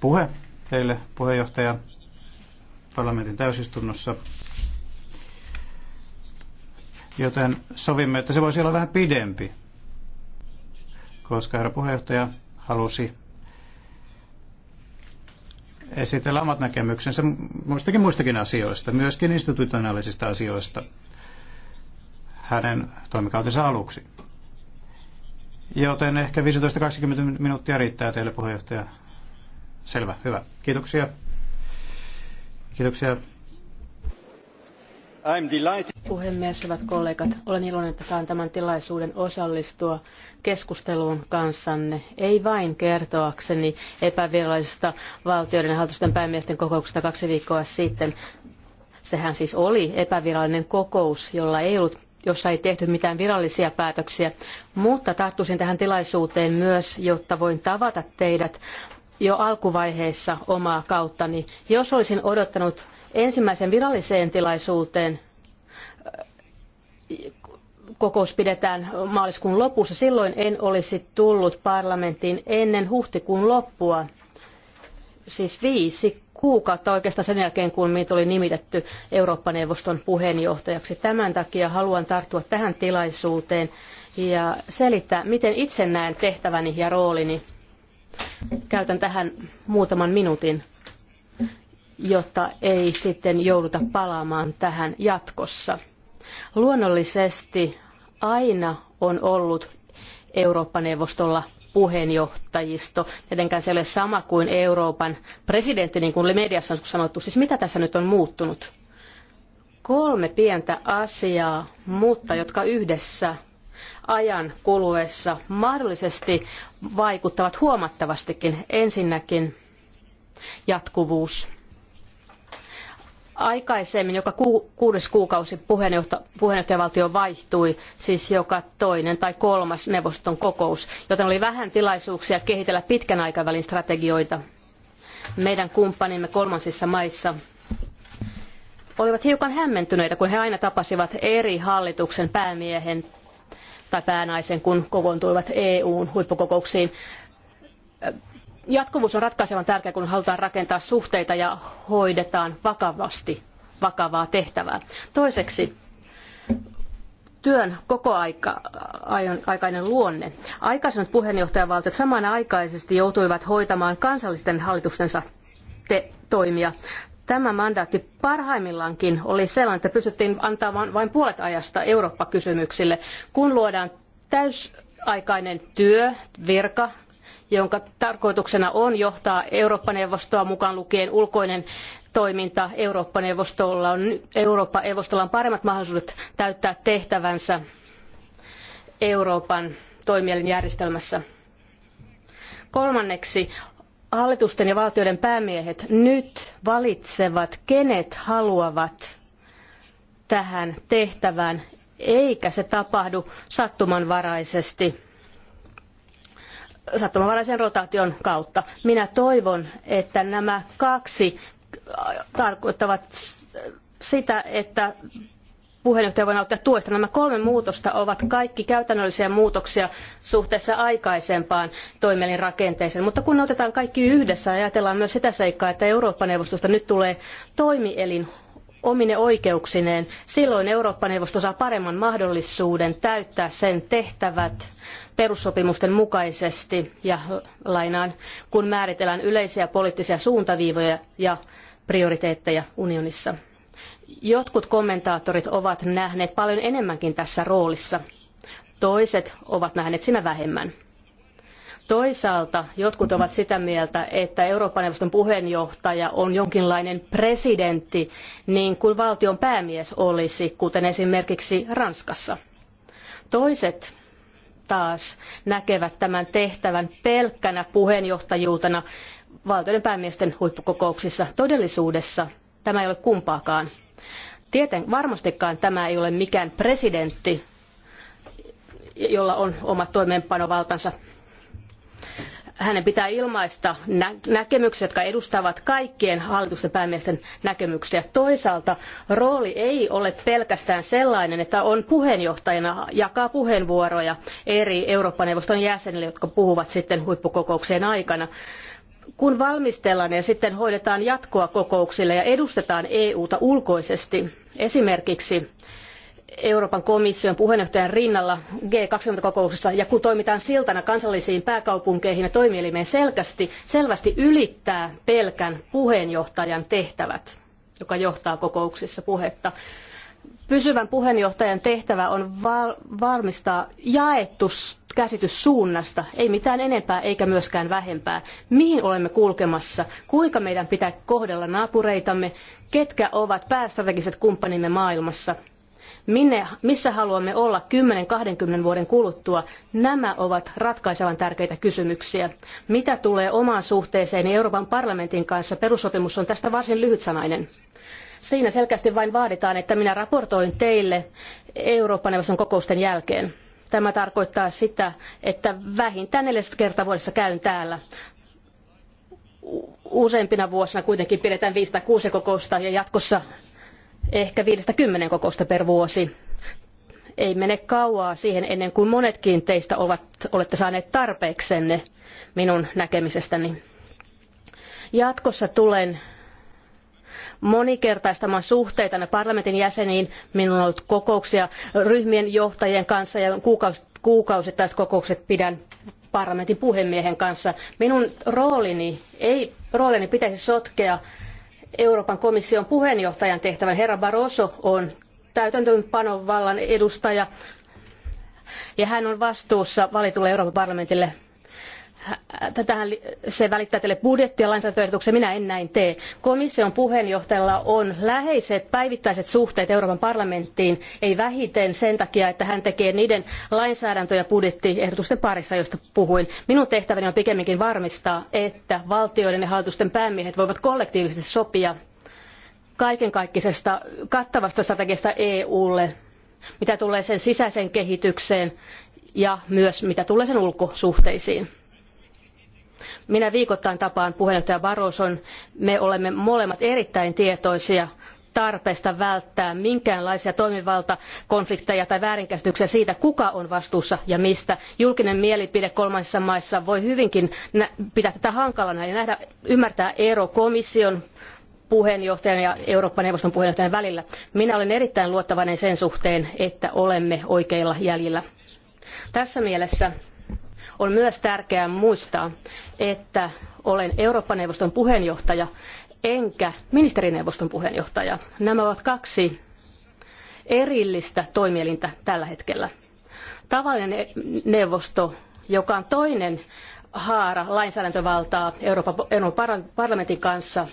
puhe teille, puheenjohtaja, parlamentin täysistunnossa. Joten sovimme, että se voisi olla vähän pidempi, koska herra puheenjohtaja halusi esitellä omat näkemyksensä muistakin muistakin asioista, myöskin institutionaalisista asioista hänen toimikautensa aluksi. Joten ehkä 15-20 minuuttia riittää teille puheenjohtaja Selvä, hyvä. Kiitoksia. Kiitoksia. I'm delighted. Puhemies, hyvät kollegat, olen iloinen, että saan tämän tilaisuuden osallistua keskusteluun kanssanne. Ei vain kertoakseni epävirallisesta valtioiden ja hallitusten päämiesten kokouksesta kaksi viikkoa sitten. Sehän siis oli epävirallinen kokous, jolla ei ollut jossa ei tehty mitään virallisia päätöksiä, mutta tarttuisin tähän tilaisuuteen myös, jotta voin tavata teidät jo alkuvaiheessa omaa kauttani. Jos olisin odottanut ensimmäisen viralliseen tilaisuuteen, äh, kokous pidetään maaliskuun lopussa, silloin en olisi tullut parlamenttiin ennen huhtikuun loppua, siis viisi kuukautta oikeastaan sen jälkeen, kun minut oli nimitetty Eurooppa-neuvoston puheenjohtajaksi. Tämän takia haluan tarttua tähän tilaisuuteen ja selittää, miten itse näen tehtäväni ja roolini Käytän tähän muutaman minuutin, jotta ei sitten jouduta palaamaan tähän jatkossa. Luonnollisesti aina on ollut Eurooppa-neuvostolla puheenjohtajisto. Tietenkään se ei ole sama kuin Euroopan presidentti, niin kuin mediassa on sanottu. Siis mitä tässä nyt on muuttunut? Kolme pientä asiaa, mutta jotka yhdessä ajan kuluessa mahdollisesti vaikuttavat huomattavastikin. Ensinnäkin jatkuvuus. Aikaisemmin joka ku, kuudes kuukausi puheenjohtajavaltio vaihtui, siis joka toinen tai kolmas neuvoston kokous, joten oli vähän tilaisuuksia kehitellä pitkän aikavälin strategioita. Meidän kumppanimme kolmansissa maissa olivat hiukan hämmentyneitä, kun he aina tapasivat eri hallituksen päämiehen tai päänaisen, kun kokoontuivat EUn huippukokouksiin. Jatkuvuus on ratkaisevan tärkeä, kun halutaan rakentaa suhteita ja hoidetaan vakavasti vakavaa tehtävää. Toiseksi työn kokoaikainen luonne. Aikaisemmat puheenjohtajavaltiot samanaikaisesti joutuivat hoitamaan kansallisten hallitustensa toimia. Tämä mandaatti parhaimmillaankin oli sellainen, että pystyttiin antamaan vain puolet ajasta Eurooppa-kysymyksille, kun luodaan täysaikainen työ, virka, jonka tarkoituksena on johtaa Eurooppa-neuvostoa mukaan lukien ulkoinen toiminta Eurooppa-neuvostolla on, Eurooppa-neuvostolla on paremmat mahdollisuudet täyttää tehtävänsä Euroopan toimielinjärjestelmässä. Kolmanneksi hallitusten ja valtioiden päämiehet nyt valitsevat, kenet haluavat tähän tehtävään, eikä se tapahdu sattumanvaraisesti sattumanvaraisen rotaation kautta. Minä toivon, että nämä kaksi tarkoittavat sitä, että puheenjohtaja voin ottaa tuosta. Nämä kolme muutosta ovat kaikki käytännöllisiä muutoksia suhteessa aikaisempaan toimielin rakenteeseen. Mutta kun ne otetaan kaikki yhdessä, ajatellaan myös sitä seikkaa, että Eurooppa-neuvostosta nyt tulee toimielin omine oikeuksineen, silloin Eurooppa-neuvosto saa paremman mahdollisuuden täyttää sen tehtävät perussopimusten mukaisesti ja lainaan, kun määritellään yleisiä poliittisia suuntaviivoja ja prioriteetteja unionissa. Jotkut kommentaattorit ovat nähneet paljon enemmänkin tässä roolissa. Toiset ovat nähneet sinä vähemmän. Toisaalta jotkut ovat sitä mieltä, että Euroopan neuvoston puheenjohtaja on jonkinlainen presidentti, niin kuin valtion päämies olisi, kuten esimerkiksi Ranskassa. Toiset taas näkevät tämän tehtävän pelkkänä puheenjohtajuutena valtioiden päämiesten huippukokouksissa. Todellisuudessa tämä ei ole kumpaakaan. Tieten varmastikaan tämä ei ole mikään presidentti, jolla on oma toimeenpanovaltansa. Hänen pitää ilmaista nä- jotka edustavat kaikkien hallitusten päämiesten näkemyksiä. Toisaalta rooli ei ole pelkästään sellainen, että on puheenjohtajana, jakaa puheenvuoroja eri Eurooppa-neuvoston jäsenille, jotka puhuvat sitten huippukokoukseen aikana kun valmistellaan ja sitten hoidetaan jatkoa kokouksille ja edustetaan EUta ulkoisesti, esimerkiksi Euroopan komission puheenjohtajan rinnalla G20-kokouksessa ja kun toimitaan siltana kansallisiin pääkaupunkeihin ja toimielimeen selkeästi, selvästi ylittää pelkän puheenjohtajan tehtävät, joka johtaa kokouksissa puhetta. Pysyvän puheenjohtajan tehtävä on val- varmistaa jaettu käsitys suunnasta, ei mitään enempää eikä myöskään vähempää. Mihin olemme kulkemassa? Kuinka meidän pitää kohdella naapureitamme? Ketkä ovat päästrategiset kumppanimme maailmassa? Minne, missä haluamme olla 10-20 vuoden kuluttua, nämä ovat ratkaisevan tärkeitä kysymyksiä. Mitä tulee omaan suhteeseen Euroopan parlamentin kanssa, perussopimus on tästä varsin lyhytsanainen. Siinä selkeästi vain vaaditaan, että minä raportoin teille Euroopan neuvoston kokousten jälkeen. Tämä tarkoittaa sitä, että vähintään 40 kertaa vuodessa käyn täällä. Useimpina vuosina kuitenkin pidetään 506 kokousta ja jatkossa ehkä 5 kymmenen kokousta per vuosi. Ei mene kauaa siihen ennen kuin monetkin teistä ovat, olette saaneet tarpeeksenne minun näkemisestäni. Jatkossa tulen moninkertaistamaan suhteita parlamentin jäseniin. Minulla on ollut kokouksia ryhmien johtajien kanssa ja kuukausittaiset kokoukset pidän parlamentin puhemiehen kanssa. Minun roolini ei roolini pitäisi sotkea Euroopan komission puheenjohtajan tehtävän. Herra Barroso on täytäntöönpanovallan edustaja ja hän on vastuussa valitulle Euroopan parlamentille tätähän se välittää teille budjetti- ja lainsäädäntöehdotuksen, minä en näin tee. Komission puheenjohtajalla on läheiset päivittäiset suhteet Euroopan parlamenttiin, ei vähiten sen takia, että hän tekee niiden lainsäädäntö- ja budjettiehdotusten parissa, joista puhuin. Minun tehtäväni on pikemminkin varmistaa, että valtioiden ja hallitusten päämiehet voivat kollektiivisesti sopia kaikenkaikkisesta kattavasta strategiasta EUlle, mitä tulee sen sisäiseen kehitykseen ja myös mitä tulee sen ulkosuhteisiin. Minä viikoittain tapaan puheenjohtaja Barroson. Me olemme molemmat erittäin tietoisia tarpeesta välttää minkäänlaisia toimivaltakonflikteja tai väärinkäsityksiä siitä, kuka on vastuussa ja mistä. Julkinen mielipide kolmansissa maissa voi hyvinkin pitää tätä hankalana ja nähdä, ymmärtää ero komission puheenjohtajan ja Eurooppa-neuvoston puheenjohtajan välillä. Minä olen erittäin luottavainen sen suhteen, että olemme oikeilla jäljillä. Tässä mielessä on myös tärkeää muistaa, että olen Eurooppa-neuvoston puheenjohtaja enkä ministerineuvoston puheenjohtaja. Nämä ovat kaksi erillistä toimielintä tällä hetkellä. Tavallinen neuvosto, joka on toinen haara lainsäädäntövaltaa Euroopan, parlamentin kanssa,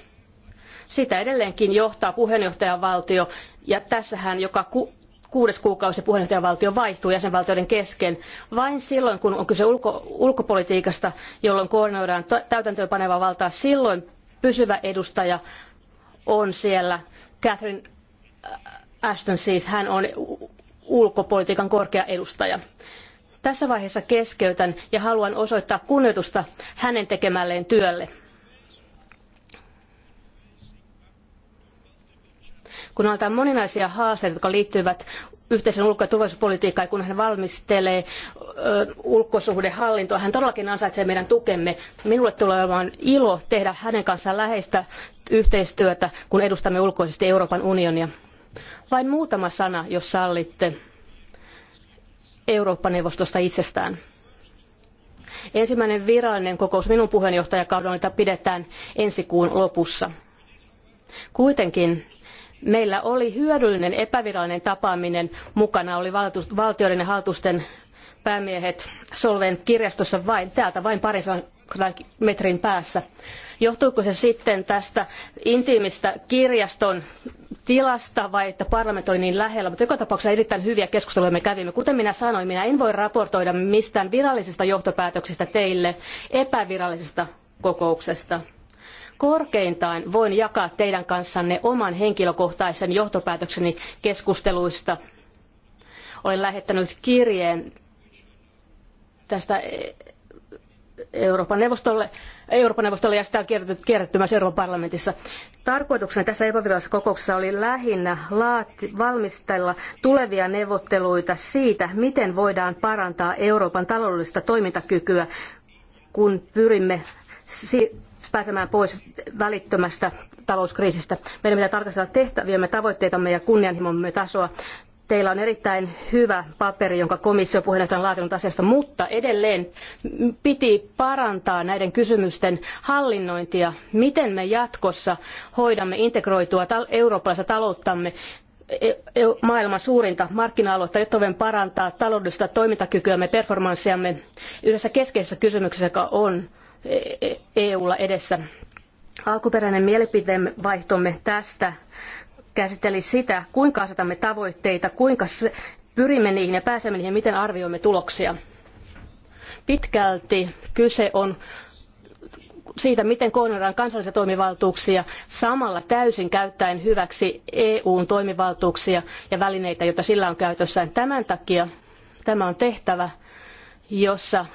sitä edelleenkin johtaa puheenjohtajavaltio ja tässähän joka ku, kuudes kuukausi puheenjohtajavaltio vaihtuu jäsenvaltioiden kesken vain silloin, kun on kyse ulko, ulkopolitiikasta, jolloin koordinoidaan täytäntöönpanevaa valtaa. Silloin pysyvä edustaja on siellä. Catherine Ashton siis, hän on ulkopolitiikan korkea edustaja. Tässä vaiheessa keskeytän ja haluan osoittaa kunnioitusta hänen tekemälleen työlle. kun aletaan moninaisia haasteita, jotka liittyvät yhteisen ulko- ja turvallisuuspolitiikkaan, kun hän valmistelee ulkosuhdehallintoa. Hän todellakin ansaitsee meidän tukemme. Minulle tulee olemaan ilo tehdä hänen kanssaan läheistä yhteistyötä, kun edustamme ulkoisesti Euroopan unionia. Vain muutama sana, jos sallitte, Eurooppa-neuvostosta itsestään. Ensimmäinen virallinen kokous minun puheenjohtajakaudellani pidetään ensi kuun lopussa. Kuitenkin Meillä oli hyödyllinen epävirallinen tapaaminen. Mukana oli valtioiden ja hallitusten päämiehet Solven kirjastossa vain, täältä vain parisen metrin päässä. Johtuuko se sitten tästä intiimistä kirjaston tilasta vai että parlamentti oli niin lähellä, mutta joka tapauksessa erittäin hyviä keskusteluja me kävimme. Kuten minä sanoin, minä en voi raportoida mistään virallisista johtopäätöksistä teille epävirallisesta kokouksesta korkeintaan voin jakaa teidän kanssanne oman henkilökohtaisen johtopäätökseni keskusteluista. Olen lähettänyt kirjeen tästä Euroopan neuvostolle, Euroopan neuvostolle ja sitä on kierretty myös Euroopan parlamentissa. Tarkoituksena tässä epävirallisessa kokouksessa oli lähinnä laati, valmistella tulevia neuvotteluita siitä, miten voidaan parantaa Euroopan taloudellista toimintakykyä, kun pyrimme si pääsemään pois välittömästä talouskriisistä. Meidän pitää tarkastella tehtäviämme, tavoitteitamme ja kunnianhimomme tasoa. Teillä on erittäin hyvä paperi, jonka komissio puheenjohtaja on laatinut asiasta, mutta edelleen piti parantaa näiden kysymysten hallinnointia. Miten me jatkossa hoidamme integroitua eurooppalaista talouttamme e- e- maailman suurinta markkina-aluetta, jotta voimme parantaa taloudellista toimintakykyämme, performanssiamme yhdessä keskeisessä kysymyksessä, joka on EUlla edessä. Alkuperäinen mielipiteen vaihtomme tästä käsitteli sitä, kuinka asetamme tavoitteita, kuinka pyrimme niihin ja pääsemme niihin, miten arvioimme tuloksia. Pitkälti kyse on siitä, miten koordinoidaan kansallisia toimivaltuuksia samalla täysin käyttäen hyväksi EUn toimivaltuuksia ja välineitä, joita sillä on käytössään. Tämän takia tämä on tehtävä, jossa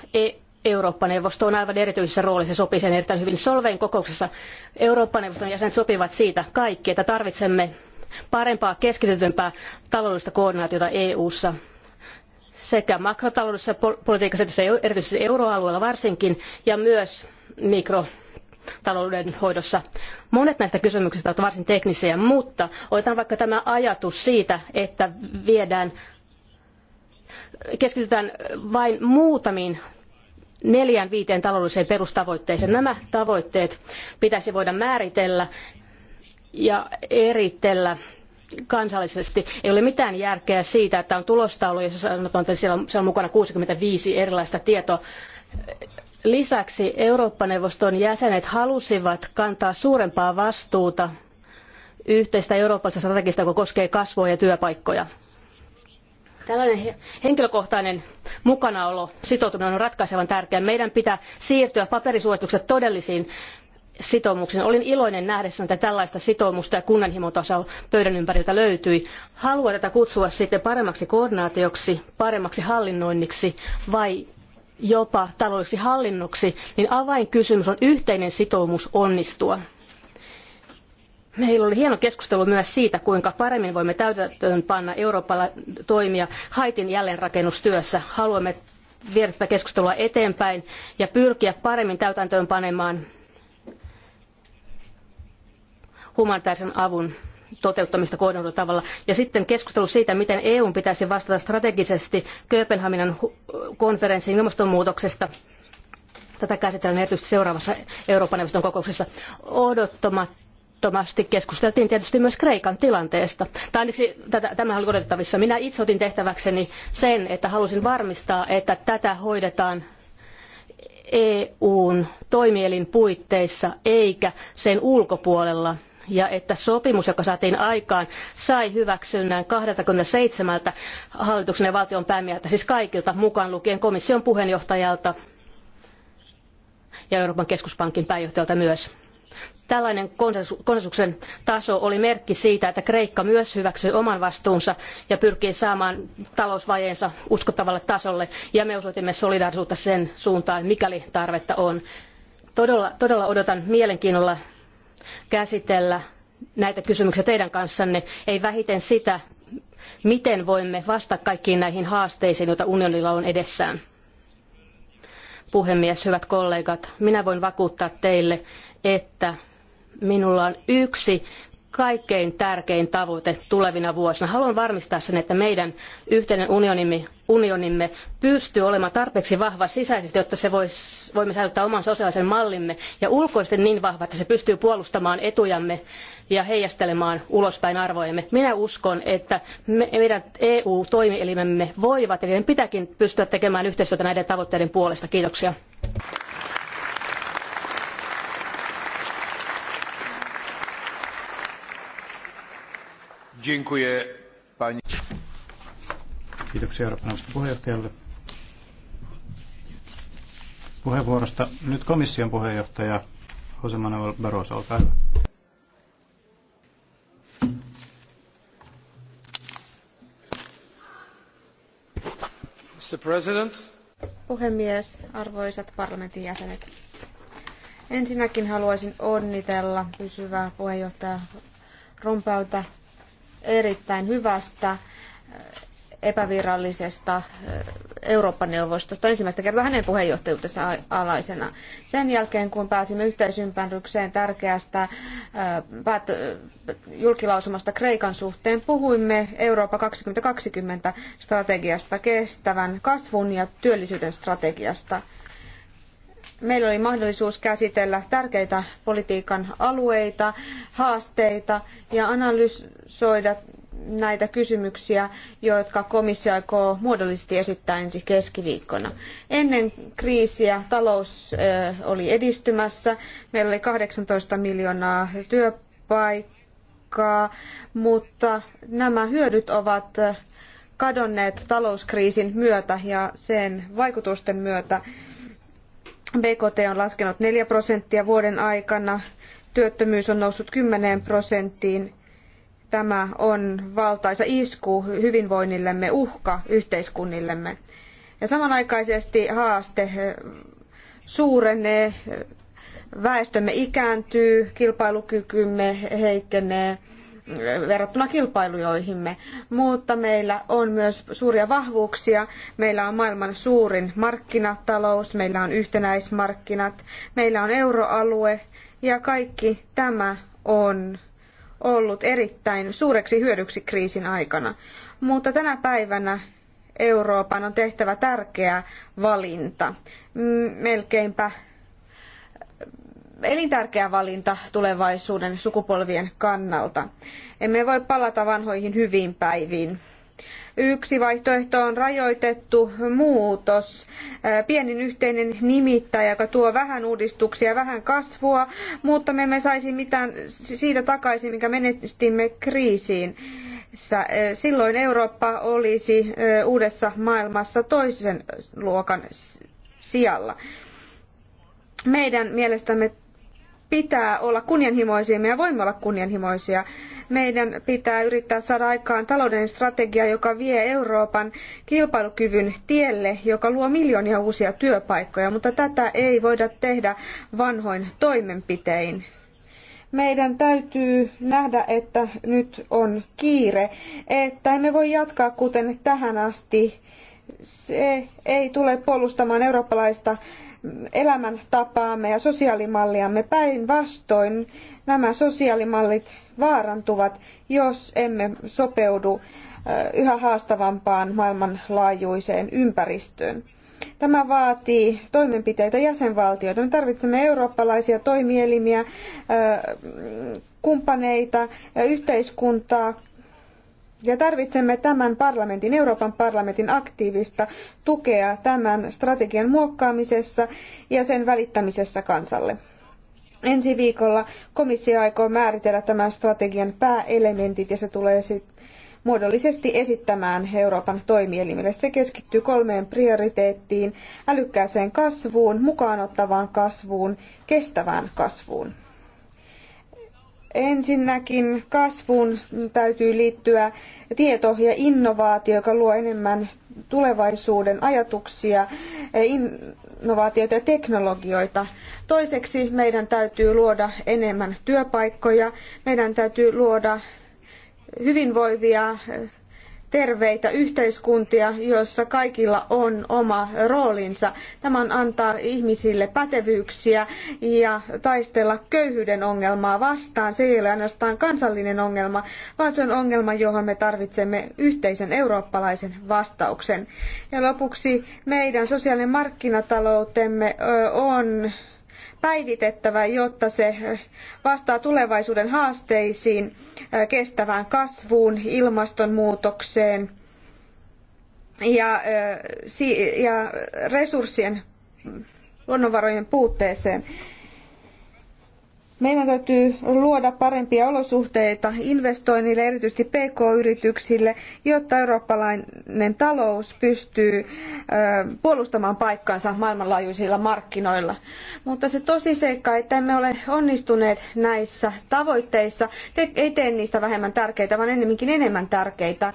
Eurooppa-neuvosto on aivan erityisessä roolissa, sopii sen erittäin hyvin. Solvein kokouksessa Eurooppa-neuvoston jäsenet sopivat siitä kaikki, että tarvitsemme parempaa, keskitytympää taloudellista koordinaatiota EU-ssa sekä makrotaloudellisessa politiikassa, erityisesti euroalueella varsinkin, ja myös mikrotalouden hoidossa. Monet näistä kysymyksistä ovat varsin teknisiä, mutta otetaan vaikka tämä ajatus siitä, että viedään, keskitytään vain muutamiin neljän viiteen taloudelliseen perustavoitteeseen. Nämä tavoitteet pitäisi voida määritellä ja eritellä kansallisesti. Ei ole mitään järkeä siitä, että on tulostaulu, jossa sanotaan, että siellä on, siellä on mukana 65 erilaista tietoa. Lisäksi Eurooppa-neuvoston jäsenet halusivat kantaa suurempaa vastuuta yhteistä eurooppalaista strategista, joka koskee kasvua ja työpaikkoja. Tällainen henkilökohtainen mukanaolo, sitoutuminen on ratkaisevan tärkeää. Meidän pitää siirtyä paperisuosituksesta todellisiin sitoumuksiin. Olin iloinen nähdessä, että tällaista sitoumusta ja kunnanhimotasoa pöydän ympäriltä löytyi. Haluan tätä kutsua sitten paremmaksi koordinaatioksi, paremmaksi hallinnoinniksi vai jopa taloudelliseksi hallinnoksi, niin avainkysymys on yhteinen sitoumus onnistua. Meillä oli hieno keskustelu myös siitä, kuinka paremmin voimme täytäntöön panna Euroopalla toimia Haitin jälleenrakennustyössä. Haluamme viedä tätä keskustelua eteenpäin ja pyrkiä paremmin täytäntöön panemaan humanitaarisen avun toteuttamista kohdennetulla tavalla. Ja sitten keskustelu siitä, miten EU pitäisi vastata strategisesti Kööpenhaminan konferenssin ilmastonmuutoksesta. Tätä käsitellään erityisesti seuraavassa Euroopan neuvoston kokouksessa. Odottamatta loputtomasti keskusteltiin tietysti myös Kreikan tilanteesta. Tai ainakin tämä oli odotettavissa. Minä itse otin tehtäväkseni sen, että halusin varmistaa, että tätä hoidetaan EUn toimielin puitteissa eikä sen ulkopuolella ja että sopimus, joka saatiin aikaan, sai hyväksynnän 27 hallituksen ja valtion päämieheltä, siis kaikilta mukaan lukien komission puheenjohtajalta ja Euroopan keskuspankin pääjohtajalta myös. Tällainen konsensuksen taso oli merkki siitä, että Kreikka myös hyväksyi oman vastuunsa ja pyrkii saamaan talousvajeensa uskottavalle tasolle, ja me osoitimme solidaarisuutta sen suuntaan, mikäli tarvetta on. Todella, todella odotan mielenkiinnolla käsitellä näitä kysymyksiä teidän kanssanne, ei vähiten sitä, miten voimme vastata kaikkiin näihin haasteisiin, joita unionilla on edessään. Puhemies, hyvät kollegat, minä voin vakuuttaa teille, että minulla on yksi kaikkein tärkein tavoite tulevina vuosina. Haluan varmistaa sen, että meidän yhteinen unionimme, unionimme pystyy olemaan tarpeeksi vahva sisäisesti, jotta se vois, voimme säilyttää oman sosiaalisen mallimme ja ulkoisesti niin vahva, että se pystyy puolustamaan etujamme ja heijastelemaan ulospäin arvojemme. Minä uskon, että me, meidän EU-toimielimemme voivat ja niiden pitääkin pystyä tekemään yhteistyötä näiden tavoitteiden puolesta. Kiitoksia. Dziękuję, pani. Kiitoksia Euroopan puheenjohtajalle puheenvuorosta. Nyt komission puheenjohtaja Jose Manuel Barroso, olkaa hyvä. Mr. President. Puhemies, arvoisat parlamentin jäsenet. Ensinnäkin haluaisin onnitella pysyvää puheenjohtaja Rompauta erittäin hyvästä eh, epävirallisesta eh, Eurooppa-neuvostosta ensimmäistä kertaa hänen puheenjohtajuutensa alaisena. Sen jälkeen, kun pääsimme yhteisymmärrykseen tärkeästä eh, julkilausumasta Kreikan suhteen, puhuimme Eurooppa 2020 strategiasta, kestävän kasvun ja työllisyyden strategiasta meillä oli mahdollisuus käsitellä tärkeitä politiikan alueita, haasteita ja analysoida näitä kysymyksiä, jotka komissio aikoo muodollisesti esittää ensi keskiviikkona. Ennen kriisiä talous oli edistymässä. Meillä oli 18 miljoonaa työpaikkaa, mutta nämä hyödyt ovat kadonneet talouskriisin myötä ja sen vaikutusten myötä BKT on laskenut neljä prosenttia vuoden aikana, työttömyys on noussut kymmeneen prosenttiin. Tämä on valtaisa isku hyvinvoinnillemme, uhka yhteiskunnillemme. Ja samanaikaisesti haaste eh, suurenee, eh, väestömme ikääntyy, kilpailukykymme heikkenee, verrattuna kilpailujoihimme, mutta meillä on myös suuria vahvuuksia. Meillä on maailman suurin markkinatalous, meillä on yhtenäismarkkinat, meillä on euroalue ja kaikki tämä on ollut erittäin suureksi hyödyksi kriisin aikana. Mutta tänä päivänä Euroopan on tehtävä tärkeä valinta. Melkeinpä elintärkeä valinta tulevaisuuden sukupolvien kannalta. Emme voi palata vanhoihin hyviin päiviin. Yksi vaihtoehto on rajoitettu muutos, äh, pienin yhteinen nimittäjä, joka tuo vähän uudistuksia, vähän kasvua, mutta me emme saisi mitään siitä takaisin, minkä menestimme kriisiin. Äh, silloin Eurooppa olisi äh, uudessa maailmassa toisen luokan sijalla. Meidän mielestämme pitää olla kunnianhimoisia, ja voimme olla kunnianhimoisia. Meidän pitää yrittää saada aikaan talouden strategia, joka vie Euroopan kilpailukyvyn tielle, joka luo miljoonia uusia työpaikkoja, mutta tätä ei voida tehdä vanhoin toimenpitein. Meidän täytyy nähdä, että nyt on kiire, että emme voi jatkaa kuten tähän asti. Se ei tule puolustamaan eurooppalaista elämäntapaamme ja sosiaalimalliamme päinvastoin. Nämä sosiaalimallit vaarantuvat, jos emme sopeudu yhä haastavampaan maailmanlaajuiseen ympäristöön. Tämä vaatii toimenpiteitä jäsenvaltioita. Me tarvitsemme eurooppalaisia toimielimiä, kumppaneita, yhteiskuntaa, ja tarvitsemme tämän parlamentin, Euroopan parlamentin aktiivista tukea tämän strategian muokkaamisessa ja sen välittämisessä kansalle. Ensi viikolla komissio aikoo määritellä tämän strategian pääelementit ja se tulee sitten muodollisesti esittämään Euroopan toimielimille. Se keskittyy kolmeen prioriteettiin, älykkääseen kasvuun, mukaanottavaan kasvuun, kestävään kasvuun. Ensinnäkin kasvuun täytyy liittyä tieto ja innovaatio, joka luo enemmän tulevaisuuden ajatuksia, eh, innovaatioita ja teknologioita. Toiseksi meidän täytyy luoda enemmän työpaikkoja, meidän täytyy luoda hyvinvoivia eh, terveitä yhteiskuntia, joissa kaikilla on oma roolinsa. Tämä antaa ihmisille pätevyyksiä ja taistella köyhyyden ongelmaa vastaan. Se ei ole ainoastaan kansallinen ongelma, vaan se on ongelma, johon me tarvitsemme yhteisen eurooppalaisen vastauksen. Ja lopuksi meidän sosiaalinen markkinataloutemme on päivitettävä, jotta se vastaa tulevaisuuden haasteisiin, kestävään kasvuun, ilmastonmuutokseen ja, ja resurssien luonnonvarojen puutteeseen. Meidän täytyy luoda parempia olosuhteita investoinnille, erityisesti PK-yrityksille, jotta eurooppalainen talous pystyy puolustamaan paikkaansa maailmanlaajuisilla markkinoilla. Mutta se tosiseikka, että emme ole onnistuneet näissä tavoitteissa, ei tee niistä vähemmän tärkeitä, vaan ennemminkin enemmän tärkeitä.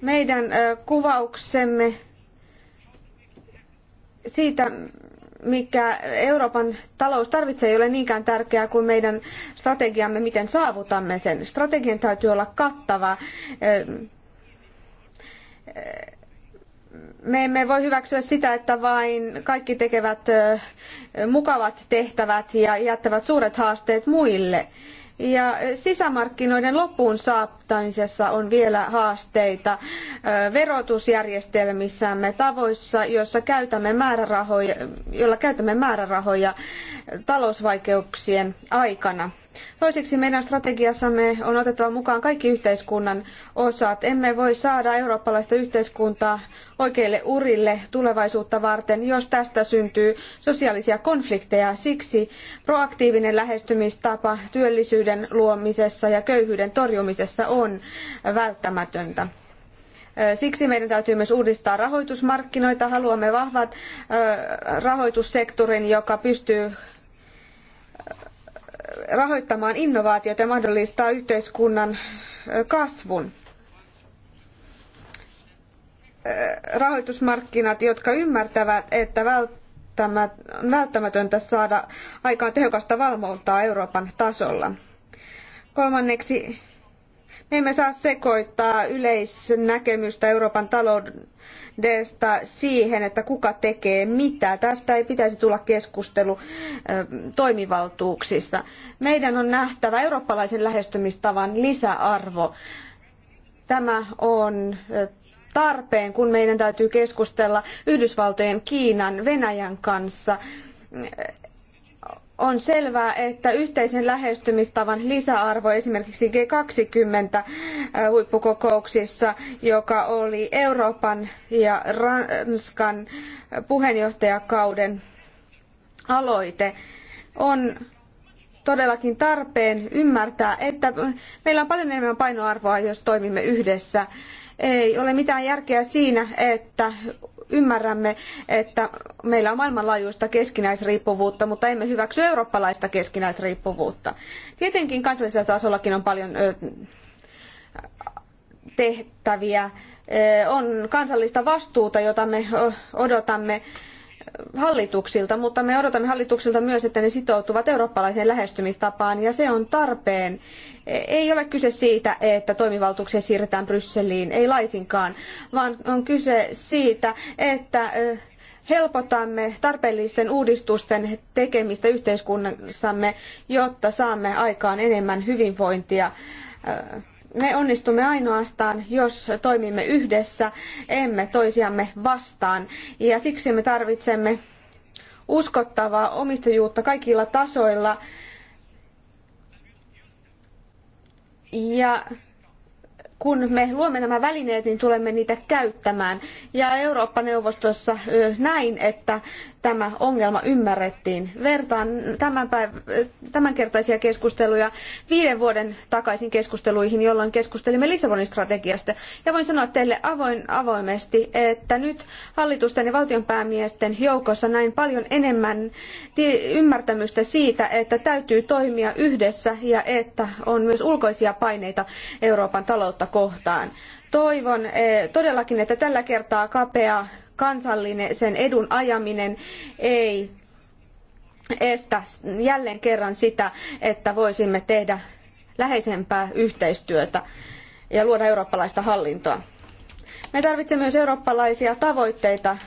Meidän kuvauksemme siitä, mikä Euroopan talous tarvitsee, ei ole niinkään tärkeää kuin meidän strategiamme, miten saavutamme sen. Strategian täytyy olla kattava. Me emme voi hyväksyä sitä, että vain kaikki tekevät eh, mukavat tehtävät ja jättävät suuret haasteet muille ja eh, sisämarkkinoiden loppuun saattamisessa on vielä haasteita eh, verotusjärjestelmissämme tavoissa, joissa käytämme määrärahoja, joilla käytämme määrärahoja talousvaikeuksien aikana. Toiseksi meidän strategiassamme on otettava mukaan kaikki yhteiskunnan osat. Emme voi saada eurooppalaista yhteiskuntaa oikeille urille tulevaisuutta varten, jos tästä syntyy sosiaalisia konflikteja. Siksi proaktiivinen lähestymistapa työllisyyden luomisessa ja köyhyyden torjumisessa on välttämätöntä. Siksi meidän täytyy myös uudistaa rahoitusmarkkinoita. Haluamme vahvat rahoitussektorin, joka pystyy rahoittamaan innovaatiot ja mahdollistaa yhteiskunnan kasvun. Rahoitusmarkkinat, jotka ymmärtävät, että on välttämätöntä saada aikaan tehokasta valvontaa Euroopan tasolla. Kolmanneksi emme saa sekoittaa yleisnäkemystä Euroopan taloudesta siihen, että kuka tekee mitä. Tästä ei pitäisi tulla keskustelu toimivaltuuksista. Meidän on nähtävä eurooppalaisen lähestymistavan lisäarvo. Tämä on tarpeen, kun meidän täytyy keskustella Yhdysvaltojen, Kiinan, Venäjän kanssa on selvää, että yhteisen lähestymistavan lisäarvo esimerkiksi G20 äh, huippukokouksissa, joka oli Euroopan ja Ranskan puheenjohtajakauden aloite, on todellakin tarpeen ymmärtää, että meillä on paljon enemmän painoarvoa, jos toimimme yhdessä. Ei ole mitään järkeä siinä, että ymmärrämme, että meillä on maailmanlaajuista keskinäisriippuvuutta, mutta emme hyväksy eurooppalaista keskinäisriippuvuutta. Tietenkin kansallisella tasollakin on paljon tehtäviä. On kansallista vastuuta, jota me odotamme hallituksilta, mutta me odotamme hallituksilta myös, että ne sitoutuvat eurooppalaiseen lähestymistapaan ja se on tarpeen. Ei ole kyse siitä, että toimivaltuuksia siirretään Brysseliin, ei laisinkaan, vaan on kyse siitä, että helpotamme tarpeellisten uudistusten tekemistä yhteiskunnassamme, jotta saamme aikaan enemmän hyvinvointia me onnistumme ainoastaan, jos toimimme yhdessä, emme toisiamme vastaan. Ja siksi me tarvitsemme uskottavaa omistajuutta kaikilla tasoilla. Ja kun me luomme nämä välineet, niin tulemme niitä käyttämään. Ja Eurooppa-neuvostossa näin, että tämä ongelma ymmärrettiin. Vertaan tämän päiv- tämänkertaisia keskusteluja viiden vuoden takaisin keskusteluihin, jolloin keskustelimme Lissabonin strategiasta. Ja voin sanoa teille avoin, avoimesti, että nyt hallitusten ja valtionpäämiesten joukossa näin paljon enemmän ymmärtämystä siitä, että täytyy toimia yhdessä ja että on myös ulkoisia paineita Euroopan taloutta kohtaan. Toivon eh, todellakin, että tällä kertaa kapea kansallinen sen edun ajaminen ei estä jälleen kerran sitä, että voisimme tehdä läheisempää yhteistyötä ja luoda eurooppalaista hallintoa. Me tarvitsemme myös eurooppalaisia tavoitteita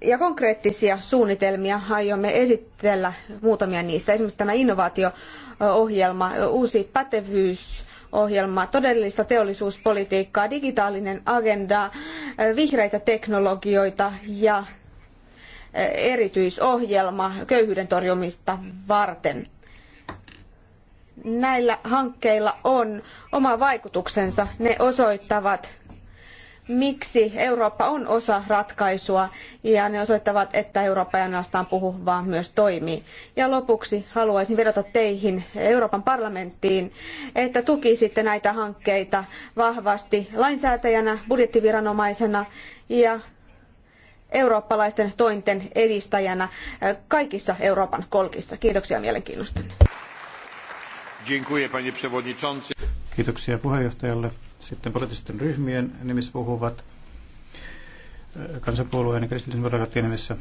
ja konkreettisia suunnitelmia. Aiomme esitellä muutamia niistä. Esimerkiksi tämä innovaatio-ohjelma, uusi pätevyys, ohjelmaa, todellista teollisuuspolitiikkaa, digitaalinen agenda, eh, vihreitä teknologioita ja eh, erityisohjelma köyhyyden torjumista varten. Näillä hankkeilla on oma vaikutuksensa. Ne osoittavat miksi Eurooppa on osa ratkaisua ja ne osoittavat, että Eurooppa ei ainoastaan puhu, vaan myös toimii. Ja lopuksi haluaisin vedota teihin Euroopan parlamenttiin, että tukisitte näitä hankkeita vahvasti lainsäätäjänä, budjettiviranomaisena ja eurooppalaisten tointen edistäjänä kaikissa Euroopan kolkissa. Kiitoksia mielenkiinnosta. Kiitoksia puheenjohtajalle. Sitten poliittisten ryhmien nimissä puhuvat kansanpuolueen ja kristillisdemokraattien nimissä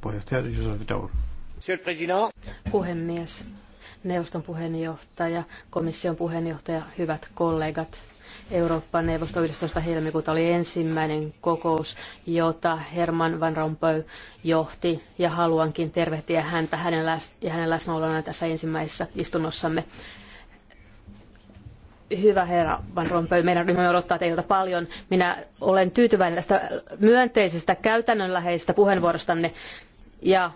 puheenjohtaja Joseph Daul. Puhemies, neuvoston puheenjohtaja, komission puheenjohtaja, hyvät kollegat. Eurooppa-neuvosto 11. helmikuuta oli ensimmäinen kokous, jota Herman Van Rompuy johti ja haluankin tervehtiä häntä hänen läs- ja hänen läsnäolonaan tässä ensimmäisessä istunnossamme. Hyvä herra Van Rompuy, meidän ryhmä odottaa teiltä paljon. Minä olen tyytyväinen tästä myönteisestä käytännönläheisestä puheenvuorostanne ja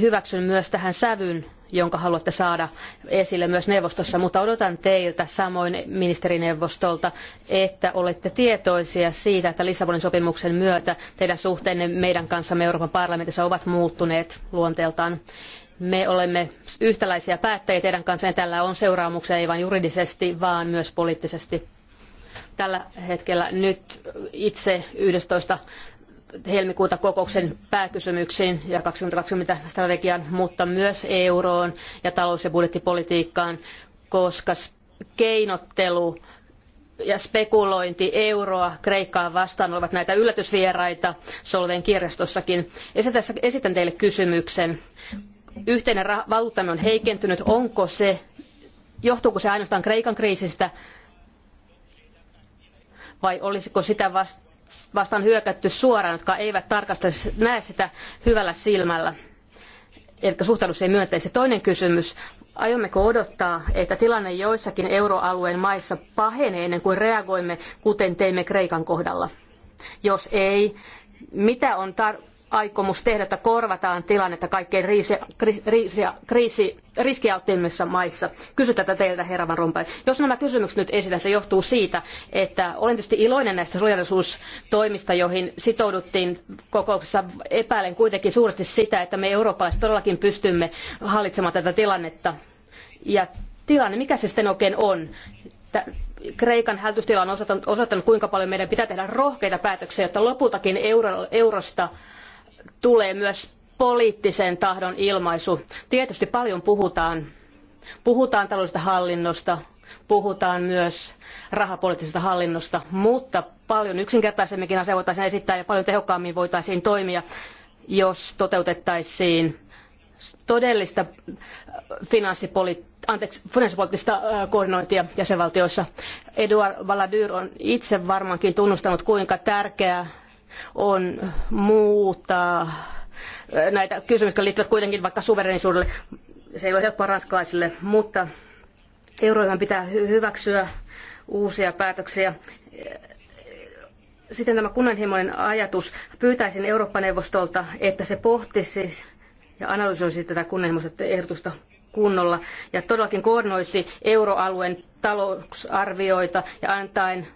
hyväksyn myös tähän sävyn, jonka haluatte saada esille myös neuvostossa, mutta odotan teiltä samoin ministerineuvostolta, että olette tietoisia siitä, että Lissabonin sopimuksen myötä teidän suhteenne meidän kanssamme Euroopan parlamentissa ovat muuttuneet luonteeltaan me olemme yhtäläisiä päättäjiä teidän kanssanne. Tällä on seuraamuksia ei vain juridisesti, vaan myös poliittisesti. Tällä hetkellä nyt itse 11 helmikuuta kokouksen pääkysymyksiin ja 2020 strategian, mutta myös euroon ja talous- ja budjettipolitiikkaan, koska keinottelu ja spekulointi euroa Kreikkaan vastaan olivat näitä yllätysvieraita Solven kirjastossakin. Esitän teille kysymyksen yhteinen valuuttamme on heikentynyt, onko se, johtuuko se ainoastaan Kreikan kriisistä vai olisiko sitä vastaan hyökätty suoraan, jotka eivät tarkasta näe sitä hyvällä silmällä, eivätkä suhtaudu siihen myönteisesti. Toinen kysymys, aiommeko odottaa, että tilanne joissakin euroalueen maissa pahenee ennen kuin reagoimme, kuten teimme Kreikan kohdalla? Jos ei, mitä on tar- aikomus tehdä, että korvataan tilannetta kaikkein riisi, kriisi, kriisi, riskialttiimmissa maissa? Kysy tätä teiltä, herra Van Rompuy. Jos nämä kysymykset nyt esitän, se johtuu siitä, että olen tietysti iloinen näistä suojelusuustoimista, joihin sitouduttiin kokouksessa. Epäilen kuitenkin suuresti sitä, että me eurooppalaiset todellakin pystymme hallitsemaan tätä tilannetta. Ja tilanne, mikä se sitten oikein on? Kreikan hälytystila on osoittanut, osoittanut, kuinka paljon meidän pitää tehdä rohkeita päätöksiä, jotta lopultakin euro, eurosta tulee myös poliittisen tahdon ilmaisu. Tietysti paljon puhutaan. Puhutaan taloudellisesta hallinnosta, puhutaan myös rahapoliittisesta hallinnosta, mutta paljon yksinkertaisemminkin asia voitaisiin esittää ja paljon tehokkaammin voitaisiin toimia, jos toteutettaisiin todellista finanssipoliittista anteeksi, finanssipoliittista koordinointia jäsenvaltioissa. Eduard Balladur on itse varmaankin tunnustanut, kuinka tärkeää on muuta, näitä kysymyksiä, jotka liittyvät kuitenkin vaikka suverenisuudelle. Se ei ole helppoa ranskalaisille, mutta euroryhmän pitää hyväksyä uusia päätöksiä. Sitten tämä kunnianhimoinen ajatus. Pyytäisin Eurooppa-neuvostolta, että se pohtisi ja analysoisi tätä kunnianhimoista ehdotusta kunnolla ja todellakin koordinoisi euroalueen talousarvioita ja antaen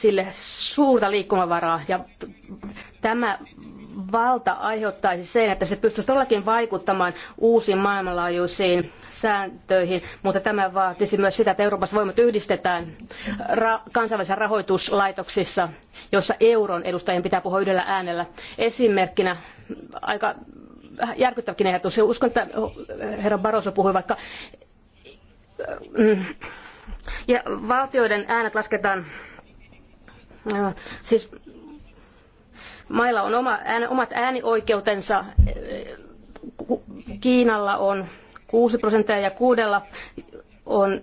sille suurta liikkumavaraa ja tämä valta aiheuttaisi sen, että se pystyisi todellakin vaikuttamaan uusiin maailmanlaajuisiin sääntöihin, mutta tämä vaatisi myös sitä, että Euroopassa voimat yhdistetään ra- kansainvälisissä rahoituslaitoksissa, jossa euron edustajien pitää puhua yhdellä äänellä. Esimerkkinä aika järkyttäväkin ehdotus. Uskon, että herra Barroso puhui vaikka mm, ja valtioiden äänet lasketaan siis mailla on oma, omat äänioikeutensa, Kiinalla on 6 prosenttia ja kuudella on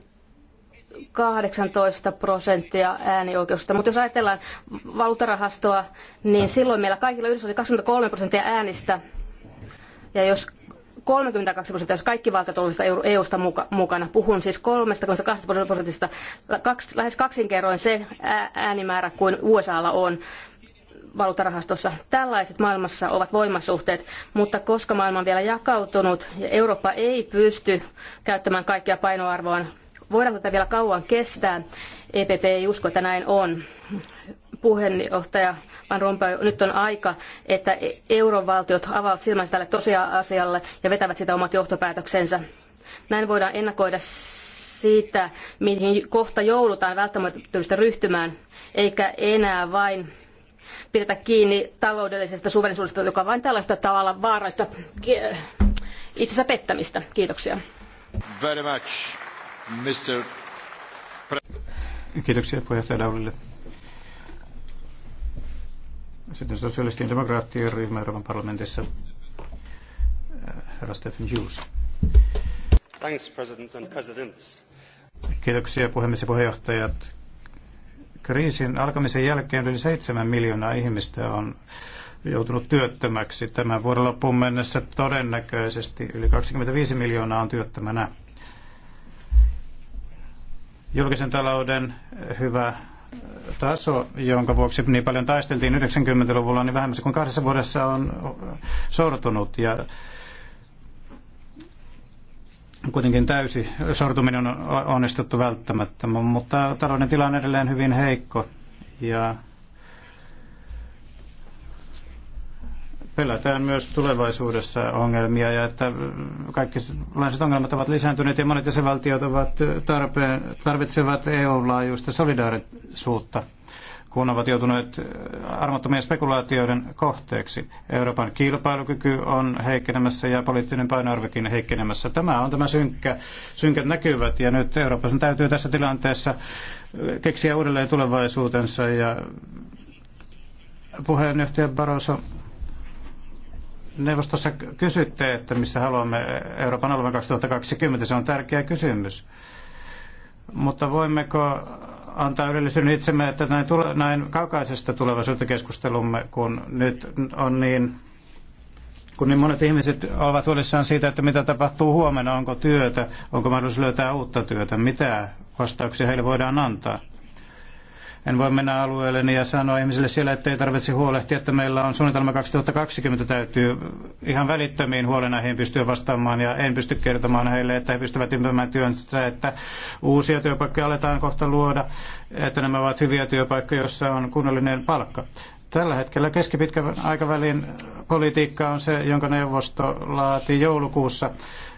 18 prosenttia äänioikeuksista. Mutta jos ajatellaan valuutarahastoa, niin silloin meillä kaikilla yhdessä oli 23 prosenttia äänistä. Ja jos 32 prosenttia, jos kaikki valtiot olisivat EU-sta mukana. Puhun siis 32 prosentista, kaksi, lähes kaksinkerroin se äänimäärä kuin USAlla on valuuttarahastossa. Tällaiset maailmassa ovat voimasuhteet, mutta koska maailma on vielä jakautunut ja Eurooppa ei pysty käyttämään kaikkia painoarvoaan, voidaanko tätä vielä kauan kestää? EPP ei usko, että näin on puheenjohtaja Van Rompuy, nyt on aika, että eurovaltiot avaavat silmänsä tälle tosiasialle ja vetävät sitä omat johtopäätöksensä. Näin voidaan ennakoida siitä, mihin kohta joudutaan välttämättömyydestä ryhtymään, eikä enää vain pidetä kiinni taloudellisesta suverensuudesta, joka on vain tällaista tavalla vaaraista eh, itsensä pettämistä. Kiitoksia. Very much, Mr. Kiitoksia puheenjohtaja sitten sosialistien demokraattien ryhmä Euroopan parlamentissa, äh, herra Stephen Hughes. Thanks, President and presidents. Kiitoksia puhemies ja puheenjohtajat. Kriisin alkamisen jälkeen yli seitsemän miljoonaa ihmistä on joutunut työttömäksi. Tämän vuoden loppuun mennessä todennäköisesti yli 25 miljoonaa on työttömänä. Julkisen talouden hyvä taso, jonka vuoksi niin paljon taisteltiin 90-luvulla, niin vähemmän kuin kahdessa vuodessa on sortunut. Ja kuitenkin täysi sortuminen on onnistuttu välttämättä, mutta talouden tilanne on edelleen hyvin heikko. Ja pelätään myös tulevaisuudessa ongelmia ja että kaikki laiset ongelmat ovat lisääntyneet ja monet jäsenvaltiot ovat tarpeen, tarvitsevat EU-laajuista solidaarisuutta kun ovat joutuneet armottomien spekulaatioiden kohteeksi. Euroopan kilpailukyky on heikkenemässä ja poliittinen painoarvokin heikkenemässä. Tämä on tämä synkkä, synkät näkyvät ja nyt Euroopassa täytyy tässä tilanteessa keksiä uudelleen tulevaisuutensa ja puheenjohtaja Barroso neuvostossa kysytte, että missä haluamme Euroopan alueen 2020. Se on tärkeä kysymys. Mutta voimmeko antaa ylellisyyden itsemme, että näin, tule, näin kaukaisesta tulevaisuutta keskustelumme, kun nyt on niin kun niin monet ihmiset ovat huolissaan siitä, että mitä tapahtuu huomenna, onko työtä, onko mahdollisuus löytää uutta työtä, mitä vastauksia heille voidaan antaa. En voi mennä alueelle ja sanoa ihmisille siellä, että ei tarvitse huolehtia, että meillä on suunnitelma 2020 täytyy ihan välittömiin huolenaiheisiin pystyä vastaamaan ja en pysty kertomaan heille, että he pystyvät ympäröimään työnsä, että uusia työpaikkoja aletaan kohta luoda, että nämä ovat hyviä työpaikkoja, joissa on kunnollinen palkka. Tällä hetkellä keskipitkän aikavälin politiikka on se, jonka neuvosto laati joulukuussa.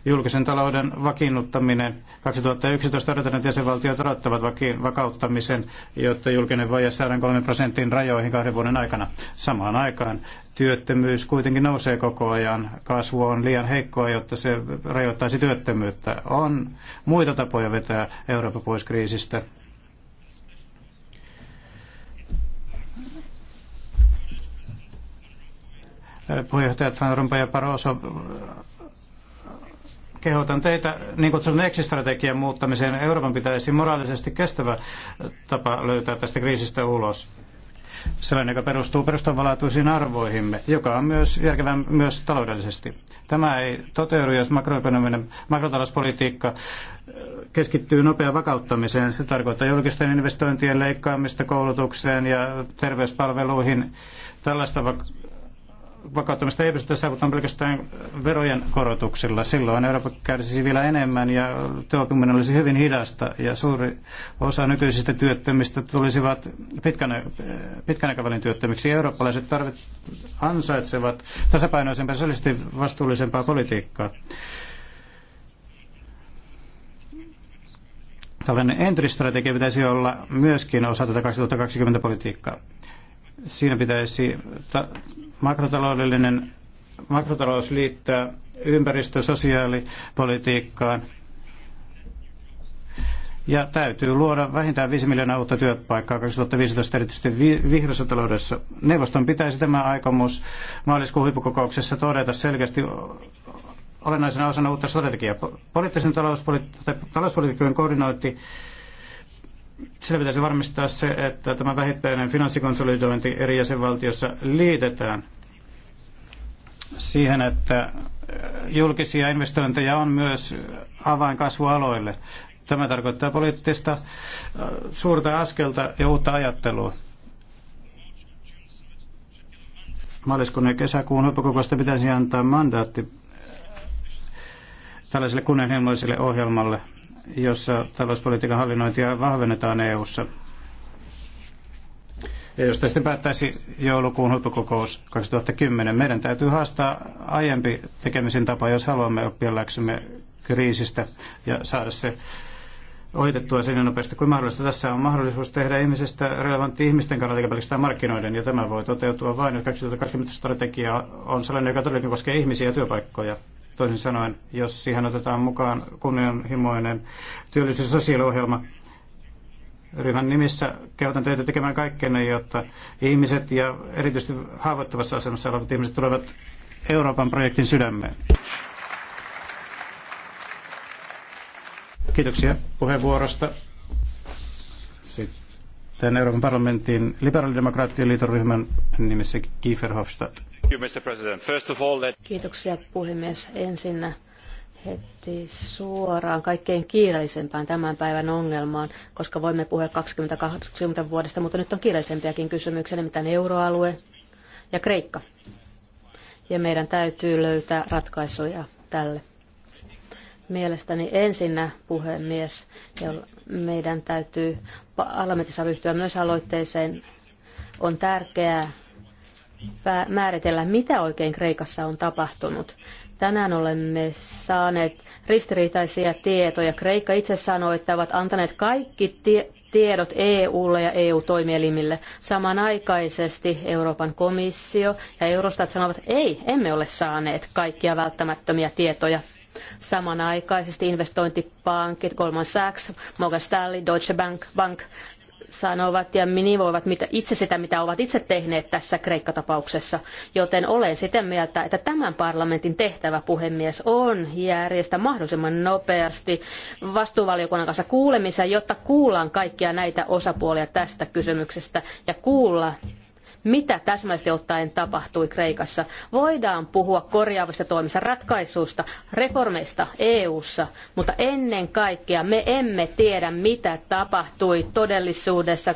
Julkisen talouden vakiinnuttaminen 2011 että jäsenvaltiot odottavat vakauttamisen, jotta julkinen vaje saadaan 3 prosentin rajoihin kahden vuoden aikana. Samaan aikaan työttömyys kuitenkin nousee koko ajan. Kasvu on liian heikkoa, jotta se rajoittaisi työttömyyttä. On muita tapoja vetää Eurooppa pois kriisistä puheenjohtajat Van Rompuy ja Barroso, kehotan teitä niin kutsutun exit-strategian muuttamiseen. Euroopan pitäisi moraalisesti kestävä tapa löytää tästä kriisistä ulos. Sellainen, joka perustuu perustavanlaatuisiin arvoihimme, joka on myös järkevää myös taloudellisesti. Tämä ei toteudu, jos makroekonominen makrotalouspolitiikka keskittyy nopea vakauttamiseen. Se tarkoittaa julkisten investointien leikkaamista koulutukseen ja terveyspalveluihin. Tällaista vakauttamista ei pystytä saavuttamaan pelkästään verojen korotuksilla. Silloin Eurooppa kärsisi vielä enemmän ja työpiminen olisi hyvin hidasta ja suuri osa nykyisistä työttömistä tulisivat pitkän, pitkän aikavälin työttömiksi. Eurooppalaiset tarvit, ansaitsevat tasapainoisempaa, sosiaalisesti vastuullisempaa politiikkaa. Tällainen entry-strategia pitäisi olla myöskin osa tätä 2020 politiikkaa. Siinä pitäisi ta- Makrotaloudellinen makrotalous liittää ympäristö- sosiaalipolitiikkaan ja täytyy luoda vähintään 5 miljoonaa uutta työpaikkaa 2015 erityisesti vihreässä taloudessa. Neuvoston pitäisi tämä aikomus maaliskuun huippukokouksessa todeta selkeästi olennaisena osana uutta strategiaa. Poliittisen talouspolitiikkojen koordinointi sillä pitäisi varmistaa se, että tämä vähittäinen finanssikonsolidointi eri jäsenvaltiossa liitetään siihen, että julkisia investointeja on myös avainkasvualoille. Tämä tarkoittaa poliittista äh, suurta askelta ja uutta ajattelua. Maaliskuun ja kesäkuun huippukokousta pitäisi antaa mandaatti tällaiselle kunnianhimoiselle ohjelmalle – jossa talouspolitiikan hallinnointia vahvennetaan EU:ssa. Ja jos tästä päättäisi joulukuun huippukokous 2010, meidän täytyy haastaa aiempi tekemisen tapa, jos haluamme oppia läksymme kriisistä ja saada se ohitettua sen nopeasti kuin mahdollista. Tässä on mahdollisuus tehdä ihmisestä relevantti ihmisten kannalta eikä pelkästään markkinoiden, ja tämä voi toteutua vain, jos 2020 strategia on sellainen, joka todellakin koskee ihmisiä ja työpaikkoja. Toisin sanoen, jos siihen otetaan mukaan kunnianhimoinen työllisyys- ja sosiaaliohjelma, ryhmän nimissä kehotan teitä tekemään kaikkeen, jotta ihmiset ja erityisesti haavoittuvassa asemassa olevat ihmiset tulevat Euroopan projektin sydämeen. Kiitoksia puheenvuorosta. Sitten Euroopan parlamentin liberaalidemokraattien liiton ryhmän nimissä Kiefer Kiitoksia puhemies. ensin heti suoraan kaikkein kiireisempään tämän päivän ongelmaan, koska voimme puhua kaksikymmentä vuodesta, mutta nyt on kiireellisempiäkin kysymyksiä, nimittäin euroalue ja Kreikka. Ja meidän täytyy löytää ratkaisuja tälle. Mielestäni ensinnä puhemies, meidän täytyy parlamentissa ryhtyä myös aloitteeseen, on tärkeää, määritellä, mitä oikein Kreikassa on tapahtunut. Tänään olemme saaneet ristiriitaisia tietoja. Kreikka itse sanoi, että ovat antaneet kaikki tie- tiedot EUlle ja EU-toimielimille. Samanaikaisesti Euroopan komissio ja Eurostat sanovat, että ei, emme ole saaneet kaikkia välttämättömiä tietoja. Samanaikaisesti investointipankit, Goldman Sachs, Morgan Stanley, Deutsche Bank, Bank sanovat ja minimoivat mitä, itse sitä, mitä ovat itse tehneet tässä Kreikka-tapauksessa. Joten olen sitä mieltä, että tämän parlamentin tehtävä, puhemies, on järjestää mahdollisimman nopeasti vastuuvaliokunnan kanssa kuulemisia, jotta kuullaan kaikkia näitä osapuolia tästä kysymyksestä ja kuulla mitä täsmällisesti ottaen tapahtui Kreikassa. Voidaan puhua korjaavista toimista, ratkaisuista, reformeista EU-ssa, mutta ennen kaikkea me emme tiedä, mitä tapahtui todellisuudessa 2008-2009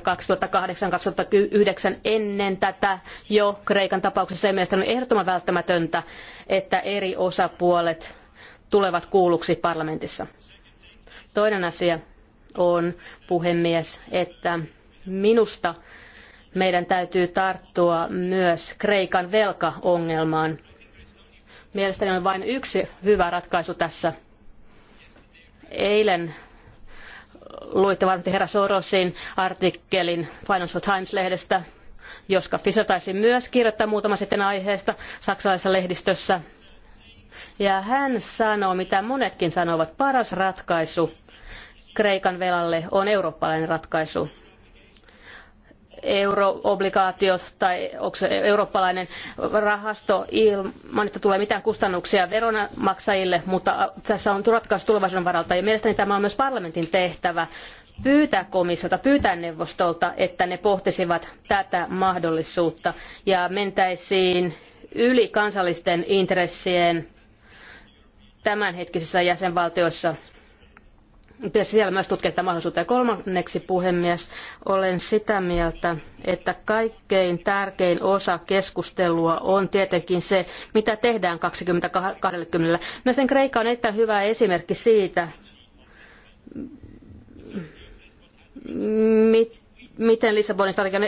ennen tätä jo Kreikan tapauksessa. ei mielestäni on ehdottoman välttämätöntä, että eri osapuolet tulevat kuulluksi parlamentissa. Toinen asia on, puhemies, että minusta meidän täytyy tarttua myös Kreikan velkaongelmaan. Mielestäni on vain yksi hyvä ratkaisu tässä. Eilen luitte varmasti herra Sorosin artikkelin Financial Times-lehdestä, joska Fischer taisi myös kirjoittaa muutama sitten aiheesta saksalaisessa lehdistössä. Ja hän sanoo, mitä monetkin sanovat, paras ratkaisu Kreikan velalle on eurooppalainen ratkaisu euroobligaatiot tai onko se eurooppalainen rahasto ilman, että tulee mitään kustannuksia veronmaksajille, mutta tässä on ratkaisu tulevaisuuden varalta. Ja mielestäni tämä on myös parlamentin tehtävä pyytää komissiota, pyytää neuvostolta, että ne pohtisivat tätä mahdollisuutta ja mentäisiin yli kansallisten intressien tämänhetkisissä jäsenvaltioissa pitäisi siellä myös tutkia tätä mahdollisuutta. Ja kolmanneksi, puhemies, olen sitä mieltä, että kaikkein tärkein osa keskustelua on tietenkin se, mitä tehdään 2020. Mielestäni no Kreikka on erittäin hyvä esimerkki siitä, mit, miten Lissabonin strategia on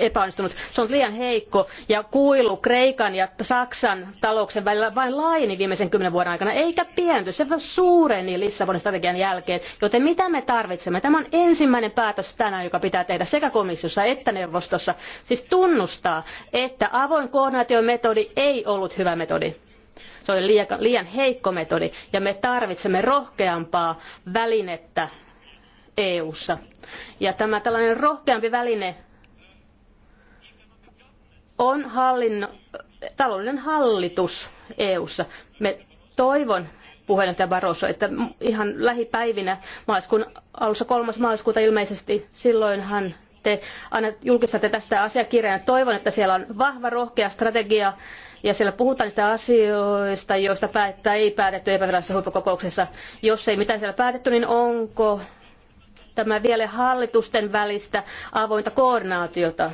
epäonnistunut. Se on liian heikko ja kuilu Kreikan ja Saksan talouksien välillä vain laajeni viimeisen kymmenen vuoden aikana, eikä pienenty. Se suureni Lissabonin strategian jälkeen. Joten mitä me tarvitsemme? Tämä on ensimmäinen päätös tänään, joka pitää tehdä sekä komissiossa että neuvostossa. Siis tunnustaa, että avoin koordinaatiometodi ei ollut hyvä metodi. Se oli liian heikko metodi ja me tarvitsemme rohkeampaa välinettä EU-ssa. Ja tämä tällainen rohkeampi väline on hallin, taloudellinen hallitus EU:ssa. Me toivon puheenjohtaja Barroso, että ihan lähipäivinä maaliskuun alussa kolmas maaliskuuta ilmeisesti silloinhan te annat, julkistatte tästä asiakirjan. Toivon, että siellä on vahva, rohkea strategia ja siellä puhutaan niistä asioista, joista päättää, ei päätetty epävirallisessa huippukokouksessa. Jos ei mitään siellä päätetty, niin onko tämä vielä hallitusten välistä avointa koordinaatiota.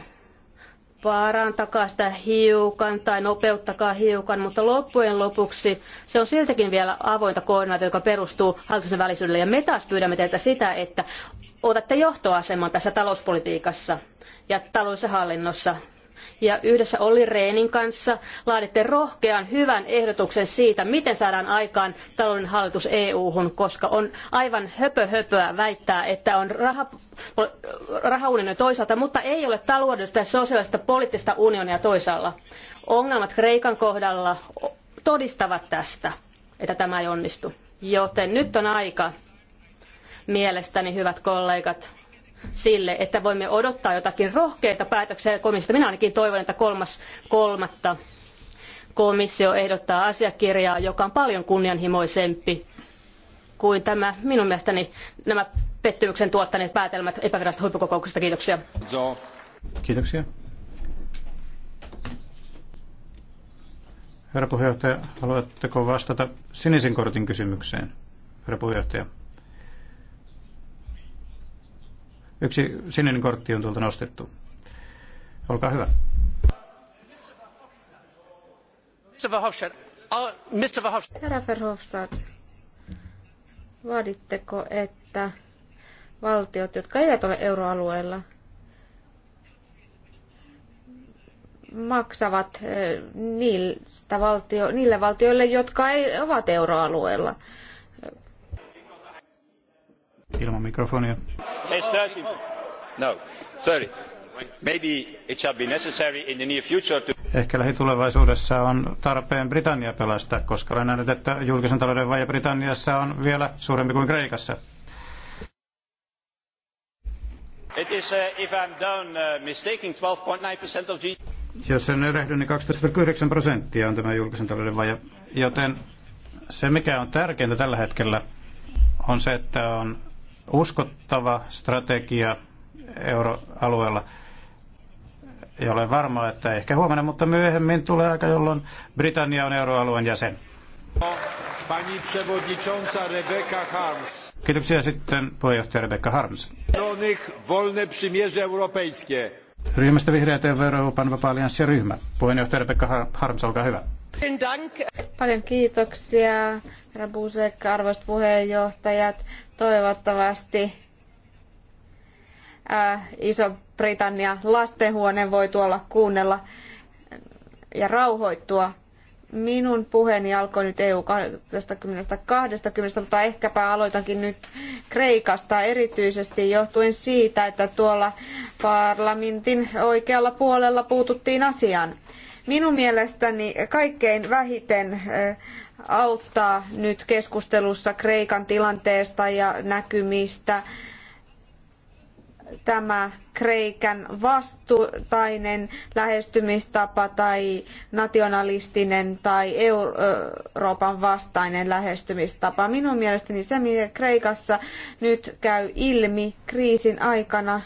Parantakaa sitä hiukan tai nopeuttakaa hiukan, mutta loppujen lopuksi se on siltikin vielä avointa koordinaatiota, joka perustuu hallitusten välisyydelle. Ja me taas pyydämme teiltä sitä, että otatte johtoaseman tässä talouspolitiikassa ja taloudellisessa hallinnossa ja yhdessä Olli Reenin kanssa laaditte rohkean hyvän ehdotuksen siitä, miten saadaan aikaan talouden hallitus EU-hun, koska on aivan höpöhöpöä väittää, että on raha, rahaunionia toisaalta, mutta ei ole taloudellista, sosiaalista, poliittista unionia toisaalla. Ongelmat Kreikan kohdalla todistavat tästä, että tämä ei onnistu. Joten nyt on aika mielestäni, hyvät kollegat, sille, että voimme odottaa jotakin rohkeita päätöksiä komissiosta. Minä ainakin toivon, että kolmas kolmatta komissio ehdottaa asiakirjaa, joka on paljon kunnianhimoisempi kuin tämä minun mielestäni nämä pettymyksen tuottaneet päätelmät epävirallisesta huippukokouksesta. Kiitoksia. Kiitoksia. Herra puheenjohtaja, haluatteko vastata sinisen kortin kysymykseen? Herra puheenjohtaja. Yksi sininen kortti on tuolta nostettu. Olkaa hyvä. Uh, Herra Verhofstadt, vaaditteko, että valtiot, jotka eivät ole euroalueella, maksavat eh, niistä valtio, niille valtioille, jotka ei, ovat euroalueella? Ilman mikrofonia. 30. No, sorry. Maybe it shall be necessary in the near future to... Ehkä lähitulevaisuudessa on tarpeen Britannia pelastaa, koska olen nähnyt, että julkisen talouden vaje Britanniassa on vielä suurempi kuin Kreikassa. It is, uh, if I'm down, uh, 12.9% of Jos en erehdy, niin 12,9 prosenttia on tämä julkisen talouden vaje. Joten se, mikä on tärkeintä tällä hetkellä, on se, että on uskottava strategia euroalueella. Ja olen varma, että ehkä huomenna, mutta myöhemmin tulee aika, jolloin Britannia on euroalueen jäsen. Pani przewodnicząca Rebecca Harms. Kiitoksia sitten puheenjohtaja Rebecca Harms. Wolne przymierze europejskie. Ryhmästä Vihreät Euroopan vapaa alianssi ryhmä. Puheenjohtaja Rebecca Harms, olkaa hyvä. Paljon kiitoksia Herra Busek, arvoisat puheenjohtajat, toivottavasti äh, Iso-Britannia lastenhuone voi tuolla kuunnella ja rauhoittua. Minun puheeni alkoi nyt EU 2020, mutta ehkäpä aloitankin nyt Kreikasta erityisesti johtuen siitä, että tuolla parlamentin oikealla puolella puututtiin asiaan. Minun mielestäni kaikkein vähiten äh, auttaa nyt keskustelussa Kreikan tilanteesta ja näkymistä. Tämä Kreikan vastuutainen lähestymistapa tai nationalistinen tai Euroopan vastainen lähestymistapa. Minun mielestäni se, mikä Kreikassa nyt käy ilmi kriisin aikana,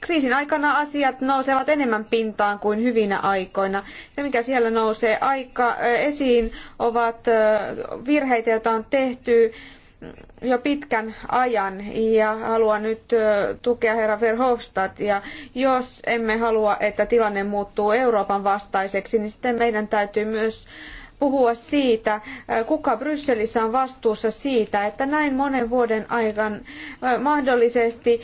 kriisin aikana asiat nousevat enemmän pintaan kuin hyvinä aikoina. Se, mikä siellä nousee aika esiin, ovat virheitä, joita on tehty jo pitkän ajan ja haluan nyt tukea herra Verhofstadt. Ja jos emme halua, että tilanne muuttuu Euroopan vastaiseksi, niin sitten meidän täytyy myös puhua siitä, äh, kuka Brysselissä on vastuussa siitä, että näin monen vuoden aikana äh, mahdollisesti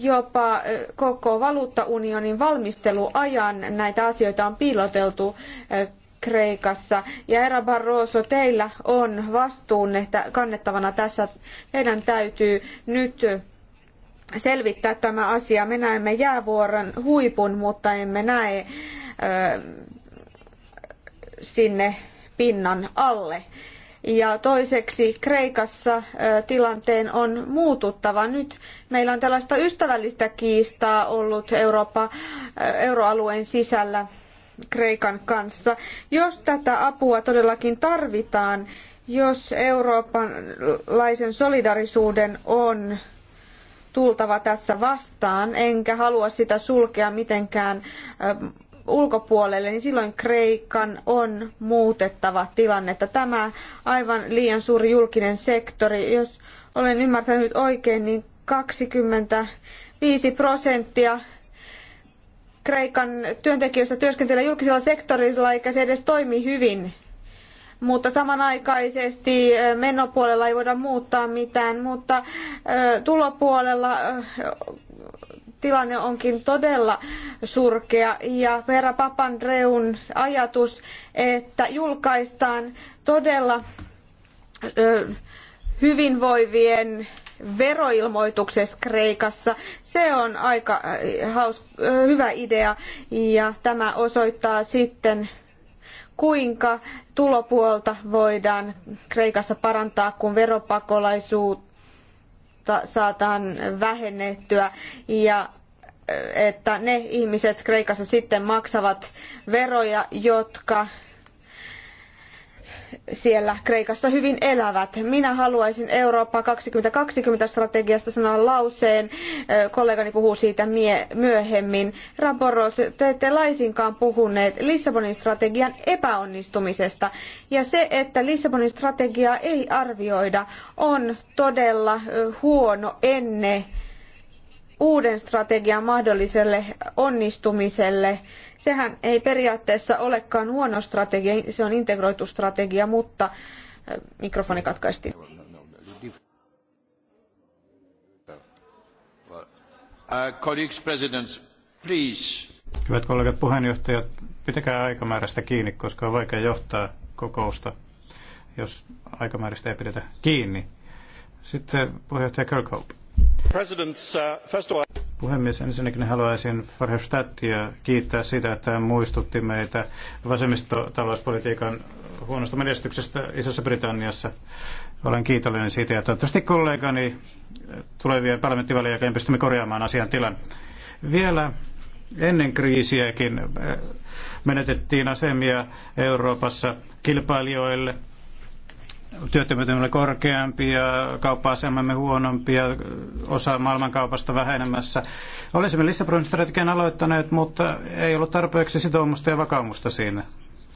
jopa äh, koko valuuttaunionin valmisteluajan näitä asioita on piiloteltu Kreikassa. Ja herra Barroso, teillä on vastuunne kannettavana tässä. Teidän täytyy nyt selvittää tämä asia. Me näemme jäävuoren huipun, mutta emme näe sinne pinnan alle. Ja toiseksi Kreikassa tilanteen on muututtava. Nyt meillä on tällaista ystävällistä kiistaa ollut Eurooppa, euroalueen sisällä Kreikan kanssa. Jos tätä apua todellakin tarvitaan, jos eurooppalaisen solidarisuuden on tultava tässä vastaan, enkä halua sitä sulkea mitenkään ulkopuolelle, niin silloin Kreikan on muutettava tilannetta. Tämä aivan liian suuri julkinen sektori, jos olen ymmärtänyt oikein, niin 25 prosenttia Kreikan työntekijöistä työskentelee julkisella sektorilla eikä se edes toimi hyvin. Mutta samanaikaisesti menopuolella ei voida muuttaa mitään, mutta tulopuolella tilanne onkin todella surkea ja Vera Papandreun ajatus, että julkaistaan todella hyvinvoivien veroilmoituksesta Kreikassa. Se on aika haus, hyvä idea ja tämä osoittaa sitten kuinka tulopuolta voidaan Kreikassa parantaa, kun veropakolaisuutta saataan vähennettyä ja että ne ihmiset Kreikassa sitten maksavat veroja, jotka siellä Kreikassa hyvin elävät. Minä haluaisin Eurooppa 2020 strategiasta sanoa lauseen. Kollegani puhuu siitä myöhemmin. Raboros, te ette laisinkaan puhuneet Lissabonin strategian epäonnistumisesta. Ja se, että Lissabonin strategiaa ei arvioida, on todella huono ennen uuden strategian mahdolliselle onnistumiselle. Sehän ei periaatteessa olekaan huono strategia, se on integroitu strategia, mutta äh, mikrofoni katkaistiin. No, no, no, uh, Hyvät kollegat puheenjohtajat, pitäkää aikamäärästä kiinni, koska on vaikea johtaa kokousta, jos aikamääristä ei pidetä kiinni. Sitten puheenjohtaja Kirkhope. Puhemies, ensinnäkin haluaisin Farhofstadtia kiittää siitä, että hän muistutti meitä vasemmistotalouspolitiikan huonosta menestyksestä Isossa Britanniassa. Olen kiitollinen siitä ja toivottavasti kollegani tulevien parlamenttivälien jälkeen pystymme korjaamaan asian tilan. Vielä ennen kriisiäkin eh, menetettiin asemia Euroopassa kilpailijoille – työttömyytemme korkeampi ja kauppa-asemamme huonompi ja osa maailmankaupasta vähenemässä. Olisimme Lissabonin strategian aloittaneet, mutta ei ollut tarpeeksi sitoumusta ja vakaumusta siinä.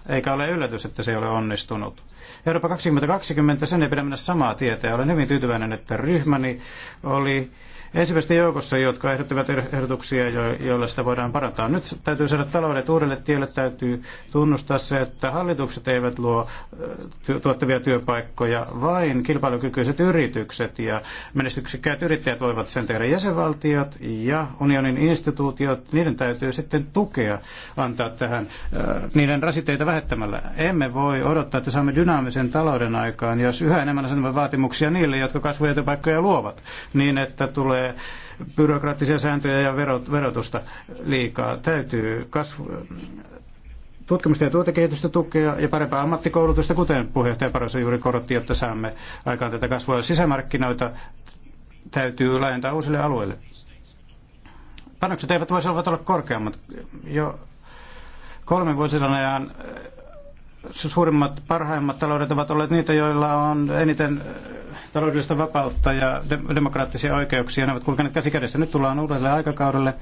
Eikä ole yllätys, että se ei ole onnistunut. Eurooppa 2020, sen ei pidä mennä samaa tietä. Olen hyvin tyytyväinen, että ryhmäni oli ensimmäisten joukossa, jotka ehdottivat er- ehdotuksia, joilla sitä voidaan parantaa. Nyt täytyy saada taloudet uudelle tielle, täytyy tunnustaa se, että hallitukset eivät luo tuottavia työpaikkoja, vain kilpailukykyiset yritykset ja menestyksekkäät yrittäjät voivat sen tehdä. Jäsenvaltiot ja unionin instituutiot, niiden täytyy sitten tukea antaa tähän niiden rasitteita vähettämällä. Emme voi odottaa, että saamme dynaamisen talouden aikaan, jos yhä enemmän asetamme vaatimuksia niille, jotka kasvuja työpaikkoja luovat, niin että tulee tulee byrokraattisia sääntöjä ja verotusta liikaa. Täytyy kasvu, tutkimusta ja tuotekehitystä tukea ja parempaa ammattikoulutusta, kuten puheenjohtaja Paroso juuri korotti, jotta saamme aikaan tätä kasvua. Sisämarkkinoita täytyy laajentaa uusille alueille. Panokset eivät voisi olla korkeammat. Jo kolmen vuosisadan ajan suurimmat, parhaimmat taloudet ovat olleet niitä, joilla on eniten äh, taloudellista vapautta ja de- demokraattisia oikeuksia. Ne ovat kulkeneet käsi kädessä. Nyt tullaan uudelle aikakaudelle.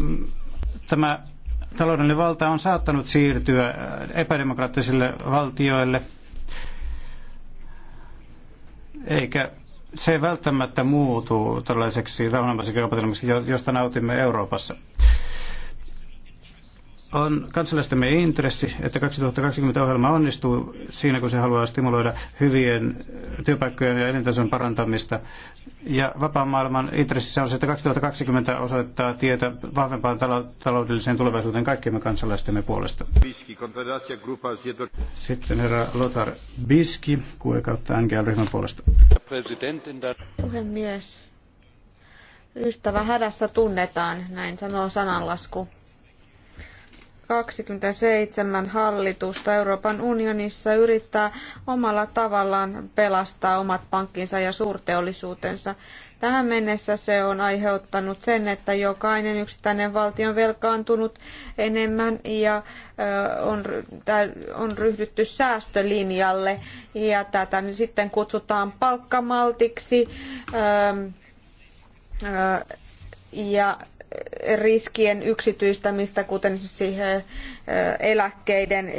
Mm, tämä taloudellinen valta on saattanut siirtyä äh, epädemokraattisille valtioille, eikä se välttämättä muutu tällaiseksi rauhanomaiseksi kapitalismiksi, josta nautimme Euroopassa on kansalaistemme intressi, että 2020 ohjelma onnistuu siinä, kun se haluaa stimuloida hyvien työpaikkojen ja elintason parantamista. Ja vapaan maailman intressissä on se, että 2020 osoittaa tietä vahvempaan taloudelliseen tulevaisuuteen kaikkien kansalaistemme puolesta. Sitten herra Lothar Biski, QE kautta NGL-ryhmän puolesta. Puhemies, ystävä hädässä tunnetaan, näin sanoo sananlasku 27 hallitusta Euroopan unionissa yrittää omalla tavallaan pelastaa omat pankkinsa ja suurteollisuutensa. Tähän mennessä se on aiheuttanut sen, että jokainen yksittäinen valtio on velkaantunut enemmän ja on, ryhdytty säästölinjalle ja tätä sitten kutsutaan palkkamaltiksi ja riskien yksityistämistä, kuten esimerkiksi eläkkeiden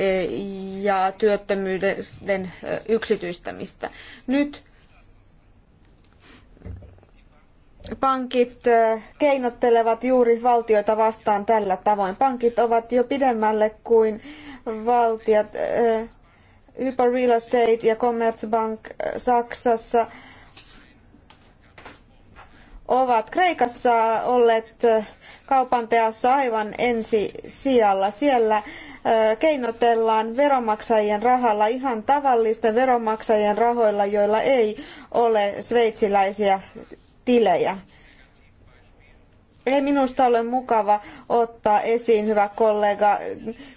ja työttömyyden yksityistämistä. Nyt pankit keinottelevat juuri valtioita vastaan tällä tavoin. Pankit ovat jo pidemmälle kuin valtiot. Hyper Real Estate ja Commerzbank Saksassa ovat Kreikassa olleet kaupanteossa aivan ensi sijalla. Siellä keinotellaan veronmaksajien rahalla ihan tavallisten veronmaksajien rahoilla, joilla ei ole sveitsiläisiä tilejä. Ei minusta ole mukava ottaa esiin, hyvä kollega,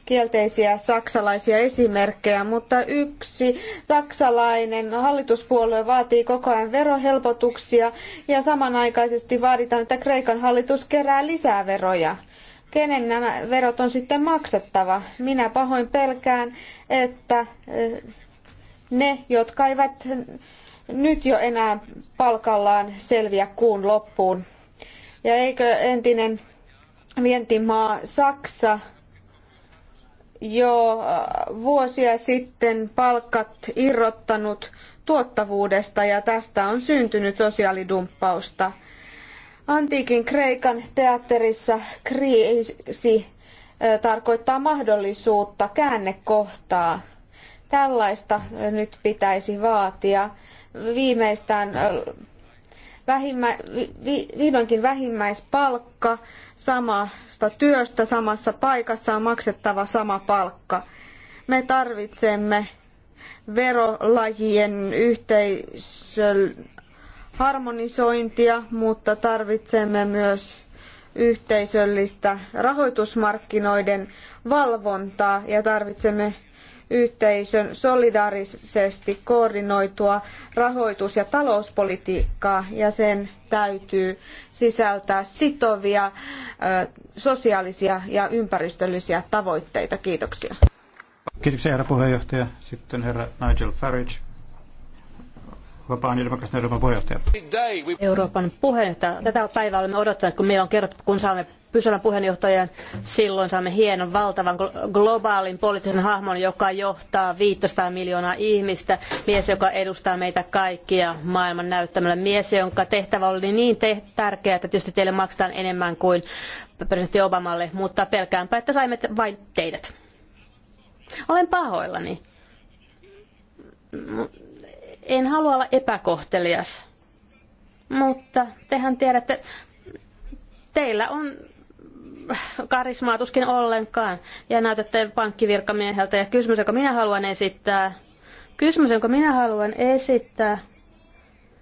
kielteisiä saksalaisia esimerkkejä, mutta yksi saksalainen hallituspuolue vaatii koko ajan verohelpotuksia ja samanaikaisesti vaaditaan, että Kreikan hallitus kerää lisää veroja kenen nämä verot on sitten maksettava. Minä pahoin pelkään, että eh, ne, jotka eivät nyt jo enää palkallaan selviä kuun loppuun, ja eikö entinen vientimaa Saksa jo äh, vuosia sitten palkat irrottanut tuottavuudesta ja tästä on syntynyt sosiaalidumppausta. Antiikin Kreikan teatterissa kriisi äh, tarkoittaa mahdollisuutta, käännekohtaa. Tällaista nyt pitäisi vaatia viimeistään äh, vähimmä, vi, vihdoinkin vähimmäispalkka samasta työstä samassa paikassa on maksettava sama palkka. Me tarvitsemme verolajien yhteisön harmonisointia, mutta tarvitsemme myös yhteisöllistä rahoitusmarkkinoiden valvontaa ja tarvitsemme yhteisön solidaarisesti koordinoitua rahoitus- ja talouspolitiikkaa ja sen täytyy sisältää sitovia sosiaalisia ja ympäristöllisiä tavoitteita. Kiitoksia. Kiitoksia herra puheenjohtaja. Sitten herra Nigel Farage. Euroopan puheenjohtaja. Euroopan puheenjohtaja. Tätä päivää olemme odottaneet, kun meillä on kerrottu, kun saamme pysyvän puheenjohtajan, silloin saamme hienon valtavan globaalin poliittisen hahmon, joka johtaa 500 miljoonaa ihmistä, mies, joka edustaa meitä kaikkia maailman näyttämällä, mies, jonka tehtävä oli niin te- tärkeä, että tietysti teille maksetaan enemmän kuin presidentti Obamalle, mutta pelkäänpä, että saimme vain teidät. Olen pahoillani. En halua olla epäkohtelias, mutta tehän tiedätte, teillä on karismaa tuskin ollenkaan ja näytätte pankkivirkamieheltä. Ja kysymys, jonka minä haluan esittää, kysymys, jonka minä haluan esittää,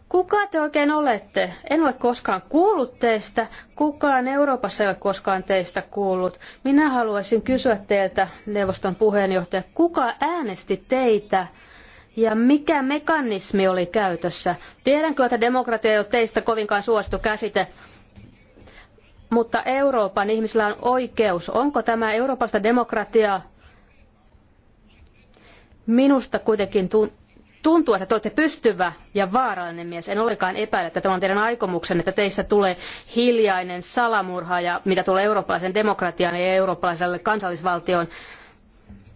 Kuka te oikein olette? En ole koskaan kuullut teistä. Kukaan Euroopassa ei ole koskaan teistä kuullut. Minä haluaisin kysyä teiltä, neuvoston puheenjohtaja, kuka äänesti teitä ja mikä mekanismi oli käytössä? Tiedänkö, että demokratia ei ole teistä kovinkaan suosittu käsite, mutta Euroopan ihmisillä on oikeus. Onko tämä Euroopasta demokratiaa? Minusta kuitenkin tuntuu, että te olette pystyvä ja vaarallinen mies. En olekaan epäile, että tämä on teidän aikomuksenne, että teistä tulee hiljainen salamurhaaja, mitä tulee eurooppalaisen demokratiaan ja eurooppalaiselle kansallisvaltioon.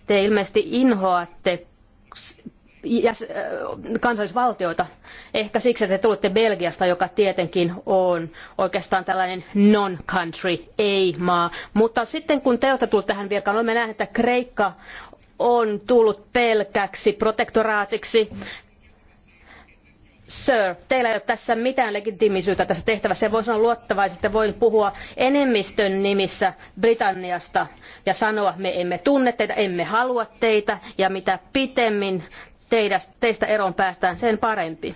Te ilmeisesti inhoatte Äh, kansallisvaltioita. Ehkä siksi, että te tulette Belgiasta, joka tietenkin on oikeastaan tällainen non-country, ei-maa. Mutta sitten kun te olette tullut tähän virkaan, olemme nähneet, että Kreikka on tullut pelkäksi protektoraatiksi. Sir, teillä ei ole tässä mitään legitiimisyyttä tässä tehtävässä. Voin sanoa luottavaisesti, että voin puhua enemmistön nimissä Britanniasta ja sanoa, me emme tunne teitä, emme halua teitä ja mitä pitemmin teistä eroon päästään, sen parempi.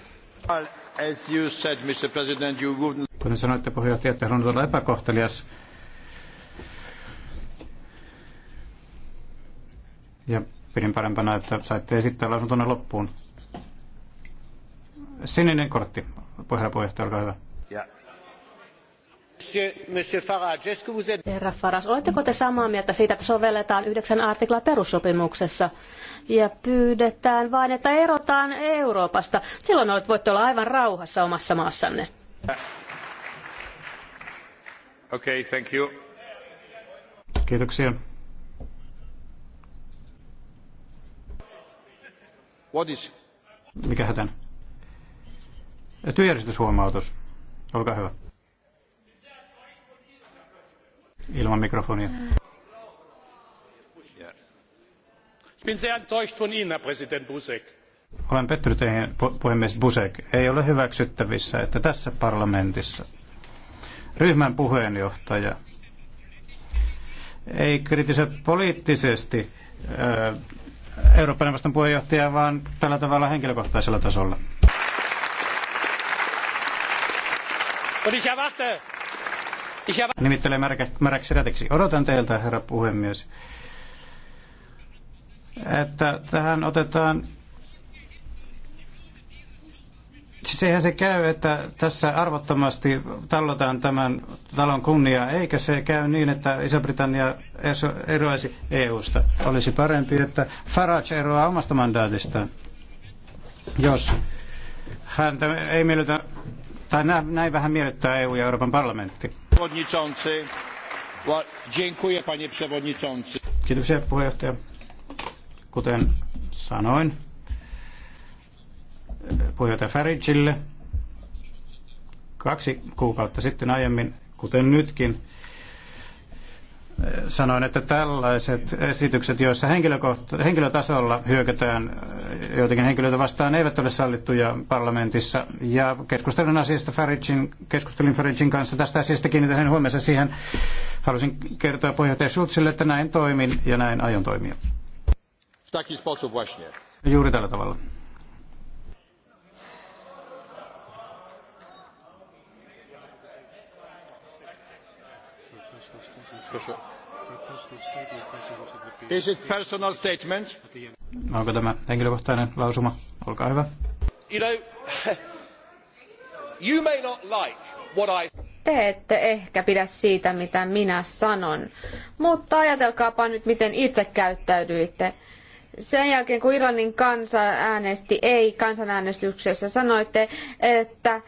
Kun sanoitte puheenjohtaja, että haluan olla epäkohtelias, ja pidin parempana, että saitte esittää lausuntonne loppuun. Sininen kortti, puheenjohtaja, olkaa hyvä. Herra Faras, oletteko te samaa mieltä siitä, että sovelletaan yhdeksän artiklaa perussopimuksessa ja pyydetään vain, että erotaan Euroopasta? Silloin olet, voitte olla aivan rauhassa omassa maassanne. Okay, thank you. Kiitoksia. What is? Mikä hätän? Työjärjestyshuomautus. Olkaa hyvä. Ilman mikrofonia. Olen pettynyt teihin, puhemies Busek. Ei ole hyväksyttävissä, että tässä parlamentissa ryhmän puheenjohtaja ei kritisoi poliittisesti Euroopan neuvoston puheenjohtajaa, vaan tällä tavalla henkilökohtaisella tasolla. Und ich erwarte, Nimittelee märäksi rätiksi. Odotan teiltä, herra puhemies, että tähän otetaan siis eihän se käy, että tässä arvottomasti tallotaan tämän talon kunnia, eikä se käy niin, että Iso-Britannia eroaisi EU-sta. Olisi parempi, että Farage eroaa omasta mandaatistaan, jos hän ei miellytä, tai näin vähän miellyttää EU ja Euroopan parlamentti przewodniczący. Dziękuję, panie przewodniczący. puheenjohtaja. Kuten sanoin puheenjohtaja Faridgille kaksi kuukautta sitten aiemmin, kuten nytkin, sanoin, että tällaiset esitykset, joissa henkilötasolla hyökätään joitakin henkilöitä vastaan, eivät ole sallittuja parlamentissa. Ja keskustelin asiasta Faragin, keskustelin Faragin kanssa tästä asiasta, kiinnitän hänen siihen. Halusin kertoa puheenjohtaja Schulzille, että näin toimin ja näin aion toimia. Juuri tällä tavalla. Is it personal statement? Onko tämä henkilökohtainen lausuma? Olkaa hyvä. You know, you may not like what I... Te ette ehkä pidä siitä, mitä minä sanon, mutta ajatelkaapa nyt, miten itse käyttäydyitte sen jälkeen, kun Irlannin kansa äänesti ei kansanäänestyksessä, sanoitte, että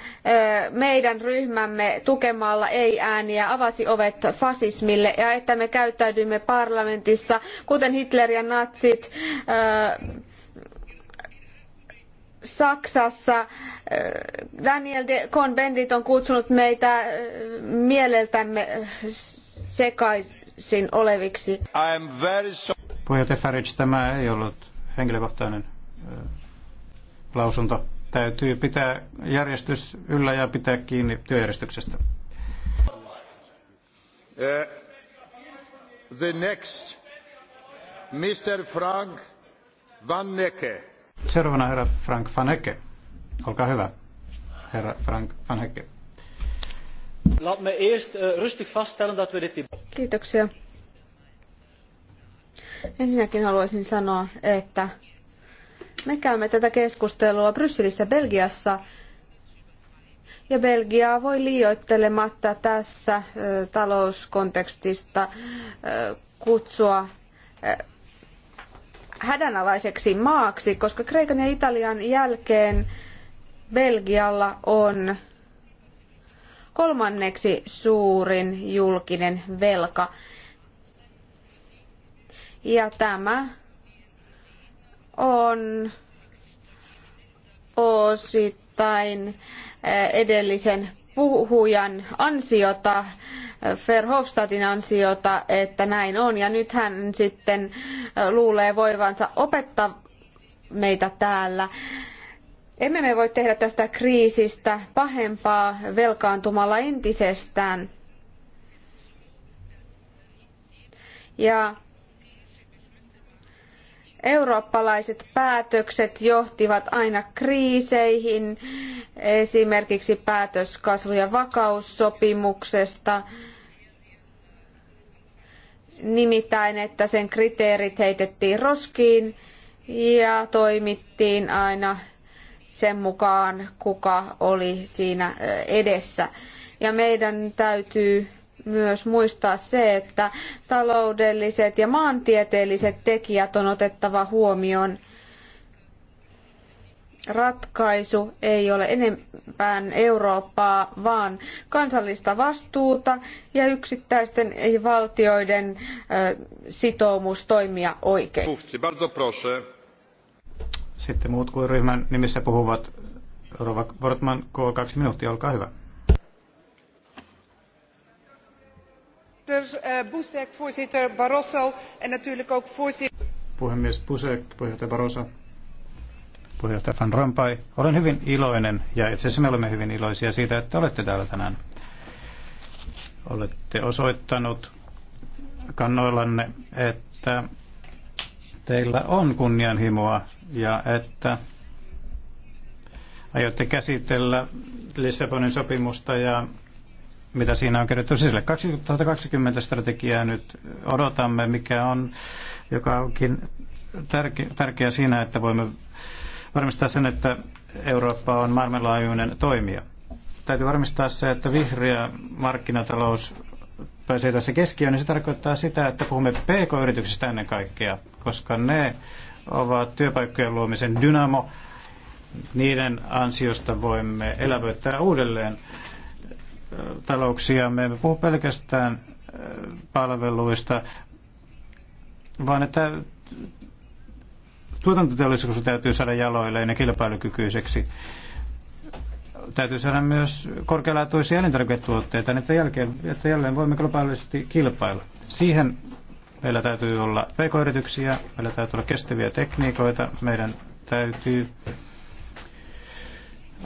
meidän ryhmämme tukemalla ei-ääniä avasi ovet fasismille ja että me käyttäydymme parlamentissa, kuten Hitler ja natsit, Saksassa. Daniel de Cohn-Bendit on kutsunut meitä mieleltämme sekaisin oleviksi. So Puheenjohtaja Farage, tämä ei ollut henkilökohtainen lausunto. Täytyy pitää järjestys yllä ja pitää kiinni työjärjestyksestä. Eh, the next, Mr. Frank Van Necke. Seuraavana herra Frank Van Necke. Olkaa hyvä, herra Frank Van Necke. Laat me eerst eh, rustig vaststellen dat we dit... Kiitoksia Ensinnäkin haluaisin sanoa, että me käymme tätä keskustelua Brysselissä Belgiassa ja Belgiaa voi liioittelematta tässä talouskontekstista kutsua hädänalaiseksi maaksi, koska Kreikan ja Italian jälkeen Belgialla on kolmanneksi suurin julkinen velka. Ja tämä on osittain eh, edellisen puhujan ansiota, eh, Verhofstadtin ansiota, että näin on. Ja nyt hän sitten eh, luulee voivansa opettaa meitä täällä. Emme me voi tehdä tästä kriisistä pahempaa velkaantumalla entisestään. Ja eurooppalaiset päätökset johtivat aina kriiseihin, esimerkiksi päätös kasvu- ja vakaussopimuksesta, nimittäin että sen kriteerit heitettiin roskiin ja toimittiin aina sen mukaan, kuka oli siinä edessä. Ja meidän täytyy myös muistaa se, että taloudelliset ja maantieteelliset tekijät on otettava huomioon. Ratkaisu ei ole enempään Eurooppaa, vaan kansallista vastuuta ja yksittäisten valtioiden sitoumus toimia oikein. Sitten muut kuin ryhmän nimissä puhuvat. Rova Wortman, K2 minuuttia, olkaa hyvä. Eh, Busek, voorzitter Barroso en natuurlijk ook voorzitter... Puhemies Busek, puheenjohtaja Barroso, puheenjohtaja Van Rompuy. Olen hyvin iloinen ja itse asiassa me olemme hyvin iloisia siitä, että olette täällä tänään. Olette osoittanut kannoillanne, että teillä on kunnianhimoa ja että aiotte käsitellä Lissabonin sopimusta ja mitä siinä on kerrottu sisälle. 2020 strategiaa nyt odotamme, mikä on, joka onkin tärke, tärkeä siinä, että voimme varmistaa sen, että Eurooppa on maailmanlaajuinen toimija. Täytyy varmistaa se, että vihreä markkinatalous pääsee tässä keskiöön, niin se tarkoittaa sitä, että puhumme pk-yrityksistä ennen kaikkea, koska ne ovat työpaikkojen luomisen dynamo. Niiden ansiosta voimme elävöittää uudelleen talouksia. Me emme puhu pelkästään palveluista, vaan että tuotantoteollisuus täytyy saada jaloilleen ja kilpailukykyiseksi. Täytyy saada myös korkealaatuisia elintarviketuotteita, niin että, jälkeen, että jälleen voimme globaalisti kilpailla. Siihen meillä täytyy olla pk-yrityksiä, meillä täytyy olla kestäviä tekniikoita, meidän täytyy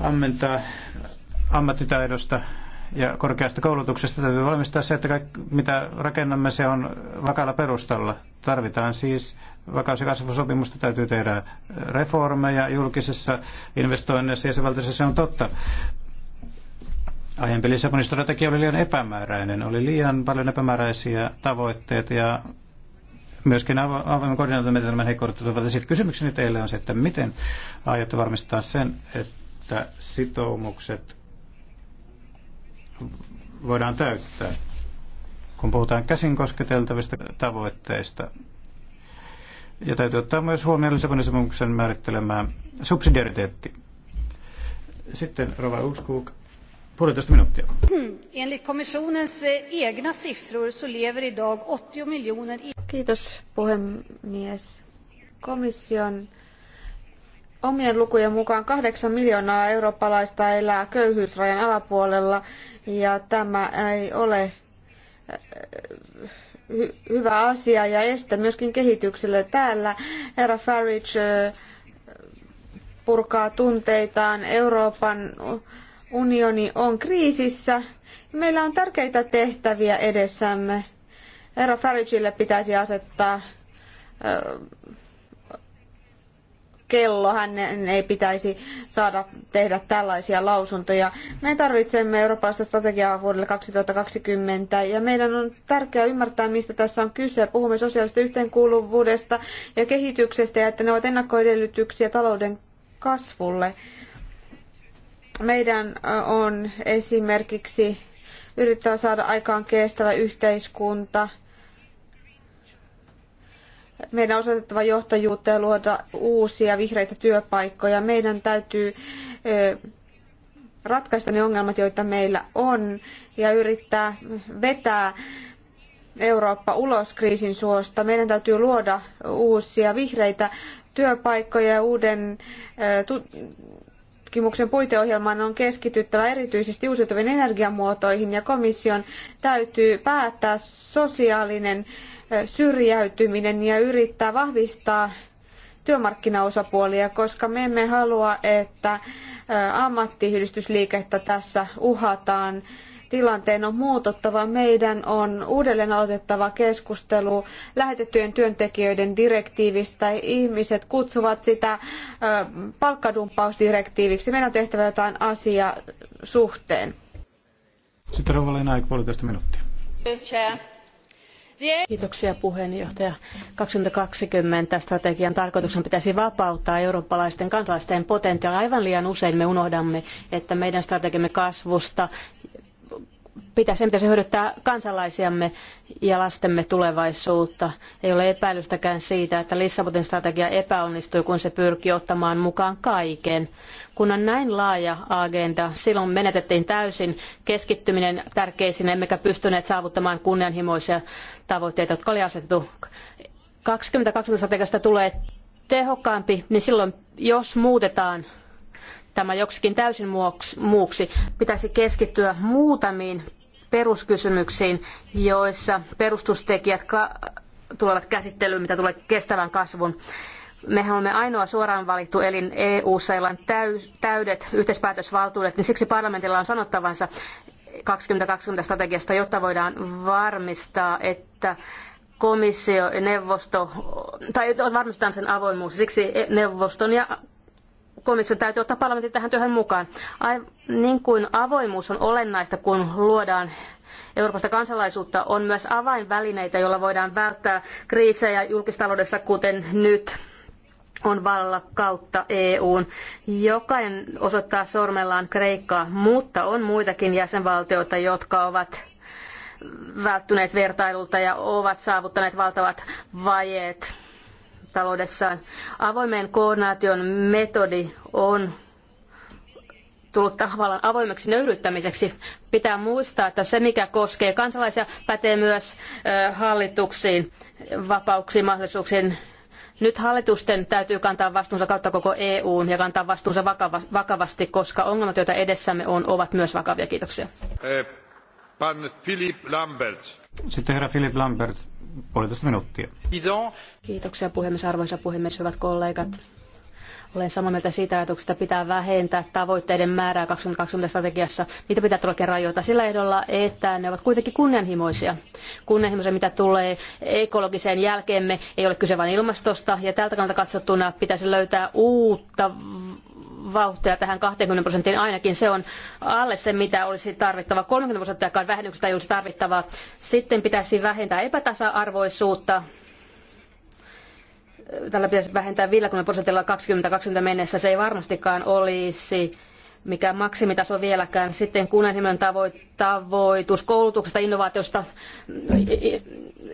ammentaa ammattitaidosta ja korkeasta koulutuksesta täytyy valmistaa se, että kaikki, mitä rakennamme, se on vakalla perustalla. Tarvitaan siis vakaus- ja kasvusopimusta, täytyy tehdä reformeja julkisessa investoinnissa ja se se on totta. Aiempi Lissabonin strategia oli liian epämääräinen, oli liian paljon epämääräisiä tavoitteita ja myöskin avoimen koordinaatiomenetelmän heikkoudet ovat esille. Kysymykseni teille on se, että miten aiotte varmistaa sen, että sitoumukset voidaan täyttää. Kun puhutaan käsin kosketeltavista tavoitteista, ja täytyy ottaa myös huomioon Lissabonin sopimuksen määrittelemää subsidiariteetti. Sitten Rova Ulskog, puolitoista minuuttia. Hmm. Enligt kommissionens eh, egna siffror så lever idag 80 miljoner... Kiitos puhemies. Komission Omien lukujen mukaan kahdeksan miljoonaa eurooppalaista elää köyhyysrajan alapuolella ja tämä ei ole eh, hyvä asia ja este myöskin kehitykselle. Täällä herra Farage eh, purkaa tunteitaan. Euroopan unioni on kriisissä. Meillä on tärkeitä tehtäviä edessämme. Herra Farageille pitäisi asettaa eh, kello, hänen ei pitäisi saada tehdä tällaisia lausuntoja. Me tarvitsemme eurooppalaista strategiaa vuodelle 2020 ja meidän on tärkeää ymmärtää, mistä tässä on kyse. Puhumme sosiaalista yhteenkuuluvuudesta ja kehityksestä ja että ne ovat ennakkoedellytyksiä talouden kasvulle. Meidän on esimerkiksi yrittää saada aikaan kestävä yhteiskunta – meidän on osoitettava johtajuutta ja luoda uusia vihreitä työpaikkoja. Meidän täytyy ratkaista ne ongelmat, joita meillä on, ja yrittää vetää Eurooppa ulos kriisin suosta. Meidän täytyy luoda uusia vihreitä työpaikkoja ja uuden tutkimuksen puiteohjelman on keskityttävä erityisesti uusiutuvien energiamuotoihin ja komission täytyy päättää sosiaalinen syrjäytyminen ja yrittää vahvistaa työmarkkinaosapuolia, koska me emme halua, että ammattiyhdistysliikettä tässä uhataan. Tilanteen on muutottava. Meidän on uudelleen aloitettava keskustelu lähetettyjen työntekijöiden direktiivistä. Ihmiset kutsuvat sitä palkkadumppausdirektiiviksi. Meidän on tehtävä jotain asiaa suhteen. Sitten Rovalina, puolitoista minuuttia. Chair. Kiitoksia puheenjohtaja. 2020 strategian tarkoituksen pitäisi vapauttaa eurooppalaisten kansalaisten potentiaalia. Aivan liian usein me unohdamme, että meidän strategiamme kasvusta pitää sen, mitä se hyödyttää kansalaisiamme ja lastemme tulevaisuutta. Ei ole epäilystäkään siitä, että Lissabonin strategia epäonnistui, kun se pyrki ottamaan mukaan kaiken. Kun on näin laaja agenda, silloin menetettiin täysin keskittyminen tärkeisiin, emmekä pystyneet saavuttamaan kunnianhimoisia tavoitteita, jotka oli asetettu. 2020 strategiasta tulee tehokkaampi, niin silloin jos muutetaan tämä joksikin täysin muuksi. Pitäisi keskittyä muutamiin peruskysymyksiin, joissa perustustekijät tulevat käsittelyyn, mitä tulee kestävän kasvun. Mehän olemme ainoa suoraan valittu elin EU-ssa, jolla on täydet yhteispäätösvaltuudet, niin siksi parlamentilla on sanottavansa 2020-strategiasta, jotta voidaan varmistaa, että komissio ja neuvosto, tai varmistetaan sen avoimuus. Siksi neuvoston ja komission täytyy ottaa parlamentti tähän työhön mukaan. Ai, niin kuin avoimuus on olennaista, kun luodaan Euroopasta kansalaisuutta, on myös avainvälineitä, joilla voidaan välttää kriisejä julkistaloudessa, kuten nyt on vallalla kautta EUn. Jokainen osoittaa sormellaan Kreikkaa, mutta on muitakin jäsenvaltioita, jotka ovat välttyneet vertailulta ja ovat saavuttaneet valtavat vajeet taloudessaan. Avoimen koordinaation metodi on tullut tavallaan avoimeksi nöyryttämiseksi. Pitää muistaa, että se mikä koskee kansalaisia pätee myös hallituksiin, vapauksiin, mahdollisuuksiin. Nyt hallitusten täytyy kantaa vastuunsa kautta koko EUn ja kantaa vastuunsa vakavasti, koska ongelmat, joita edessämme on, ovat myös vakavia. Kiitoksia. Eh, pan Philip Lambert. Sitten herra Philip Lambert puolitoista minuuttia. Kiitoksia puhemies, arvoisa puhemies, hyvät kollegat. Olen samaa mieltä siitä ajatuksesta, että pitää vähentää tavoitteiden määrää 2020 strategiassa. Niitä pitää todellakin rajoita sillä ehdolla, että ne ovat kuitenkin kunnianhimoisia. Kunnianhimoisia, mitä tulee ekologiseen jälkeemme, ei ole kyse vain ilmastosta. Ja tältä kannalta katsottuna pitäisi löytää uutta vauhtia tähän 20 prosenttiin ainakin. Se on alle se, mitä olisi tarvittava. 30 prosenttiakaan vähennyksestä ei olisi tarvittavaa. Sitten pitäisi vähentää epätasa-arvoisuutta. Tällä pitäisi vähentää 50 prosentilla 2020 mennessä. Se ei varmastikaan olisi mikä maksimitaso vieläkään. Sitten kunnianhimon tavoitus koulutuksesta, innovaatiosta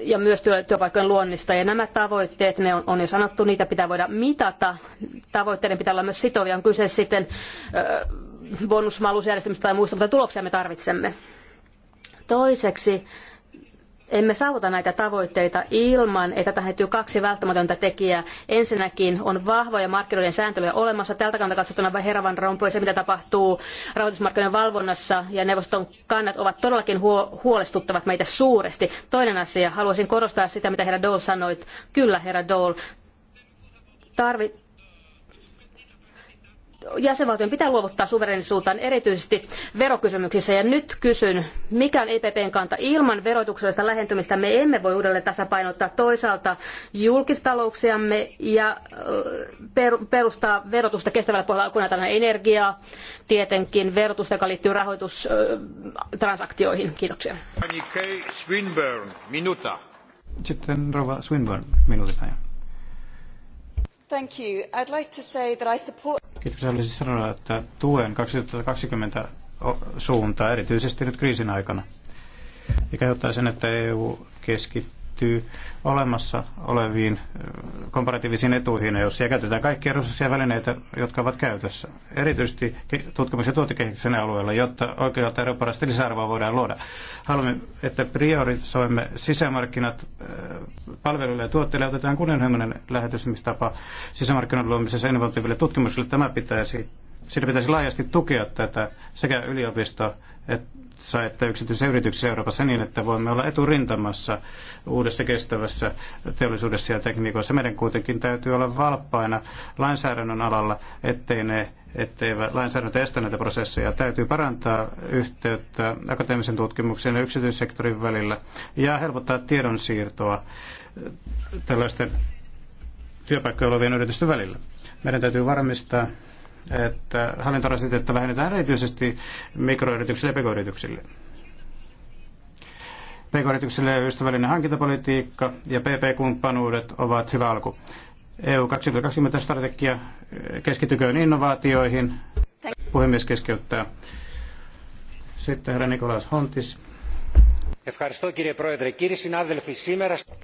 ja myös työpaikkojen luonnista. Ja nämä tavoitteet, ne on, on jo sanottu, niitä pitää voida mitata. Tavoitteiden pitää olla myös sitovia. On kyse sitten bonusmalusjärjestelmistä tai muusta, mutta tuloksia me tarvitsemme. Toiseksi emme saavuta näitä tavoitteita ilman, että tähän liittyy kaksi välttämätöntä tekijää. Ensinnäkin on vahvoja markkinoiden sääntelyjä olemassa. Tältä kannalta katsottuna herra Van Rompuy, se mitä tapahtuu rahoitusmarkkinoiden valvonnassa ja neuvoston kannat ovat todellakin huolestuttavat meitä suuresti. Toinen asia, haluaisin korostaa sitä, mitä herra Dole sanoi. Kyllä, herra Dole, tarvitaan jäsenvaltion pitää luovuttaa suverenisuuttaan erityisesti verokysymyksissä. Ja nyt kysyn, mikä on EPPn kanta? Ilman verotuksellista lähentymistä me emme voi uudelleen tasapainottaa toisaalta julkistalouksiamme ja perustaa verotusta kestävällä pohjalla, kun ajatellaan energiaa, tietenkin verotusta, joka liittyy rahoitustransaktioihin. Kiitoksia. Sitten rouva Swinburne, minuutin ajan. Thank you. I'd like to say that I support... että tuen 2020 suuntaa, erityisesti nyt kriisin aikana. Ja kehottaisin, että EU keskittyy liittyy olemassa oleviin komparatiivisiin etuihin, jos käytetään kaikkia resursseja välineitä, jotka ovat käytössä, erityisesti tutkimus- ja tuotekehityksen alueella, jotta oikealta eurooppalaista lisäarvoa voidaan luoda. Haluamme, että priorisoimme sisämarkkinat palveluille ja tuotteille, otetaan kunnianhimoinen lähetysmistapa sisämarkkinoiden luomisessa innovatiiville tutkimuksille. Tämä pitäisi, siitä pitäisi laajasti tukea tätä sekä yliopisto että yksityisen yrityksen Euroopassa niin, että voimme olla eturintamassa uudessa kestävässä teollisuudessa ja tekniikoissa. Meidän kuitenkin täytyy olla valppaina lainsäädännön alalla, ettei ne ettei lainsäädäntö estä näitä prosesseja. Täytyy parantaa yhteyttä akateemisen tutkimuksen ja yksityissektorin välillä ja helpottaa tiedonsiirtoa tällaisten työpaikkojen olevien yritysten välillä. Meidän täytyy varmistaa, että hallintorasitetta vähennetään erityisesti mikroyrityksille ja pk-yrityksille. PK-yrityksille ystävällinen hankintapolitiikka ja PP-kumppanuudet ovat hyvä alku. EU 2020-strategia keskityköön innovaatioihin. Puhemies keskeyttää. Sitten herra Nikolaus Hontis.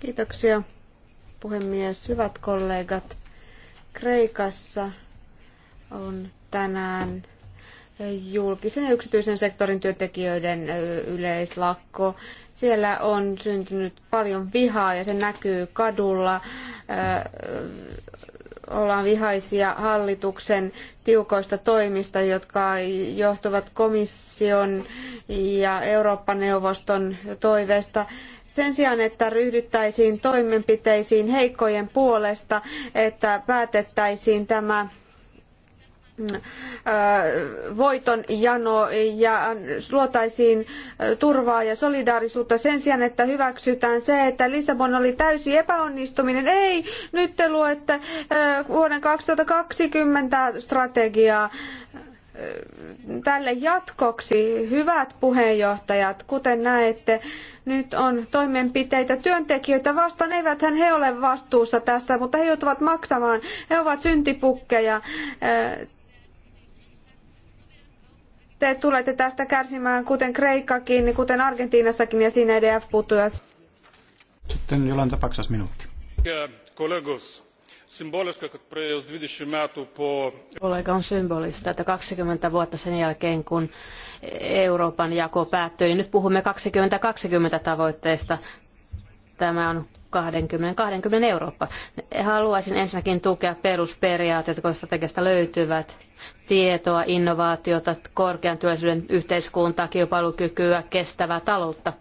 Kiitoksia puhemies. Hyvät kollegat, Kreikassa on tänään julkisen ja yksityisen sektorin työntekijöiden yleislakko. Siellä on syntynyt paljon vihaa ja se näkyy kadulla. Ollaan vihaisia hallituksen tiukoista toimista, jotka johtuvat komission ja Eurooppa-neuvoston toiveista sen sijaan, että ryhdyttäisiin toimenpiteisiin heikkojen puolesta, että päätettäisiin tämä voiton jano ja luotaisiin turvaa ja solidaarisuutta sen sijaan, että hyväksytään se, että Lissabon oli täysi epäonnistuminen. Ei, nyt te luette vuoden 2020 strategiaa tälle jatkoksi, hyvät puheenjohtajat, kuten näette, nyt on toimenpiteitä työntekijöitä vastaan. Eiväthän he ole vastuussa tästä, mutta he joutuvat maksamaan. He ovat syntipukkeja te tulette tästä kärsimään, kuten Kreikkakin, niin kuten Argentiinassakin, ja siinä EDF puuttuu. Sitten jollain tapauksessa minuutti. Kollegos, simboliska, kad po... Kollega on symbolista, että 20 vuotta sen jälkeen, kun Euroopan jako päättyi, niin nyt puhumme 2020 tavoitteista tämä on 20, 20 Eurooppa. Haluaisin ensinnäkin tukea perusperiaatteita, kun strategiasta löytyvät. Tietoa, innovaatiota, korkean työllisyyden yhteiskuntaa, kilpailukykyä, kestävää taloutta.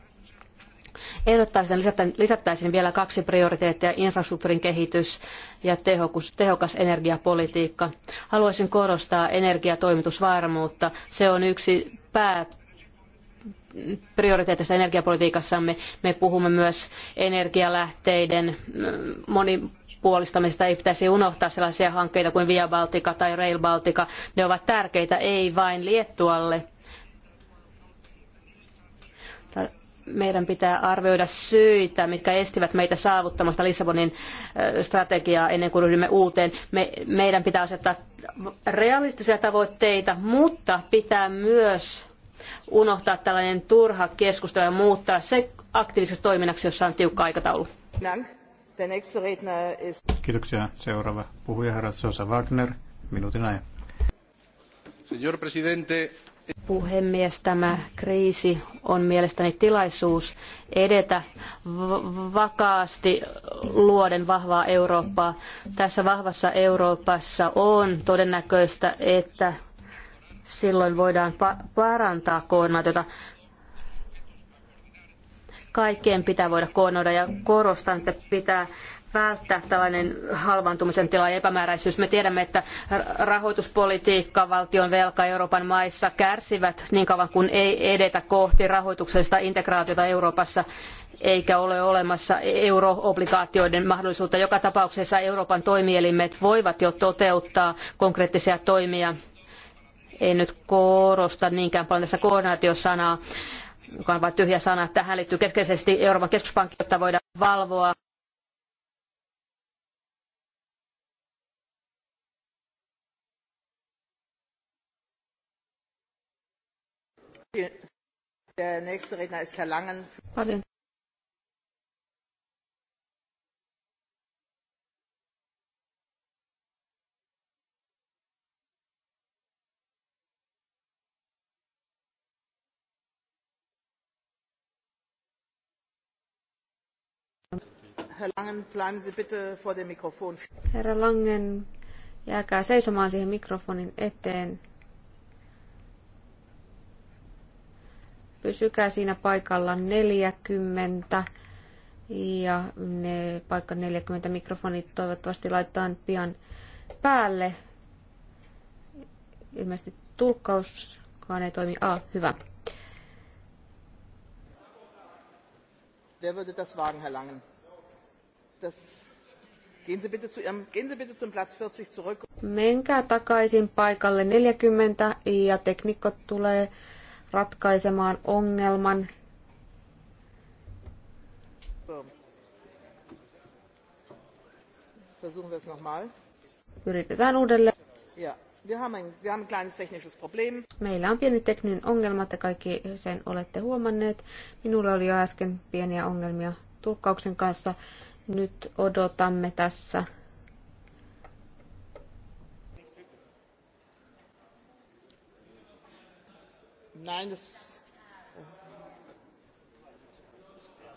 Ehdottaisin, lisättäisiin vielä kaksi prioriteettia, infrastruktuurin kehitys ja tehokus, tehokas energiapolitiikka. Haluaisin korostaa energiatoimitusvarmuutta. Se on yksi pää prioriteetista energiapolitiikassamme. Me puhumme myös energialähteiden mm, monipuolistamisesta. Ei pitäisi unohtaa sellaisia hankkeita kuin Via Baltica tai Rail Baltica. Ne ovat tärkeitä ei vain Liettualle. Meidän pitää arvioida syitä, mitkä estivät meitä saavuttamasta Lissabonin strategiaa ennen kuin ryhdymme uuteen. Me, meidän pitää asettaa realistisia tavoitteita, mutta pitää myös unohtaa tällainen turha keskustelu ja muuttaa se aktiiviseksi toiminnaksi, jossa on tiukka aikataulu. Kiitoksia. Seuraava puhuja herra Sosa Wagner. Minuutin ajan. Señor presidente, puhemies, tämä kriisi on mielestäni tilaisuus edetä vakaasti luoden vahvaa Eurooppaa. Tässä vahvassa Euroopassa on todennäköistä, että silloin voidaan pa- parantaa koordinaatiota. Kaikkien pitää voida koordinoida ja korostan, että pitää välttää tällainen halvantumisen tila ja epämääräisyys. Me tiedämme, että rahoituspolitiikka, valtion velka Euroopan maissa kärsivät niin kauan kuin ei edetä kohti rahoituksellista integraatiota Euroopassa eikä ole olemassa euroobligaatioiden mahdollisuutta. Joka tapauksessa Euroopan toimielimet voivat jo toteuttaa konkreettisia toimia en nyt korosta niinkään paljon tässä koordinaatiosanaa, joka on vain tyhjä sana. Tähän liittyy keskeisesti Euroopan keskuspankki, jotta voidaan valvoa Herra Langen, jääkää seisomaan siihen mikrofonin eteen. Pysykää siinä paikalla 40 ja ne paikka 40 mikrofonit toivottavasti laitetaan pian päälle. Ilmeisesti tulkkauskaan ei toimi. A, ah, hyvä. Wer würde das wagen, Herr Langen? Menkää takaisin paikalle 40 ja teknikko tulee ratkaisemaan ongelman. Yritetään uudelleen. Ja, wir haben ein, wir haben kleines technisches Problem. Meillä on pieni tekninen ongelma, te kaikki sen olette huomanneet. Minulla oli jo äsken pieniä ongelmia tulkkauksen kanssa. Nyt odotamme tässä. Nein, das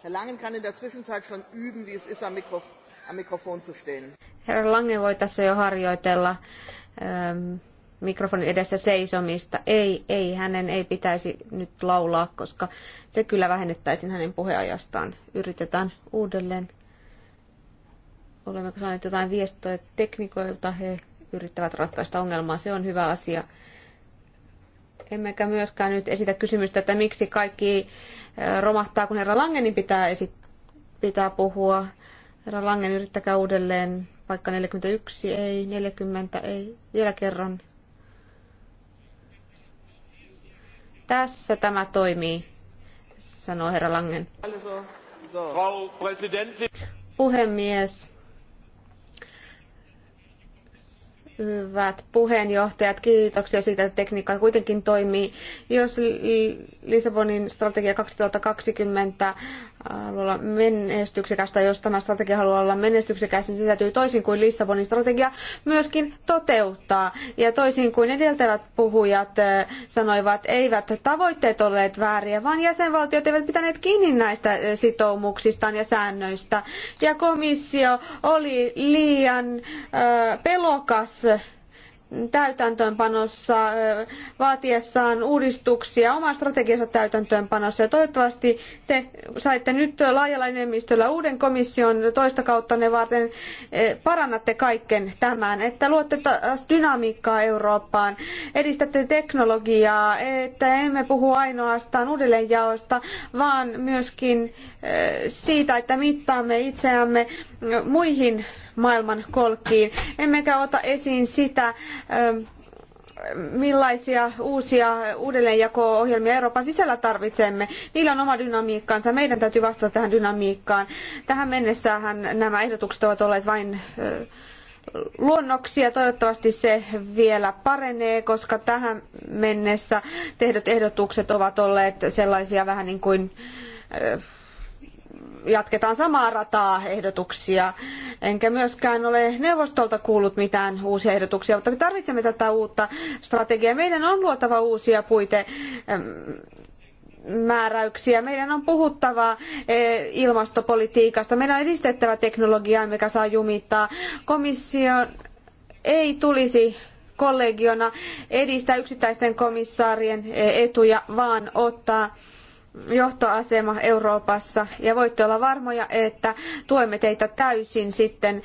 Herr Langen kann in der Zwischenzeit schon üben, wie es ist, am, Mikrof am Mikrofon zu stehen. Herr Lange voi tässä jo harjoitella ähm, mikrofonin edessä seisomista. Ei, ei, hänen ei pitäisi nyt laulaa, koska se kyllä vähennettäisiin hänen puheajastaan. Yritetään uudelleen olemmeko saaneet jotain viestoja teknikoilta, he yrittävät ratkaista ongelmaa, se on hyvä asia. Emmekä myöskään nyt esitä kysymystä, että miksi kaikki eh, romahtaa, kun herra niin pitää, esit- pitää puhua. Herra Langen, yrittäkää uudelleen, vaikka 41 ei, 40 ei, vielä kerran. Tässä tämä toimii, sanoo herra Langen. Puhemies, Hyvät puheenjohtajat, kiitoksia siitä, että tekniikka kuitenkin toimii. Jos Lissabonin strategia 2020 olla menestyksekäs tai jos tämä strategia haluaa olla menestyksekäs, niin se täytyy toisin kuin Lissabonin strategia myöskin toteuttaa. Ja toisin kuin edeltävät puhujat sanoivat, eivät tavoitteet olleet vääriä, vaan jäsenvaltiot eivät pitäneet kiinni näistä sitoumuksistaan ja säännöistä. Ja komissio oli liian pelokas täytäntöönpanossa vaatiessaan uudistuksia oman strategiansa täytäntöönpanossa. Ja toivottavasti te saitte nyt laajalla enemmistöllä uuden komission toista kautta ne varten parannatte kaiken tämän, että luotte taas dynamiikkaa Eurooppaan, edistätte teknologiaa, että emme puhu ainoastaan uudelleenjaosta, vaan myöskin siitä, että mittaamme itseämme muihin maailman kolkkiin. Emmekä ota esiin sitä, ähm, millaisia uusia uudelleenjako-ohjelmia Euroopan sisällä tarvitsemme. Niillä on oma dynamiikkaansa. Meidän täytyy vastata tähän dynamiikkaan. Tähän mennessähän nämä ehdotukset ovat olleet vain äh, luonnoksia. Toivottavasti se vielä parenee, koska tähän mennessä tehdyt ehdotukset ovat olleet sellaisia vähän niin kuin äh, jatketaan samaa rataa ehdotuksia. Enkä myöskään ole neuvostolta kuullut mitään uusia ehdotuksia, mutta me tarvitsemme tätä uutta strategiaa. Meidän on luotava uusia puite määräyksiä. Meidän on puhuttava e, ilmastopolitiikasta. Meidän on edistettävä teknologiaa, mikä saa jumittaa. Komissio ei tulisi kollegiona edistää yksittäisten komissaarien e, etuja, vaan ottaa johtoasema Euroopassa ja voitte olla varmoja, että tuemme teitä täysin sitten.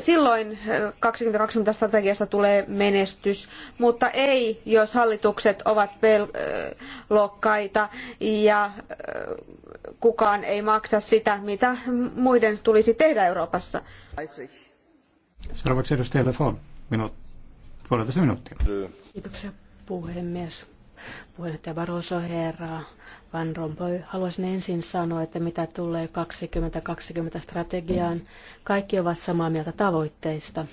Silloin 2020 strategiasta tulee menestys, mutta ei, jos hallitukset ovat pelokkaita ja kukaan ei maksa sitä, mitä muiden tulisi tehdä Euroopassa. Seuraavaksi edustaja Lefon, minuut, puolitoista minuuttia. Kiitoksia puhemies. Puheenjohtaja Barroso, herra Van Rompuy, haluaisin ensin sanoa, että mitä tulee 2020 strategiaan, kaikki ovat samaa mieltä tavoitteista.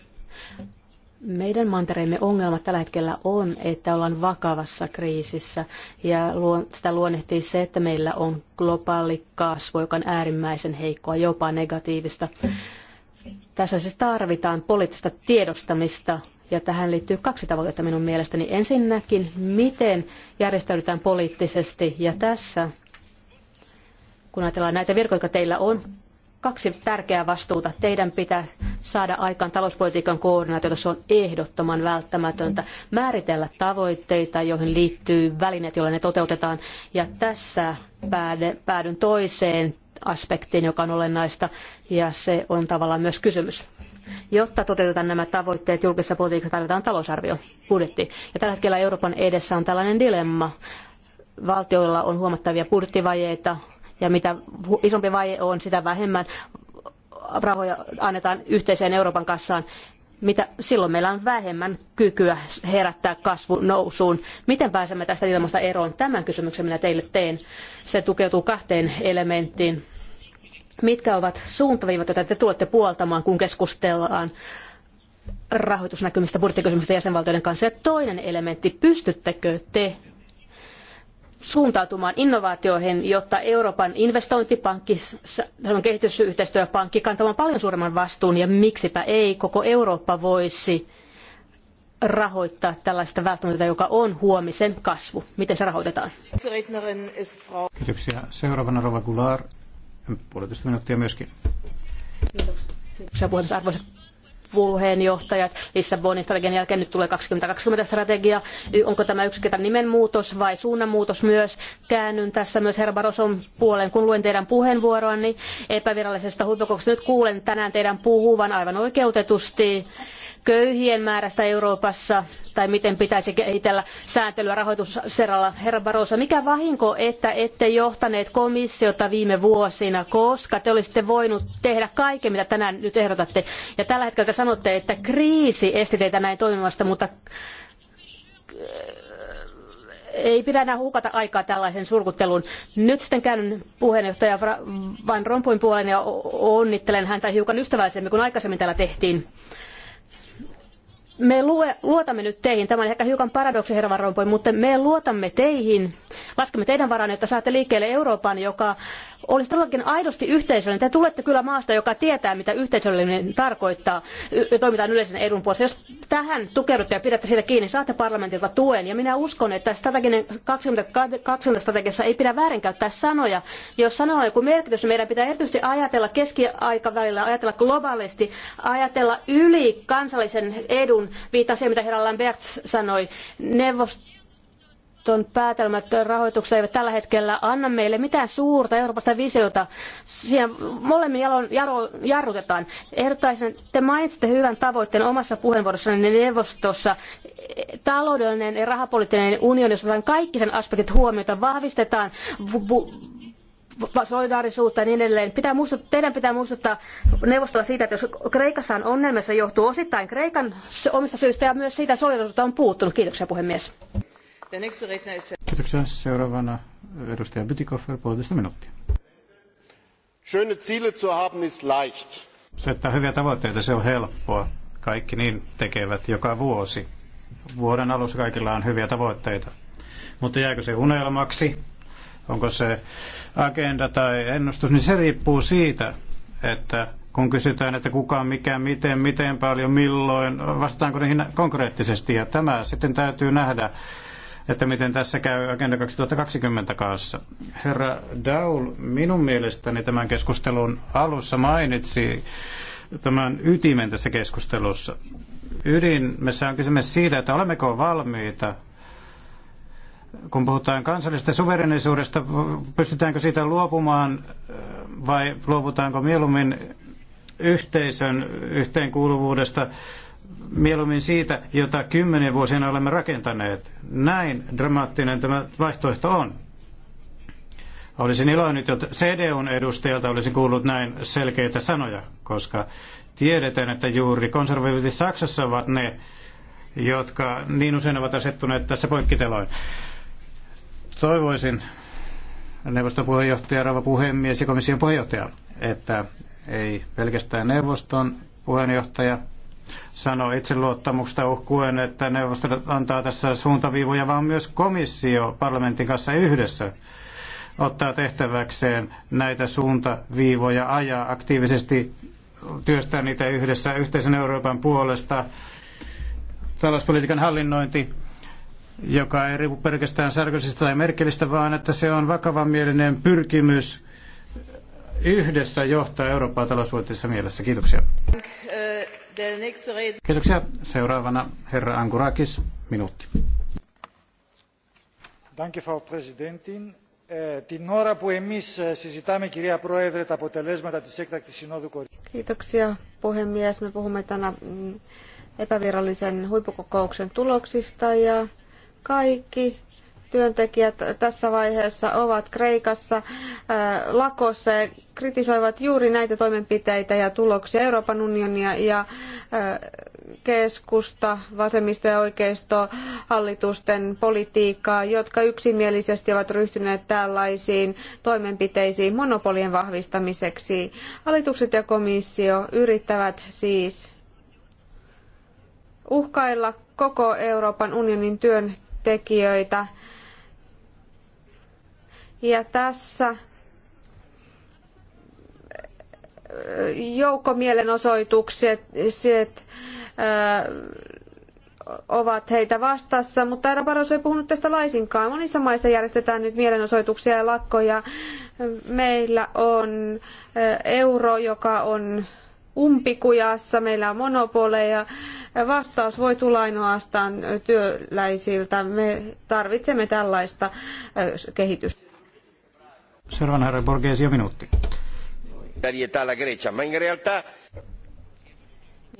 Meidän mantereemme ongelma tällä hetkellä on, että ollaan vakavassa kriisissä ja sitä luonnehtii se, että meillä on globaali kasvu, joka on äärimmäisen heikkoa, jopa negatiivista. Tässä siis tarvitaan poliittista tiedostamista ja tähän liittyy kaksi tavoitetta minun mielestäni. Ensinnäkin, miten järjestäydytään poliittisesti. Ja tässä, kun ajatellaan näitä virkoja, jotka teillä on, kaksi tärkeää vastuuta. Teidän pitää saada aikaan talouspolitiikan koordinaatiota, se on ehdottoman välttämätöntä. Määritellä tavoitteita, joihin liittyy välineet, joilla ne toteutetaan. Ja tässä päädyn toiseen aspektiin, joka on olennaista, ja se on tavallaan myös kysymys. Jotta toteutetaan nämä tavoitteet julkisessa politiikassa, tarvitaan talousarvio, budjetti. Ja tällä hetkellä Euroopan edessä on tällainen dilemma. Valtioilla on huomattavia budjettivajeita, ja mitä isompi vaje on, sitä vähemmän rahoja annetaan yhteiseen Euroopan kassaan mitä silloin meillä on vähemmän kykyä herättää kasvu nousuun. Miten pääsemme tästä ilmasta eroon? Tämän kysymyksen minä teille teen. Se tukeutuu kahteen elementtiin. Mitkä ovat suuntaviivat, joita te tulette puoltamaan, kun keskustellaan rahoitusnäkymistä, budjettikysymyksistä jäsenvaltioiden kanssa? Ja toinen elementti, pystyttekö te suuntautumaan innovaatioihin, jotta Euroopan investointipankki, samoin kehitysyhteistyöpankki kantamaan paljon suuremman vastuun ja miksipä ei koko Eurooppa voisi rahoittaa tällaista välttämätöntä, joka on huomisen kasvu. Miten se rahoitetaan? Kiitoksia. Seuraavana Rova Goulart, puolitoista minuuttia myöskin. Kiitoksia puhemies. Arvoisat puheenjohtajat, Lissabonin strategian jälkeen nyt tulee 2020 strategia. Onko tämä yksikään nimenmuutos vai suunnanmuutos myös? Käännyn tässä myös herra Baroson puoleen, kun luen teidän puheenvuoroanne epävirallisesta huippukokouksesta. Nyt kuulen tänään teidän puhuvan aivan oikeutetusti köyhien määrästä Euroopassa tai miten pitäisi kehitellä sääntelyä rahoitusseralla. Herra Barroso, mikä vahinko, että ette johtaneet komissiota viime vuosina, koska te olisitte voinut tehdä kaiken, mitä tänään nyt ehdotatte. Ja tällä hetkellä te sanotte, että kriisi esti teitä näin toimimasta, mutta äh, ei pidä enää hukata aikaa tällaisen surkutteluun. Nyt sitten käyn puheenjohtaja Van Rompuin puoleen ja onnittelen häntä hiukan ystävällisemmin kuin aikaisemmin täällä tehtiin me luotamme nyt teihin, tämä on ehkä hiukan paradoksi herra Van mutta me luotamme teihin, laskemme teidän varanne, että saatte liikkeelle Euroopan, joka olisi todellakin aidosti yhteisöllinen. Te tulette kyllä maasta, joka tietää, mitä yhteisöllinen tarkoittaa ja toimitaan yleisen edun puolesta. Jos tähän tukeudutte ja pidätte siitä kiinni, saatte parlamentilta tuen. Ja minä uskon, että strateginen 2020 strategiassa ei pidä väärinkäyttää sanoja. Jos sanoilla on joku merkitys, niin meidän pitää erityisesti ajatella keskiaikavälillä, ajatella globaalisti, ajatella yli kansallisen edun. Viittaa siihen, mitä herra Lambert sanoi. Neuvosto neuvoston päätelmät rahoituksesta eivät tällä hetkellä anna meille mitään suurta Euroopasta visiota. Siinä molemmin jalon, jaro, jarrutetaan. Ehdottaisin, te mainitsitte hyvän tavoitteen omassa puheenvuorossanne neuvostossa. Taloudellinen ja rahapoliittinen unioni, jossa otetaan kaikki sen aspektit huomiota, vahvistetaan solidaarisuutta ja niin edelleen. Pitää muistut, teidän pitää muistuttaa neuvostoa siitä, että jos Kreikassa on ongelmissa, johtuu osittain Kreikan omista syistä ja myös siitä solidaarisuutta on puuttunut. Kiitoksia puhemies. Kiitoksia. Seuraavana edustaja Bytikofer, puolitoista minuuttia. Schöne Ziele zu haben ist leicht. Se, että on hyviä tavoitteita, se on helppoa. Kaikki niin tekevät joka vuosi. Vuoden alussa kaikilla on hyviä tavoitteita. Mutta jääkö se unelmaksi? Onko se agenda tai ennustus? Niin se riippuu siitä, että kun kysytään, että kuka, mikä, miten, miten paljon, milloin, vastataanko niihin konkreettisesti. Ja tämä sitten täytyy nähdä että miten tässä käy Agenda 2020 kanssa. Herra Daul, minun mielestäni tämän keskustelun alussa mainitsi tämän ytimen tässä keskustelussa. Me on kysymys siitä, että olemmeko valmiita kun puhutaan kansallisesta suverenisuudesta, pystytäänkö siitä luopumaan vai luovutaanko mieluummin yhteisön yhteenkuuluvuudesta mieluummin siitä, jota kymmenen vuosina olemme rakentaneet. Näin dramaattinen tämä vaihtoehto on. Olisin iloinen, että CDUn edustajalta olisin kuullut näin selkeitä sanoja, koska tiedetään, että juuri konservatiivit Saksassa ovat ne, jotka niin usein ovat asettuneet tässä poikkiteloin. Toivoisin neuvoston puheenjohtaja, rouva puhemies ja komission puheenjohtaja, että ei pelkästään neuvoston puheenjohtaja, sanoi itseluottamusta uhkuen, että neuvosto antaa tässä suuntaviivoja, vaan myös komissio parlamentin kanssa yhdessä ottaa tehtäväkseen näitä suuntaviivoja, ajaa aktiivisesti, työstää niitä yhdessä yhteisen Euroopan puolesta. Talouspolitiikan hallinnointi, joka ei riipu pelkästään Sarkoisista tai Merkelistä, vaan että se on vakavamielinen pyrkimys yhdessä johtaa Eurooppaa talouspoliittisessa mielessä. Kiitoksia. Kiitoksia. Seuraavana herra Angurakis, minuutti. Danke, Frau Präsidentin. Eh, την ώρα που εμείς συζητάμε, κυρία Πρόεδρε, τα αποτελέσματα της έκτακτης συνόδου Kiitoksia, puhemies. Me puhumme tänä mm, epävirallisen huipukokouksen tuloksista ja kaikki työntekijät tässä vaiheessa ovat Kreikassa äh, lakossa ja kritisoivat juuri näitä toimenpiteitä ja tuloksia Euroopan unionia ja äh, keskusta, vasemmisto ja oikeistohallitusten hallitusten politiikkaa, jotka yksimielisesti ovat ryhtyneet tällaisiin toimenpiteisiin monopolien vahvistamiseksi. Hallitukset ja komissio yrittävät siis uhkailla koko Euroopan unionin työntekijöitä ja tässä äh, joukkomielenosoitukset äh, ovat heitä vastassa, mutta herra Paros ei puhunut tästä laisinkaan. Monissa maissa järjestetään nyt mielenosoituksia ja lakkoja. Meillä on äh, euro, joka on umpikujassa, meillä on monopoleja. Vastaus voi tulla ainoastaan työläisiltä. Me tarvitsemme tällaista kehitystä. Seuraavana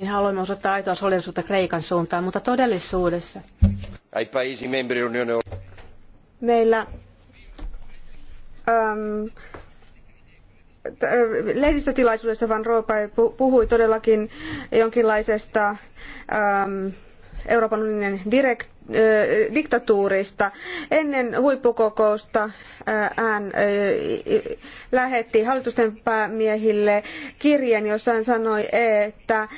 haluamme osoittaa aitoa solidaisuutta Kreikan suuntaan, mutta todellisuudessa. Meillä äm, äh, lehdistötilaisuudessa Van Roopai puhui todellakin jonkinlaisesta äm, Euroopan unionin direktiivistä diktatuurista. Ennen huippukokousta hän lähetti hallitusten päämiehille kirjeen, jossa hän sanoi, että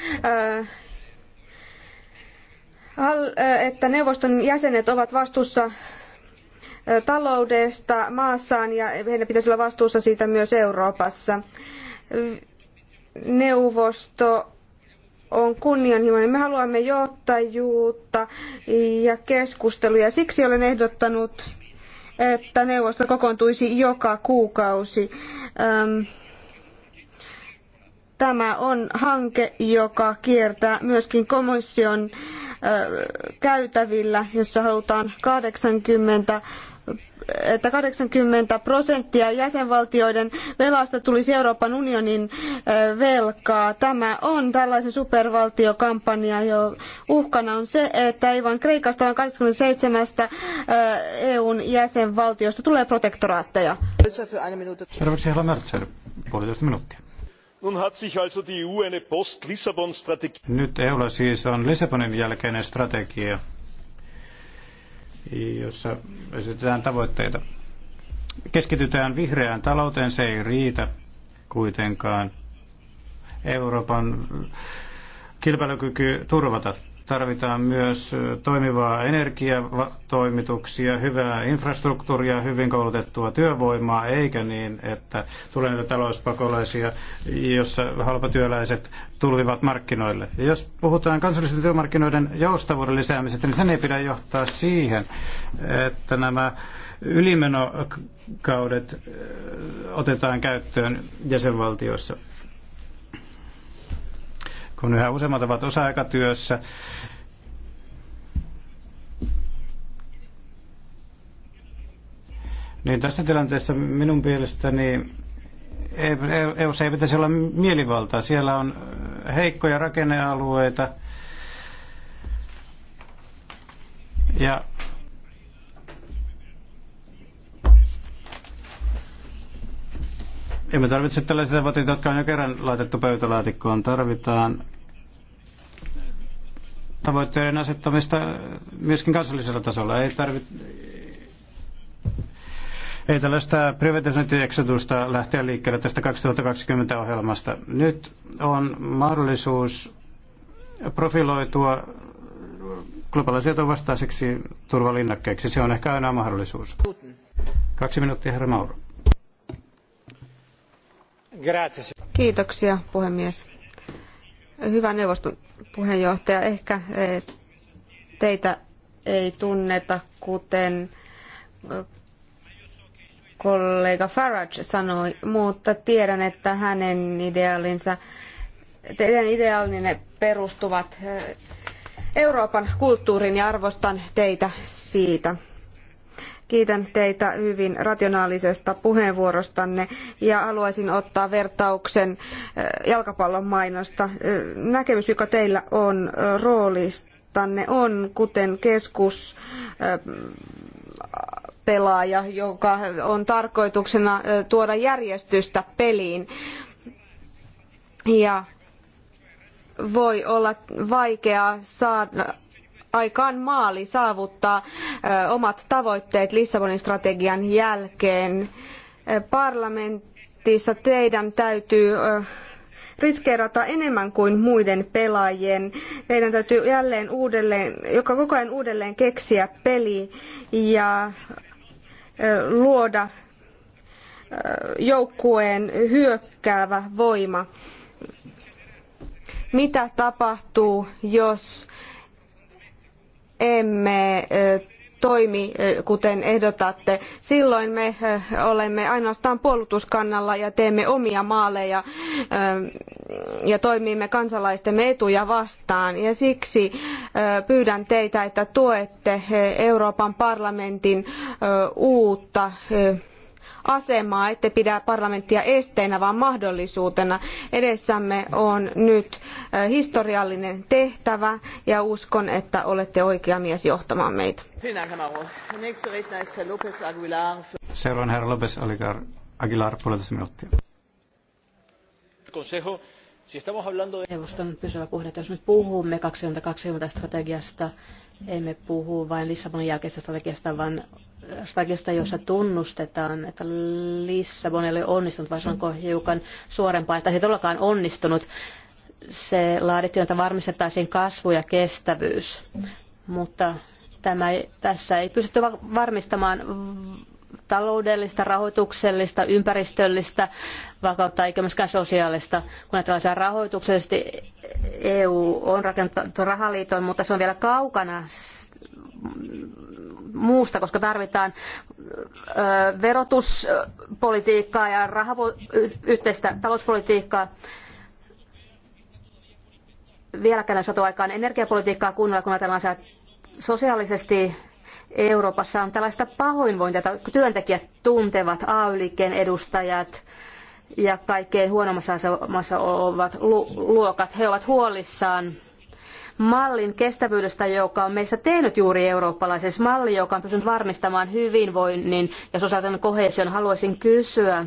että neuvoston jäsenet ovat vastuussa taloudesta maassaan ja heidän pitäisi olla vastuussa siitä myös Euroopassa. Neuvosto on kunnianhimoinen. Me haluamme johtajuutta ja keskusteluja. Siksi olen ehdottanut, että neuvosto kokoontuisi joka kuukausi. Tämä on hanke, joka kiertää myöskin komission käytävillä, jossa halutaan 80 että 80 prosenttia jäsenvaltioiden velasta tulisi Euroopan unionin velkaa. Tämä on tällaisen supervaltiokampanja, jo uhkana on se, että ei vain Kreikasta, vaan 27 EUn jäsenvaltiosta tulee protektoraatteja. Seuraavaksi puolitoista minuuttia. Nun hat sich also die EU eine Post-Lissabon-Strategie. Nyt EUlla siis on Lissabonin jälkeinen strategia jossa esitetään tavoitteita. Keskitytään vihreään talouteen, se ei riitä kuitenkaan Euroopan kilpailukyky turvata. Tarvitaan myös toimivaa energiatoimituksia, hyvää infrastruktuuria, hyvin koulutettua työvoimaa, eikä niin, että tulee näitä talouspakolaisia, jossa halpatyöläiset tulvivat markkinoille. Ja jos puhutaan kansallisten työmarkkinoiden joustavuuden lisäämisestä, niin sen ei pidä johtaa siihen, että nämä ylimenokaudet otetaan käyttöön jäsenvaltioissa kun yhä useammat ovat osa-aikatyössä. Niin tässä tilanteessa minun mielestäni EU ei pitäisi olla mielivaltaa. Siellä on heikkoja rakennealueita ja Emme tarvitse tällaisia vatit, jotka on jo kerran laitettu pöytälaatikkoon. Tarvitaan tavoitteiden asettamista myöskin kansallisella tasolla. Ei tarvitse ei tällaista privatisointieksotusta lähteä liikkeelle tästä 2020 ohjelmasta. Nyt on mahdollisuus profiloitua globalisaation vastaiseksi turvalinnakkeeksi. Se on ehkä aina mahdollisuus. Kaksi minuuttia, herra Mauro. Kiitoksia puhemies. Hyvä neuvoston puheenjohtaja, ehkä eh, teitä ei tunneta, kuten eh, kollega Farage sanoi, mutta tiedän, että hänen ideaalinsa, teidän ideaalinne perustuvat eh, Euroopan kulttuuriin ja arvostan teitä siitä. Kiitän teitä hyvin rationaalisesta puheenvuorostanne ja haluaisin ottaa vertauksen eh, jalkapallon mainosta. Eh, näkemys, joka teillä on eh, roolistanne, on kuten keskus pelaaja, joka on tarkoituksena tuoda järjestystä peliin. Ja voi olla vaikeaa saada aikaan maali saavuttaa omat tavoitteet Lissabonin strategian jälkeen. Parlamentissa teidän täytyy riskeerata enemmän kuin muiden pelaajien. Teidän täytyy jälleen uudelleen, joka koko ajan uudelleen keksiä peli ja luoda joukkueen hyökkäävä voima. Mitä tapahtuu, jos emme toimi, kuten ehdotatte. Silloin me olemme ainoastaan puolustuskannalla ja teemme omia maaleja ja toimimme kansalaistemme etuja vastaan. Ja siksi pyydän teitä, että tuette Euroopan parlamentin uutta asemaa ette pidä parlamenttia esteenä, vaan mahdollisuutena. Edessämme on nyt historiallinen tehtävä ja uskon, että olette oikea mies johtamaan meitä. Seuraan herra López Aguilar, Aguilar puolitoista minuuttia. Consejo. Si estamos Neuvoston pysyvä puhde, jos nyt puhumme 2020 strategiasta, emme puhu vain Lissabonin jälkeisestä strategiasta, vaan strategista, jossa tunnustetaan, että Lissabon ei ole onnistunut, vai sanonko hiukan suorempaa, että se ei todellakaan onnistunut. Se laadittiin, että varmistettaisiin kasvu ja kestävyys, mutta tämä ei, tässä ei pystytty varmistamaan taloudellista, rahoituksellista, ympäristöllistä vakautta eikä myöskään sosiaalista. Kun ajatellaan rahoituksellisesti, EU on rakentanut rahaliiton, mutta se on vielä kaukana muusta, koska tarvitaan verotuspolitiikkaa ja rahapo- yhteistä talouspolitiikkaa. Vieläkään ei saatu aikaan energiapolitiikkaa kunnolla, kun ajatellaan asia sosiaalisesti Euroopassa on tällaista pahoinvointia, jota työntekijät tuntevat, AY-liikkeen edustajat ja kaikkein huonommassa asemassa ovat luokat. He ovat huolissaan mallin kestävyydestä, joka on meistä tehnyt juuri eurooppalaisen siis malli, joka on pystynyt varmistamaan hyvinvoinnin ja sosiaalisen kohesion. Haluaisin kysyä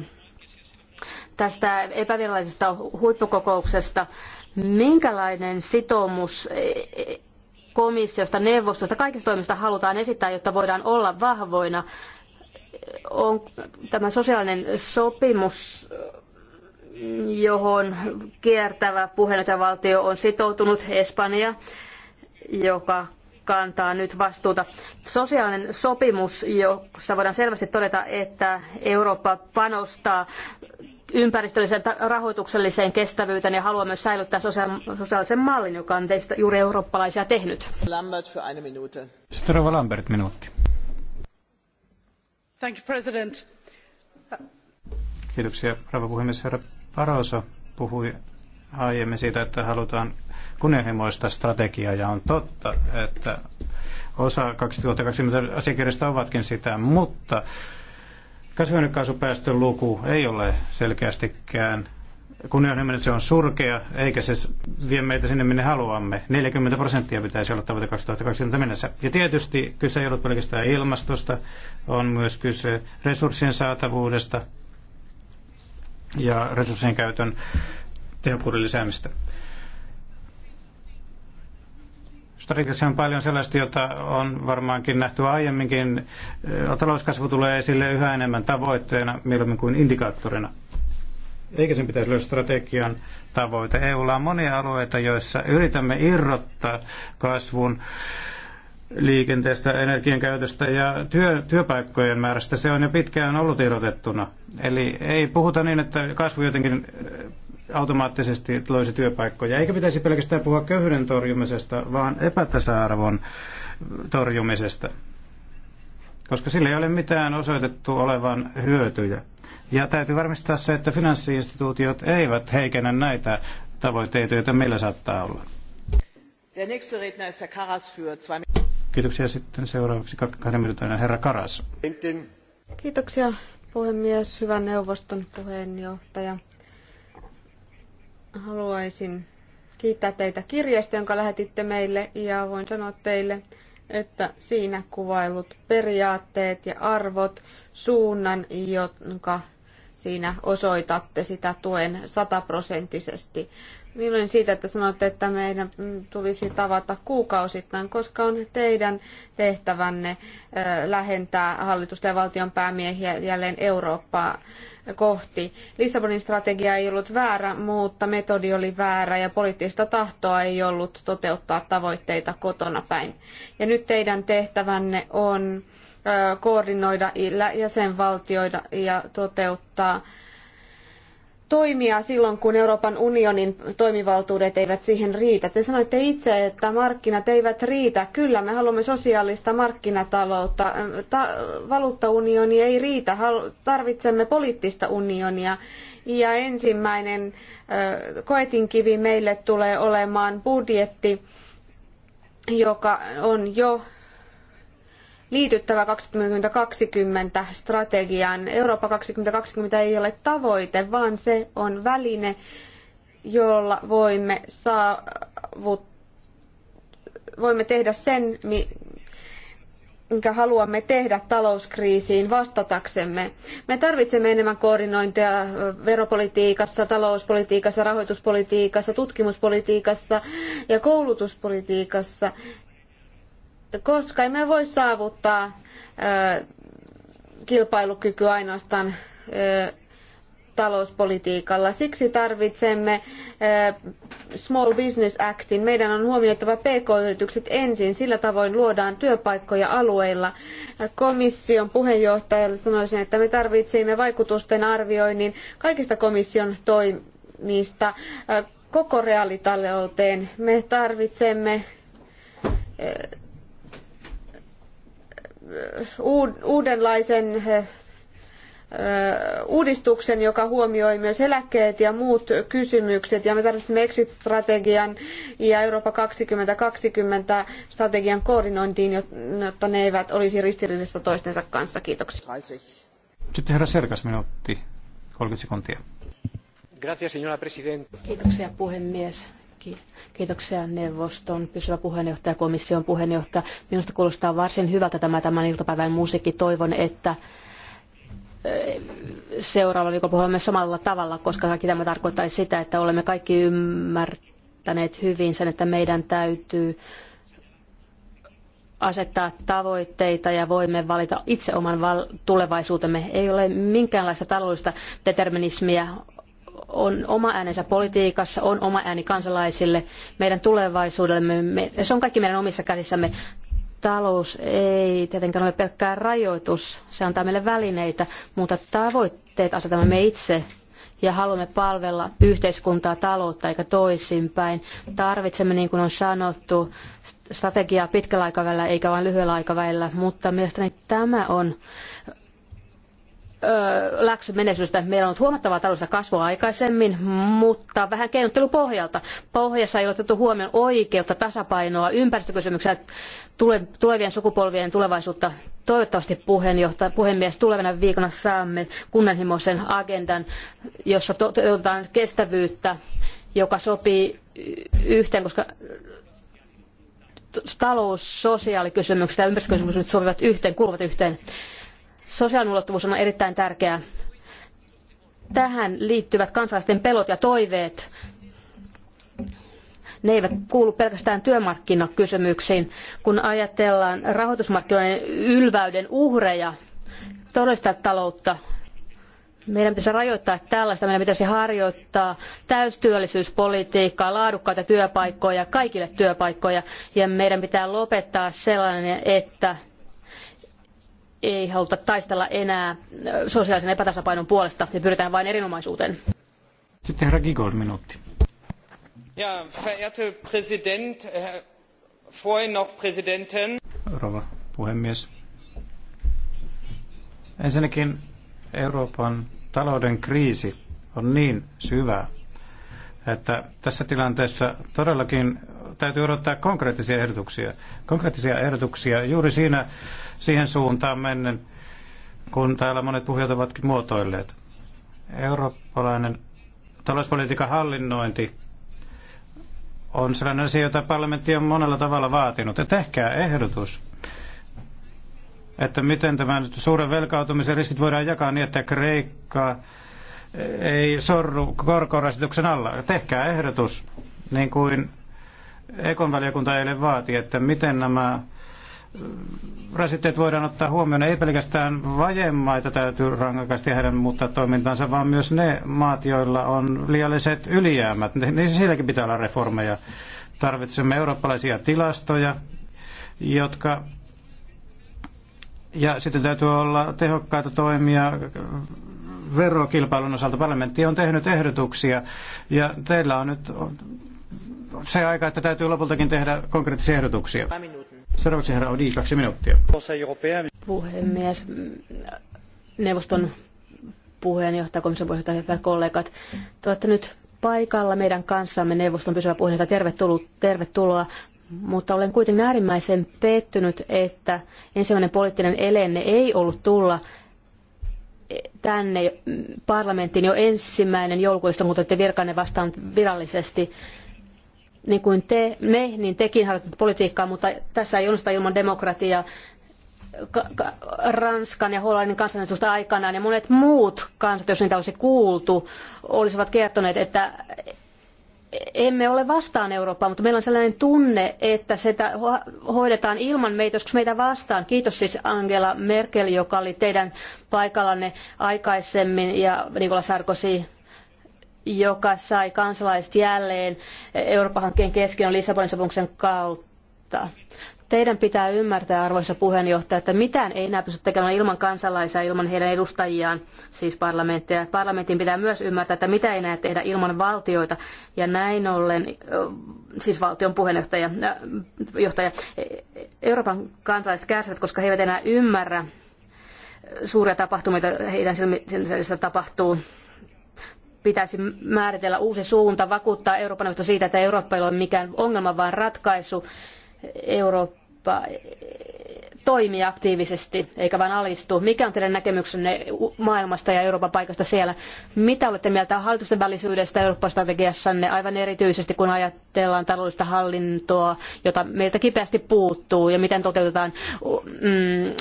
tästä epävirallisesta huippukokouksesta, minkälainen sitoumus e- e- komissiosta, neuvostosta, kaikista toimista halutaan esittää, jotta voidaan olla vahvoina. On tämä sosiaalinen sopimus johon kiertävä puheenjohtajavaltio on sitoutunut, Espanja, joka kantaa nyt vastuuta. Sosiaalinen sopimus, jossa voidaan selvästi todeta, että Eurooppa panostaa ympäristölliseen rahoitukselliseen kestävyyteen ja haluaa myös säilyttää sosiaalisen mallin, joka on teistä juuri eurooppalaisia tehnyt. Lambert für eine Minute. Strava Lambert, minuutti. Thank you, President. Kiitoksia, rouva puhemies, herra Paroso puhui aiemmin siitä, että halutaan kunnianhimoista strategiaa ja on totta, että osa 2020 asiakirjasta ovatkin sitä, mutta kasvihuonekaasupäästön luku ei ole selkeästikään kunnianhimoinen, se on surkea, eikä se vie meitä sinne, minne haluamme. 40 prosenttia pitäisi olla tavoite 2020 mennessä. Ja tietysti kyse ei ollut pelkästään ilmastosta, on myös kyse resurssien saatavuudesta, ja resurssien käytön tehokkuuden lisäämistä. Strategiassa on paljon sellaista, jota on varmaankin nähty aiemminkin. Talouskasvu tulee esille yhä enemmän tavoitteena mieluummin kuin indikaattorina. Eikä sen pitäisi olla strategian tavoite. EUlla on monia alueita, joissa yritämme irrottaa kasvun liikenteestä, energian käytöstä ja työ, työpaikkojen määrästä. Se on jo pitkään ollut irrotettuna. Eli ei puhuta niin, että kasvu jotenkin automaattisesti loisi työpaikkoja. Eikä pitäisi pelkästään puhua köyhyyden torjumisesta, vaan epätasa-arvon torjumisesta. Koska sillä ei ole mitään osoitettu olevan hyötyjä. Ja täytyy varmistaa se, että finanssiinstituutiot eivät heikennä näitä tavoitteita, joita meillä saattaa olla. Kiitoksia sitten seuraavaksi kahden minuutin herra Karas. Kiitoksia puhemies, hyvä neuvoston puheenjohtaja. Haluaisin kiittää teitä kirjeestä, jonka lähetitte meille ja voin sanoa teille, että siinä kuvailut periaatteet ja arvot, suunnan, jonka siinä osoitatte sitä tuen sataprosenttisesti. Iloinen siitä, että sanotte, että meidän tulisi tavata kuukausittain, koska on teidän tehtävänne lähentää hallitusta ja valtion päämiehiä jälleen Eurooppaa kohti. Lissabonin strategia ei ollut väärä, mutta metodi oli väärä ja poliittista tahtoa ei ollut toteuttaa tavoitteita kotona päin. Ja nyt teidän tehtävänne on koordinoida jäsenvaltioita ja toteuttaa toimia silloin, kun Euroopan unionin toimivaltuudet eivät siihen riitä. Te sanoitte itse, että markkinat eivät riitä. Kyllä, me haluamme sosiaalista markkinataloutta. Ta- valuuttaunioni ei riitä. tarvitsemme poliittista unionia. Ja ensimmäinen ö, koetinkivi meille tulee olemaan budjetti, joka on jo liityttävä 2020 strategiaan. Eurooppa 2020 ei ole tavoite, vaan se on väline, jolla voimme saavuttaa voimme tehdä sen, minkä haluamme tehdä talouskriisiin vastataksemme. Me tarvitsemme enemmän koordinointia veropolitiikassa, talouspolitiikassa, rahoituspolitiikassa, tutkimuspolitiikassa ja koulutuspolitiikassa koska emme voi saavuttaa kilpailukykyä ainoastaan talouspolitiikalla. Siksi tarvitsemme Small Business Actin. Meidän on huomioitava PK-yritykset ensin. Sillä tavoin luodaan työpaikkoja alueilla. Komission puheenjohtajalle sanoisin, että me tarvitsemme vaikutusten arvioinnin kaikista komission toimista koko reaalitalouteen. Me tarvitsemme uudenlaisen eh, eh, uudistuksen, joka huomioi myös eläkkeet ja muut kysymykset. Ja me tarvitsemme exit-strategian ja Eurooppa 2020 strategian koordinointiin, jotta ne eivät olisi ristiriidassa toistensa kanssa. Kiitoksia. Sitten herra Serkas, minuutti 30 sekuntia. Gracias, señora Kiitoksia puhemies. Kiitoksia neuvoston pysyvä puheenjohtaja, komission puheenjohtaja. Minusta kuulostaa varsin hyvältä tämä tämän iltapäivän musiikki. Toivon, että seuraavalla viikolla puhumme samalla tavalla, koska kaikki tämä tarkoittaisi sitä, että olemme kaikki ymmärtäneet hyvin sen, että meidän täytyy asettaa tavoitteita ja voimme valita itse oman tulevaisuutemme. Ei ole minkäänlaista taloudellista determinismia on oma äänensä politiikassa, on oma ääni kansalaisille, meidän tulevaisuudellemme. Me, se on kaikki meidän omissa käsissämme. Talous ei tietenkään ole pelkkää rajoitus, se antaa meille välineitä, mutta tavoitteet asetamme me itse ja haluamme palvella yhteiskuntaa, taloutta eikä toisinpäin. Tarvitsemme, niin kuin on sanottu, strategiaa pitkällä aikavälillä eikä vain lyhyellä aikavälillä, mutta mielestäni tämä on menestystä Meillä on ollut huomattavaa taloudellista kasvua aikaisemmin, mutta vähän keinottelupohjalta. Pohjassa ei ole otettu huomioon oikeutta, tasapainoa, ympäristökysymyksiä, tulevien sukupolvien tulevaisuutta. Toivottavasti puhemies tulevana viikona saamme kunnanhimoisen agendan, jossa toteutetaan kestävyyttä, joka sopii yhteen, koska talous, sosiaalikysymykset ja ympäristökysymykset sopivat yhteen, kuuluvat yhteen. Sosiaalinen ulottuvuus on erittäin tärkeää. Tähän liittyvät kansalaisten pelot ja toiveet. Ne eivät kuulu pelkästään työmarkkinakysymyksiin. Kun ajatellaan rahoitusmarkkinoiden ylväyden uhreja, todellista taloutta, meidän pitäisi rajoittaa tällaista, meidän pitäisi harjoittaa täystyöllisyyspolitiikkaa, laadukkaita työpaikkoja, kaikille työpaikkoja, ja meidän pitää lopettaa sellainen, että ei haluta taistella enää sosiaalisen epätasapainon puolesta ja pyritään vain erinomaisuuteen. Sitten herra Gigol, minuutti. Ja, verehrte president, äh, vorhin noch Präsidentin. Rouva puhemies. Ensinnäkin Euroopan talouden kriisi on niin syvä, että tässä tilanteessa todellakin täytyy odottaa konkreettisia ehdotuksia. Konkreettisia ehdotuksia juuri siinä, siihen suuntaan mennen, kun täällä monet puhujat ovatkin muotoilleet. Eurooppalainen talouspolitiikan hallinnointi on sellainen asia, jota parlamentti on monella tavalla vaatinut. Ja tehkää ehdotus, että miten tämän suuren velkautumisen riskit voidaan jakaa niin, että Kreikka ei sorru korkorasituksen alla. Tehkää ehdotus, niin kuin Ekon valiokunta eilen vaati, että miten nämä äh, rasitteet voidaan ottaa huomioon. Ei pelkästään vajemmaita täytyy rangaistua heidän muuttaa toimintansa, vaan myös ne maat, joilla on liialliset ylijäämät. Niin sielläkin pitää olla reformeja. Tarvitsemme eurooppalaisia tilastoja, jotka... Ja sitten täytyy olla tehokkaita toimia verokilpailun osalta parlamentti on tehnyt ehdotuksia ja teillä on nyt se aika, että täytyy lopultakin tehdä konkreettisia ehdotuksia. Seuraavaksi herra Odi, kaksi minuuttia. Puhemies, neuvoston puheenjohtaja, komission puheenjohtaja, hyvät kollegat. Te olette nyt paikalla meidän kanssamme neuvoston pysyvä puheenjohtaja. Tervetuloa, tervetuloa. Mutta olen kuitenkin äärimmäisen pettynyt, että ensimmäinen poliittinen elenne ei ollut tulla tänne parlamenttiin jo ensimmäinen joulukuusta, mutta te virkanne vastaan virallisesti niin kuin te, me, niin tekin harjoitatte politiikkaa, mutta tässä ei onnistuta ilman demokratiaa. Ranskan ja Hollannin kansanäänestystä aikanaan ja monet muut kansat, jos niitä olisi kuultu, olisivat kertoneet, että emme ole vastaan Eurooppaa, mutta meillä on sellainen tunne, että sitä hoidetaan ilman meitä, joskus meitä vastaan. Kiitos siis Angela Merkel, joka oli teidän paikallanne aikaisemmin, ja Nicolas Sarkozy, joka sai kansalaiset jälleen Eurooppa-hankkeen keskiön Lissabonin sopimuksen kautta. Teidän pitää ymmärtää, arvoisa puheenjohtaja, että mitään ei enää pysty tekemään ilman kansalaisia, ilman heidän edustajiaan, siis parlamenttia. Parlamentin pitää myös ymmärtää, että mitä ei enää tehdä ilman valtioita. Ja näin ollen, siis valtion puheenjohtaja, johtaja, Euroopan kansalaiset kärsivät, koska he eivät enää ymmärrä suuria tapahtumia, heidän silmissä tapahtuu pitäisi määritellä uusi suunta, vakuuttaa Euroopan neuvosto siitä, että Eurooppa ei ole mikään ongelma, vaan ratkaisu Eurooppa toimii aktiivisesti eikä vain alistu. Mikä on teidän näkemyksenne maailmasta ja Euroopan paikasta siellä? Mitä olette mieltä hallitusten välisyydestä Eurooppa-strategiassanne, aivan erityisesti kun ajatellaan taloudellista hallintoa, jota meiltä kipeästi puuttuu, ja miten toteutetaan mm,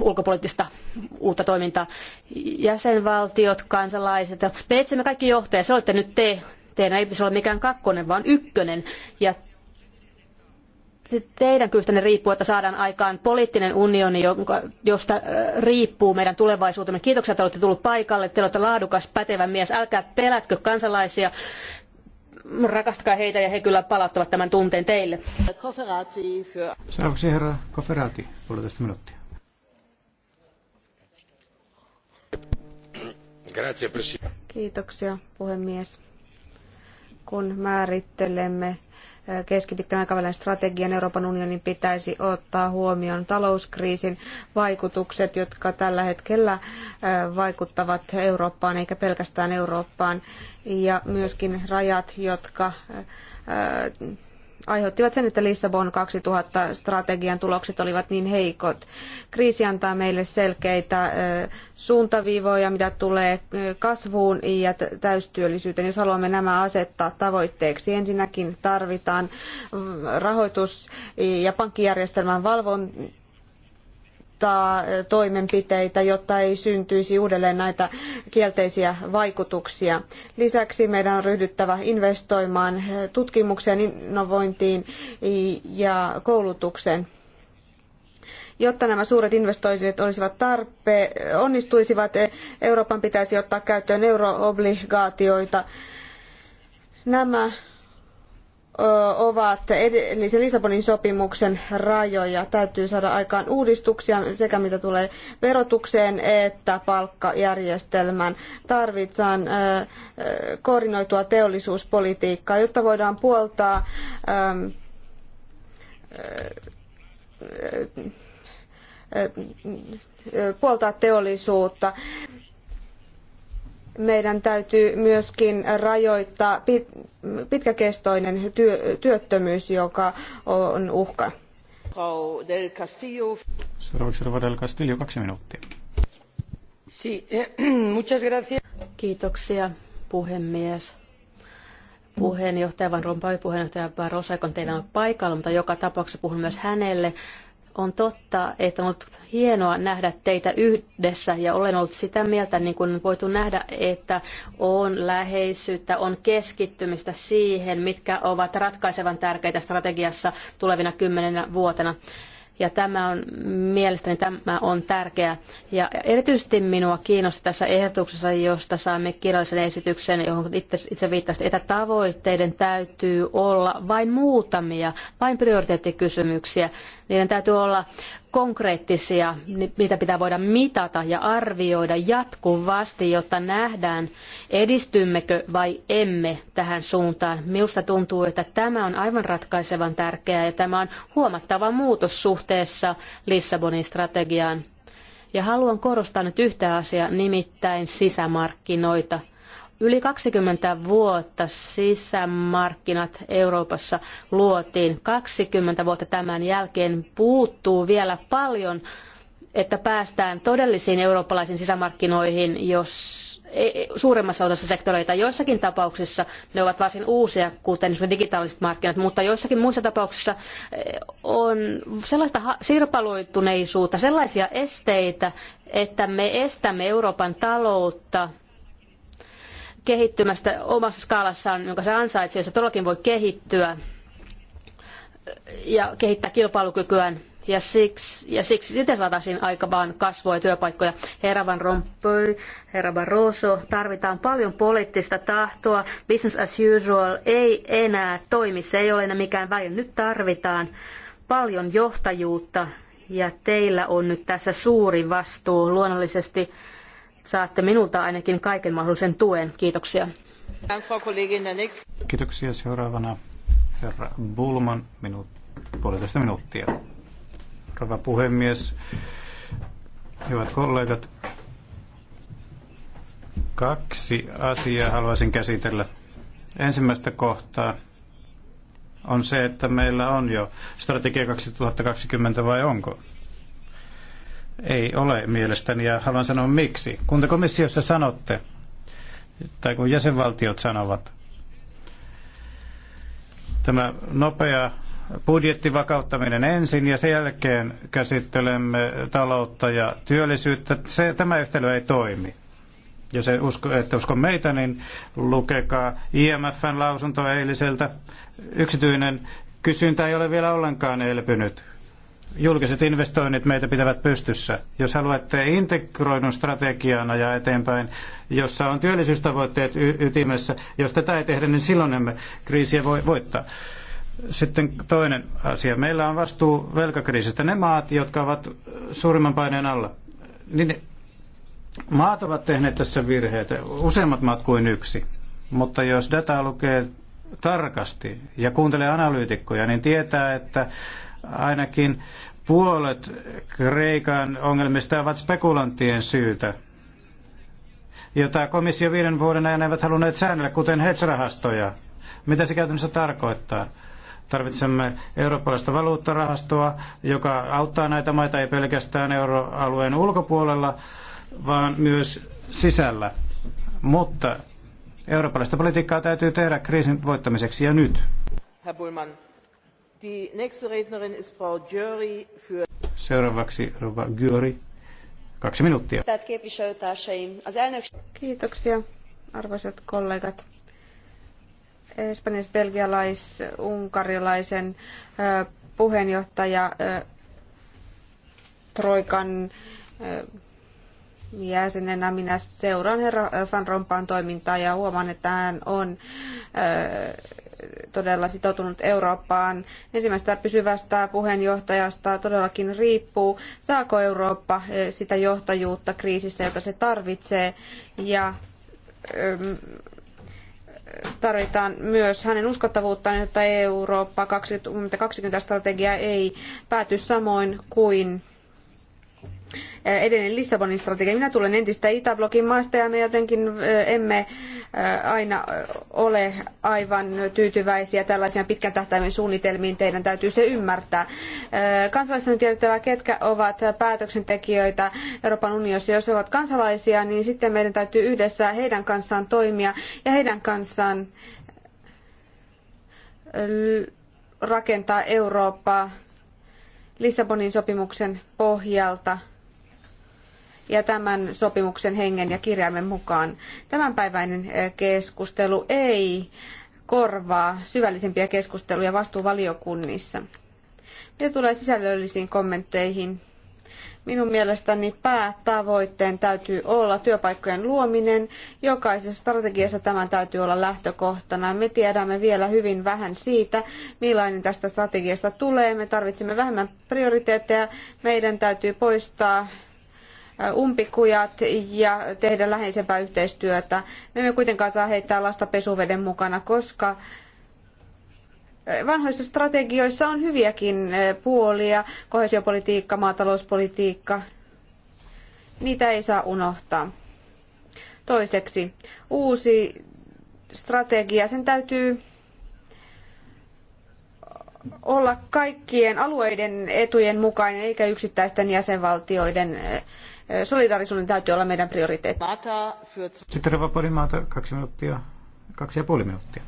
ulkopoliittista uutta toimintaa. Jäsenvaltiot, kansalaiset, me etsimme kaikki johtajia, se olette nyt te. Teidän ei pitäisi olla mikään kakkonen, vaan ykkönen. Ja teidän kyystänne riippuu, että saadaan aikaan poliittinen unioni, josta riippuu meidän tulevaisuutemme. Kiitoksia, että olette tullut paikalle. Te olette laadukas, pätevä mies. Älkää pelätkö kansalaisia. Rakastakaa heitä ja he kyllä palauttavat tämän tunteen teille. Seuraavaksi herra Koferaati, puolitoista minuuttia. Kiitoksia puhemies. Kun määrittelemme keskipitkän aikavälin strategian Euroopan unionin pitäisi ottaa huomioon talouskriisin vaikutukset, jotka tällä hetkellä vaikuttavat Eurooppaan eikä pelkästään Eurooppaan, ja myöskin rajat, jotka aiheuttivat sen, että Lissabon 2000 strategian tulokset olivat niin heikot. Kriisi antaa meille selkeitä suuntaviivoja, mitä tulee kasvuun ja täystyöllisyyteen, jos haluamme nämä asettaa tavoitteeksi. Ensinnäkin tarvitaan mm, rahoitus- ja pankkijärjestelmän valvontaa ehdottaa eh, toimenpiteitä, jotta ei syntyisi uudelleen näitä kielteisiä vaikutuksia. Lisäksi meidän on ryhdyttävä investoimaan eh, tutkimukseen, innovointiin ja koulutukseen jotta nämä suuret investoinnit olisivat tarpe onnistuisivat, eh, Euroopan pitäisi ottaa käyttöön euroobligaatioita. Nämä ovat edellisen Lissabonin sopimuksen rajoja. Täytyy saada aikaan uudistuksia sekä mitä tulee verotukseen että palkkajärjestelmään. Tarvitaan koordinoitua teollisuuspolitiikkaa, jotta voidaan puoltaa puoltaa teollisuutta meidän täytyy myöskin rajoittaa pitkäkestoinen työttömyys, joka on uhka. Del Seuraavaksi Rova del Castillo, kaksi minuuttia. Eh, Kiitoksia puhemies. Puheenjohtaja Van Rompuy, puheenjohtaja Barroso, kun teillä on paikalla, mutta joka tapauksessa puhun myös hänelle. On totta, että on ollut hienoa nähdä teitä yhdessä ja olen ollut sitä mieltä, niin kuin voitu nähdä, että on läheisyyttä, on keskittymistä siihen, mitkä ovat ratkaisevan tärkeitä strategiassa tulevina kymmenenä vuotena. Ja tämä on mielestäni tämä on tärkeä. Ja erityisesti minua kiinnosti tässä ehdotuksessa, josta saamme kirjallisen esityksen, johon itse, itse viittasit, että tavoitteiden täytyy olla vain muutamia, vain prioriteettikysymyksiä. Niiden täytyy olla konkreettisia, niitä pitää voida mitata ja arvioida jatkuvasti, jotta nähdään, edistymmekö vai emme tähän suuntaan. Minusta tuntuu, että tämä on aivan ratkaisevan tärkeää ja tämä on huomattava muutos suhteessa Lissabonin strategiaan. Ja haluan korostaa nyt yhtä asiaa, nimittäin sisämarkkinoita. Yli 20 vuotta sisämarkkinat Euroopassa luotiin. 20 vuotta tämän jälkeen puuttuu vielä paljon, että päästään todellisiin eurooppalaisiin sisämarkkinoihin, jos e, e, suuremmassa osassa sektoreita. Joissakin tapauksissa ne ovat varsin uusia, kuten esimerkiksi digitaaliset markkinat, mutta joissakin muissa tapauksissa e, on sellaista sirpaloituneisuutta, sellaisia esteitä, että me estämme Euroopan taloutta kehittymästä omassa skaalassaan, jonka se ansaitsee, se todellakin voi kehittyä ja kehittää kilpailukykyään. Ja siksi, ja siksi sitä saataisiin aika vaan kasvua ja työpaikkoja. Herra Van Rompuy, herra Barroso, tarvitaan paljon poliittista tahtoa. Business as usual ei enää toimi, se ei ole enää mikään väline. Nyt tarvitaan paljon johtajuutta ja teillä on nyt tässä suuri vastuu luonnollisesti saatte minulta ainakin kaiken mahdollisen tuen. Kiitoksia. Kiitoksia. Seuraavana herra Bulman minuut, puolitoista minuuttia. Rouva puhemies, hyvät kollegat, kaksi asiaa haluaisin käsitellä. Ensimmäistä kohtaa on se, että meillä on jo strategia 2020 vai onko? ei ole mielestäni ja haluan sanoa miksi. Kun te komissiossa sanotte, tai kun jäsenvaltiot sanovat, tämä nopea budjettivakauttaminen ensin ja sen jälkeen käsittelemme taloutta ja työllisyyttä. Se, tämä yhtälö ei toimi. Jos ei usko, ette usko meitä, niin lukekaa IMFn lausunto eiliseltä. Yksityinen kysyntä ei ole vielä ollenkaan elpynyt julkiset investoinnit meitä pitävät pystyssä. Jos haluatte integroidun strategian ajaa eteenpäin, jossa on työllisyystavoitteet y- ytimessä, jos tätä ei tehdä, niin silloin emme kriisiä voi voittaa. Sitten toinen asia. Meillä on vastuu velkakriisistä. Ne maat, jotka ovat suurimman paineen alla, niin maat ovat tehneet tässä virheitä, useammat maat kuin yksi. Mutta jos dataa lukee tarkasti ja kuuntelee analyytikkoja, niin tietää, että ainakin puolet Kreikan ongelmista ovat spekulanttien syytä, jota komissio viiden vuoden ajan eivät halunneet säännellä, kuten hedge-rahastoja. Mitä se käytännössä tarkoittaa? Tarvitsemme eurooppalaista valuuttarahastoa, joka auttaa näitä maita ei pelkästään euroalueen ulkopuolella, vaan myös sisällä. Mutta eurooppalaista politiikkaa täytyy tehdä kriisin voittamiseksi ja nyt. Herr Die nächste Rednerin ist Frau Gyuri für... Seuraavaksi Rova Gyuri. Kaksi minuuttia. Kiitoksia, arvoisat kollegat espanjalais belgialais unkarilaisen puheenjohtaja Troikan jäsenenä minä seuraan herra äh, Van Rompaan toimintaa ja huomaan, että hän on äh, todella sitoutunut Eurooppaan. Ensimmäistä pysyvästä puheenjohtajasta todellakin riippuu, saako Eurooppa äh, sitä johtajuutta kriisissä, jota se tarvitsee. Ja ähm, tarvitaan myös hänen uskottavuuttaan, jotta Eurooppa 2020 strategia ei pääty samoin kuin Eh, edelleen Lissabonin strategia. Minä tulen entistä Itäblokin maasta ja me jotenkin eh, emme eh, aina ole aivan tyytyväisiä tällaisiin pitkän tähtäimen suunnitelmiin. Teidän täytyy se ymmärtää. Kansalaisten on tiedettävä, ketkä ovat päätöksentekijöitä Euroopan unionissa. Jos he ovat kansalaisia, niin sitten meidän täytyy yhdessä heidän kanssaan toimia ja heidän kanssaan rakentaa Eurooppaa Lissabonin sopimuksen pohjalta – ja tämän sopimuksen hengen ja kirjaimen mukaan. Tämänpäiväinen eh, keskustelu ei korvaa syvällisempiä keskusteluja vastuuvaliokunnissa. Mitä tulee sisällöllisiin kommentteihin, minun mielestäni päätavoitteen täytyy olla työpaikkojen luominen. Jokaisessa strategiassa tämän täytyy olla lähtökohtana. Me tiedämme vielä hyvin vähän siitä, millainen tästä strategiasta tulee. Me tarvitsemme vähemmän prioriteetteja. Meidän täytyy poistaa umpikujat ja tehdä läheisempää yhteistyötä. Me emme kuitenkaan saa heittää lasta pesuveden mukana, koska vanhoissa strategioissa on hyviäkin e, puolia, kohesiopolitiikka, maatalouspolitiikka. Niitä ei saa unohtaa. Toiseksi, uusi strategia, sen täytyy olla kaikkien alueiden etujen mukainen eikä yksittäisten jäsenvaltioiden eh, eh, solidaarisuuden täytyy olla meidän prioriteetti. Sitten Rova kaksi minuuttia, kaksi ja puoli minuuttia.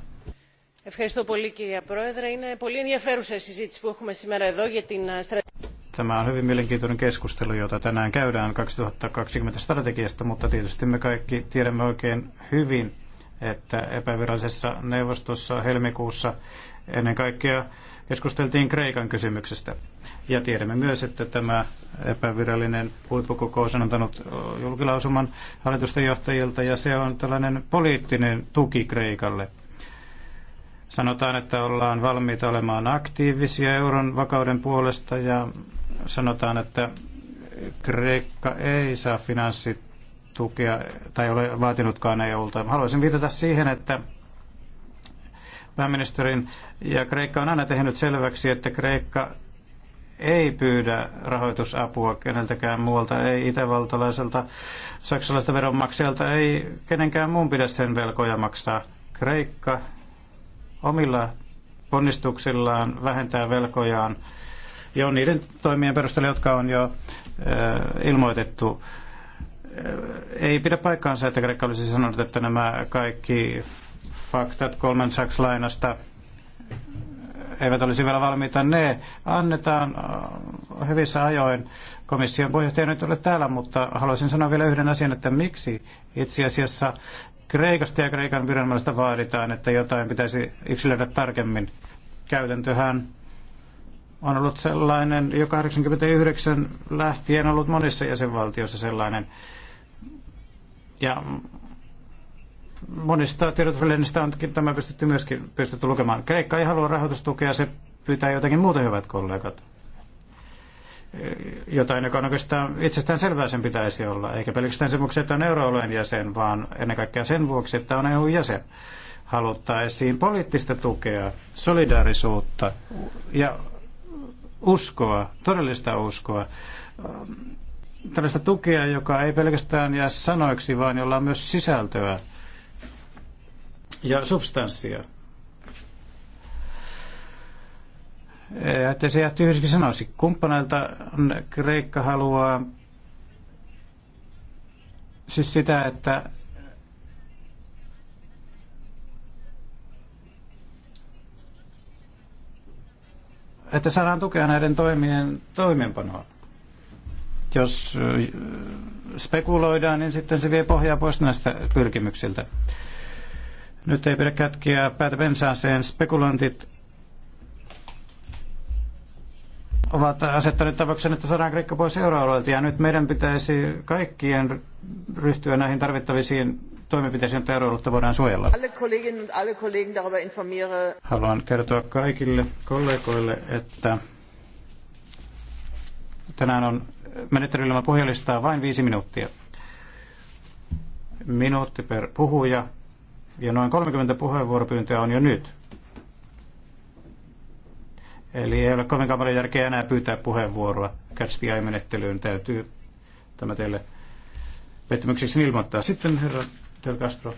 Tämä on hyvin mielenkiintoinen keskustelu, jota tänään käydään 2020 strategiasta, mutta tietysti me kaikki tiedämme oikein hyvin, että epävirallisessa neuvostossa helmikuussa Ennen kaikkea keskusteltiin Kreikan kysymyksestä. Ja tiedämme myös, että tämä epävirallinen huippukokous on antanut julkilausuman hallitusten johtajilta ja se on tällainen poliittinen tuki Kreikalle. Sanotaan, että ollaan valmiita olemaan aktiivisia euron vakauden puolesta ja sanotaan, että Kreikka ei saa finanssitukea tai ole vaatinutkaan EUlta. Haluaisin viitata siihen, että pääministerin ja Kreikka on aina tehnyt selväksi, että Kreikka ei pyydä rahoitusapua keneltäkään muualta, ei itävaltalaiselta, saksalaiselta veronmaksajalta, ei kenenkään muun pidä sen velkoja maksaa. Kreikka omilla ponnistuksillaan vähentää velkojaan jo niiden toimien perusteella, jotka on jo eh, ilmoitettu. Eh, ei pidä paikkaansa, että Kreikka olisi sanonut, että nämä kaikki faktat kolmen lainasta eivät olisi vielä valmiita, ne annetaan äh, hyvissä ajoin. Komission puheenjohtaja nyt ole täällä, mutta haluaisin sanoa vielä yhden asian, että miksi itse asiassa Kreikasta ja Kreikan viranomaista vaaditaan, että jotain pitäisi yksilöidä tarkemmin. Käytäntöhän on ollut sellainen, jo 89 lähtien ollut monissa jäsenvaltioissa sellainen. Ja monista tiedotusvälineistä on tämä pystytty myöskin pystytty lukemaan. Kreikka ei halua rahoitustukea, se pyytää jotakin muuta, hyvät kollegat. Eh, jotain, joka on oikeastaan itsestään selvää sen pitäisi olla, eikä pelkästään sen vuoksi, että on euroalueen jäsen, vaan ennen kaikkea sen vuoksi, että on EU-jäsen. Haluttaisiin poliittista tukea, solidaarisuutta ja uskoa, todellista uskoa ehm, tällaista tukea, joka ei pelkästään jää sanoiksi, vaan jolla on myös sisältöä ja substanssia. Että se jätti yhdessäkin sanoisi, kumppaneilta Kreikka haluaa siis sitä, että että saadaan tukea näiden toimien toimeenpanoa. Jos äh, spekuloidaan, niin sitten se vie pohjaa pois näistä pyrkimyksiltä. Nyt ei pidä kätkeä päätä pensaaseen. Spekulantit ovat asettaneet tavoitteen, että saadaan Kreikka pois euroalueelta ja nyt meidän pitäisi kaikkien ryhtyä näihin tarvittavisiin toimenpiteisiin, jotta euroaluetta voidaan suojella. Haluan kertoa kaikille kollegoille, että tänään on menettelyllä puhujalistaa vain viisi minuuttia. Minuutti per puhuja. Ja noin 30 puheenvuoropyyntöä on jo nyt. Eli ei ole kovinkaan paljon järkeä enää pyytää puheenvuoroa. Catch-menettelyyn täytyy tämä teille pettymykseksi ilmoittaa. Sitten herra Del Castro,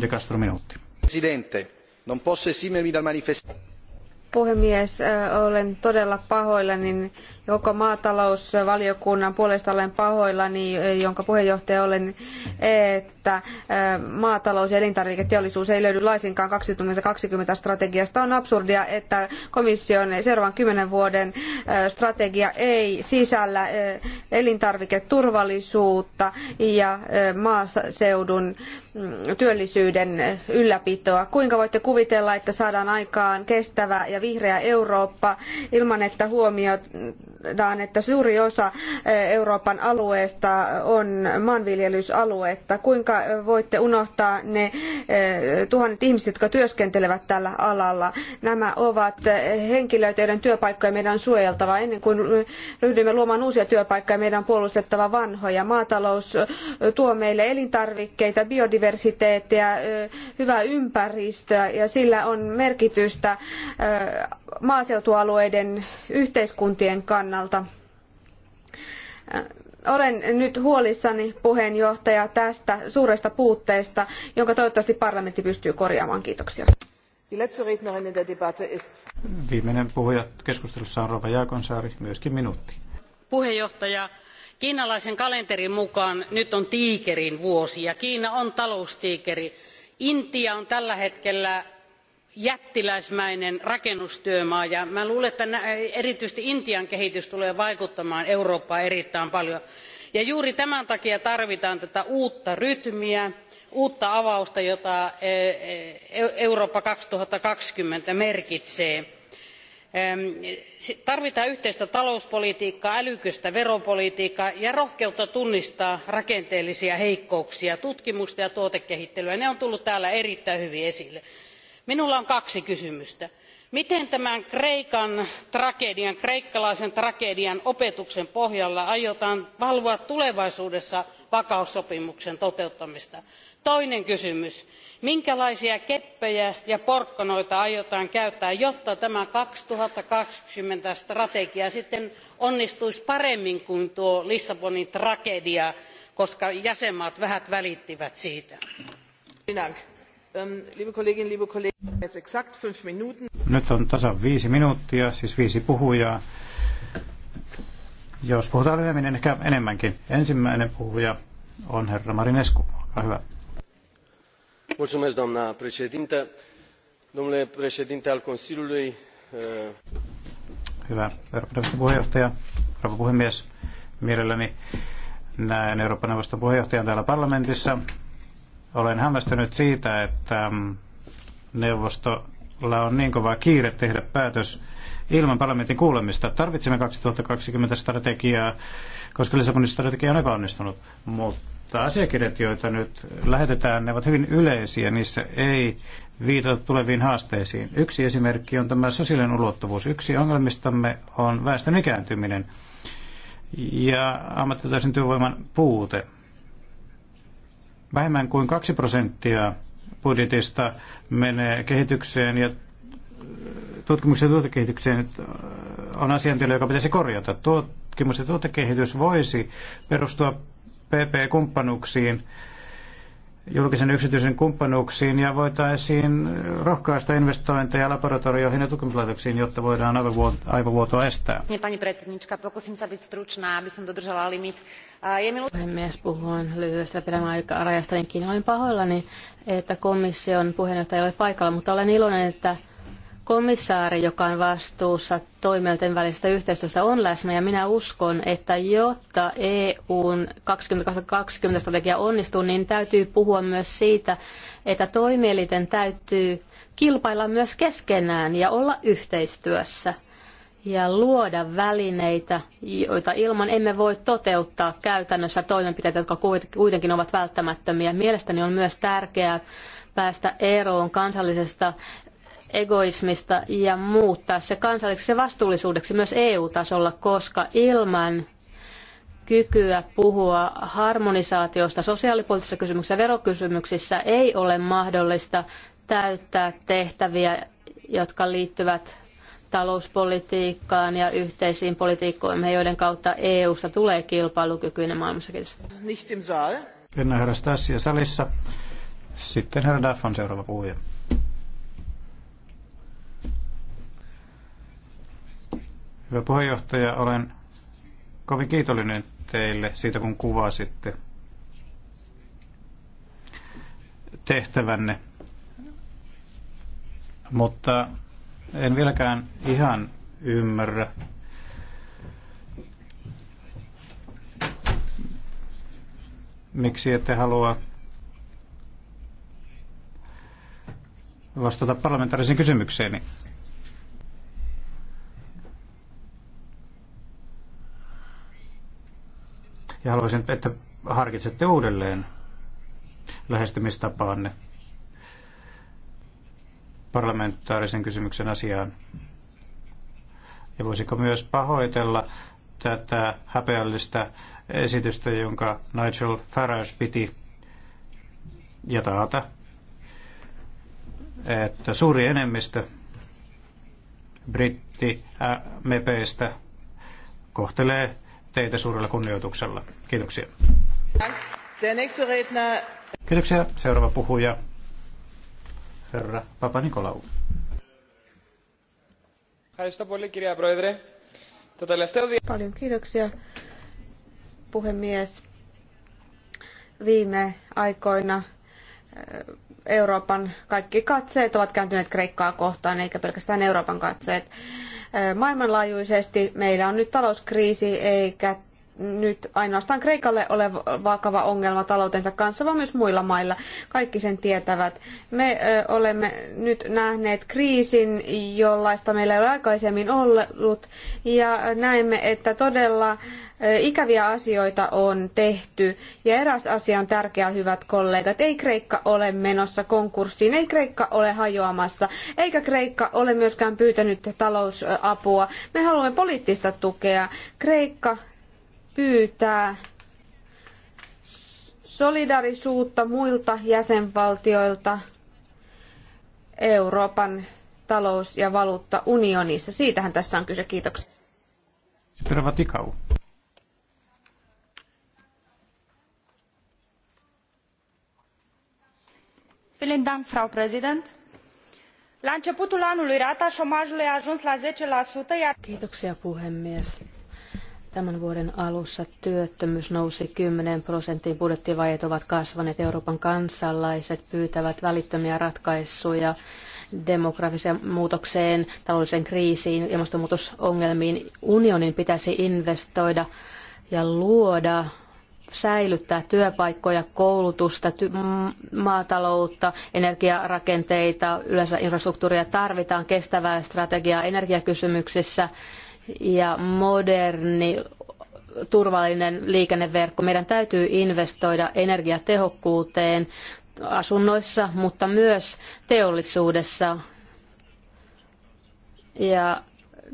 De Castro minuutti. Presidente, non posso esimermi dal manifestare puhemies, olen todella pahoillani joko maatalousvaliokunnan puolesta olen pahoillani, jonka puheenjohtaja olen, että äh, maatalous- ja elintarviketeollisuus ei löydy laisinkaan 2020 strategiasta. On absurdia, että komission seuraavan kymmenen vuoden äh, strategia ei sisällä äh, elintarviketurvallisuutta ja maaseudun mm, työllisyyden ylläpitoa. Kuinka voitte kuvitella, että saadaan aikaan kestävä ja vihreä Eurooppa ilman, että huomioon huomioidaan, että suuri osa eh, Euroopan alueesta on maanviljelysaluetta. Kuinka voitte unohtaa ne eh, tuhannet ihmiset, jotka työskentelevät tällä alalla? Nämä ovat eh, henkilöitä, joiden työpaikkoja meidän on suojeltava. Ennen kuin ryhdymme luomaan uusia työpaikkoja, meidän on puolustettava vanhoja. Maatalous tuo meille elintarvikkeita, biodiversiteettiä, hyvää ympäristöä ja sillä on merkitystä maaseutualueiden yhteiskuntien kannalta kannalta. Olen nyt huolissani puheenjohtaja tästä suuresta puutteesta, jonka toivottavasti parlamentti pystyy korjaamaan. Kiitoksia. Viimeinen puhuja keskustelussa on Rova Jaakonsaari, myöskin minuutti. Puheenjohtaja, kiinalaisen kalenterin mukaan nyt on tiikerin vuosi ja Kiina on taloustiikeri. Intia on tällä hetkellä jättiläismäinen rakennustyömaa ja mä luulen että erityisesti Intian kehitys tulee vaikuttamaan Eurooppaan erittäin paljon. Ja juuri tämän takia tarvitaan tätä uutta rytmiä, uutta avausta, jota e, e, Eurooppa 2020 merkitsee. Tarvitaan yhteistä talouspolitiikkaa, älykästä veropolitiikkaa ja rohkeutta tunnistaa rakenteellisia heikkouksia, tutkimusta ja tuotekehittelyä. Ne on tullut täällä erittäin hyvin esille minulla on kaksi kysymystä miten tämän kreikan tragedian kreikkalaisen tragedian opetuksen pohjalta aiotaan valvoa tulevaisuudessa vakaussopimuksen toteuttamista? toinen kysymys minkälaisia keppejä ja porkkanoita aiotaan käyttää jotta tämä kaksituhatta kaksikymmentä strategia sitten onnistuisi paremmin kuin tuo lissabonin tragedia koska jäsenvaltiot vähät välittivät siitä? liebe ähm, liebe Kolleginnen, Kollegen, jetzt exakt fünf Minuten. Nyt on tasan viisi minuuttia, siis viisi puhujaa. Jos puhutaan lyhyemmin, ehkä enemmänkin. Ensimmäinen puhuja on herra Marinescu. Olkaa hyvä. Mulțumesc, doamna președintă. Domnule președinte al Consiliului... Hyvä Euroopan neuvoston puheenjohtaja, rouva puhemies, mielelläni näen Euroopan neuvoston puheenjohtajan täällä parlamentissa. Olen hämmästynyt siitä, että mm, neuvostolla on niin kova kiire tehdä päätös ilman parlamentin kuulemista. Tarvitsemme 2020 strategiaa, koska Lissabonin strategia on epäonnistunut, mutta asiakirjat, joita nyt lähetetään, ne ovat hyvin yleisiä, niissä ei viitata tuleviin haasteisiin. Yksi esimerkki on tämä sosiaalinen ulottuvuus. Yksi ongelmistamme on väestön ikääntyminen ja ammattitaisen työvoiman puute. Vähemmän kuin 2 prosenttia budjetista menee kehitykseen ja tutkimukseen ja tuotekehitykseen äh, on asiantila, joka pitäisi korjata. Tutkimus ja tuotekehitys voisi perustua PP-kumppanuuksiin julkisen yksityisen kumppanuuksiin ja voitaisiin rohkaista investointeja laboratorioihin ja tutkimuslaitoksiin, jotta voidaan aivovuotoa estää. Niin, pani predsednička, pokusin sa byť stručná, aby som dodržala limit. Puhemies, puhun lyhyesti pidän aikaa rajastanikin. Olen pahoillani, että komission puheenjohtaja ei ole paikalla, mutta olen iloinen, että komissaari, joka on vastuussa toimijoiden välisestä yhteistyöstä, on läsnä ja minä uskon, että jotta EUn 2020 strategia onnistuu, niin täytyy puhua myös siitä, että toimielinten täytyy kilpailla myös keskenään ja olla yhteistyössä ja luoda välineitä, joita ilman emme voi toteuttaa käytännössä toimenpiteitä, jotka kuitenkin ovat välttämättömiä. Mielestäni on myös tärkeää päästä eroon kansallisesta egoismista ja muuttaa se kansalliseksi vastuullisuudeksi myös EU-tasolla, koska ilman kykyä puhua harmonisaatiosta sosiaalipoliittisissa kysymyksissä ja verokysymyksissä ei ole mahdollista täyttää tehtäviä, jotka liittyvät talouspolitiikkaan ja yhteisiin politiikkoihin, joiden kautta EU-sta tulee kilpailukykyinen maailmassa. Kiitos. En herra Stassia salissa. Sitten herra Daffan seuraava puhuja. Hyvä puheenjohtaja, olen kovin kiitollinen teille siitä, kun kuvasitte tehtävänne. Mutta en vieläkään ihan ymmärrä, miksi ette halua vastata parlamentaarisiin kysymykseeni. Ja haluaisin, että harkitsette uudelleen lähestymistapaanne parlamentaarisen kysymyksen asiaan. Ja voisiko myös pahoitella tätä häpeällistä esitystä, jonka Nigel Farage piti ja taata, että suuri enemmistö britti mepeistä kohtelee teitä suurella kunnioituksella. Kiitoksia. Kiitoksia. Seuraava puhuja, herra Papa Nikolau. Paljon kiitoksia, puhemies. Viime aikoina Euroopan kaikki katseet ovat kääntyneet Kreikkaa kohtaan, eikä pelkästään Euroopan katseet. Maailmanlaajuisesti meillä on nyt talouskriisi, eikä nyt ainoastaan Kreikalle ole vakava ongelma taloutensa kanssa, vaan myös muilla mailla. Kaikki sen tietävät. Me olemme nyt nähneet kriisin, jollaista meillä ei ole aikaisemmin ollut, ja näemme, että todella ikäviä asioita on tehty. Ja eräs asia on tärkeä, hyvät kollegat. Ei Kreikka ole menossa konkurssiin, ei Kreikka ole hajoamassa, eikä Kreikka ole myöskään pyytänyt talousapua. Me haluamme poliittista tukea. Kreikka pyytää solidarisuutta muilta jäsenvaltioilta Euroopan talous- ja valuuttaunionissa. Siitähän tässä on kyse. Kiitoksia. Sitten Vatikau. Frau President. La începutul anului rata șomajului a ajuns la 10%, iar... Kiitoksia puhemies. Tämän vuoden alussa työttömyys nousi 10 prosenttiin, budjettivajeet ovat kasvaneet, Euroopan kansalaiset pyytävät välittömiä ratkaisuja demografiseen muutokseen, taloudelliseen kriisiin, ilmastonmuutosongelmiin. Unionin pitäisi investoida ja luoda säilyttää työpaikkoja, koulutusta, ty- maataloutta, energiarakenteita, yleensä infrastruktuuria. Tarvitaan kestävää strategiaa energiakysymyksissä ja moderni turvallinen liikenneverkko. Meidän täytyy investoida energiatehokkuuteen asunnoissa, mutta myös teollisuudessa. Ja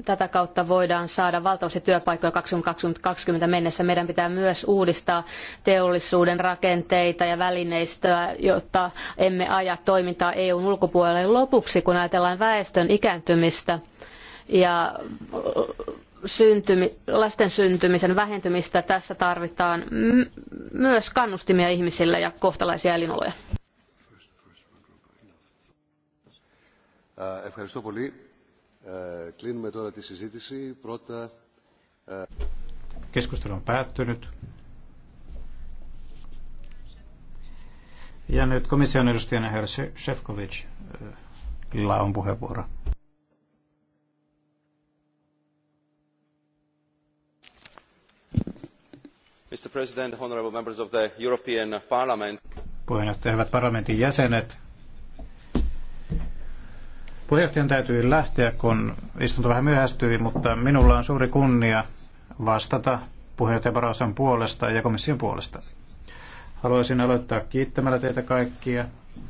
tätä kautta voidaan saada valtavasti työpaikkoja 2020 mennessä. Meidän pitää myös uudistaa teollisuuden rakenteita ja välineistöä, jotta emme aja toimintaa EUn ulkopuolelle lopuksi, kun ajatellaan väestön ikääntymistä ja syntymi, lasten syntymisen vähentymistä. Tässä tarvitaan myös kannustimia ihmisille ja kohtalaisia elinoloja. Ευχαριστώ πολύ. Κλείνουμε τώρα τη συζήτηση. Πρώτα... Keskustelu on päättynyt. Ja nyt komission edustajana Herr Shefkovic on puheenvuoro. Mr. President, honorable members of the European Parliament. Puheenjohtaja, hyvät parlamentin jäsenet. Puheenjohtajan täytyy lähteä, kun istunto vähän myöhästyi, mutta minulla on suuri kunnia vastata puheenjohtaja Barroson puolesta ja komission puolesta. Haluaisin aloittaa kiittämällä teitä kaikkia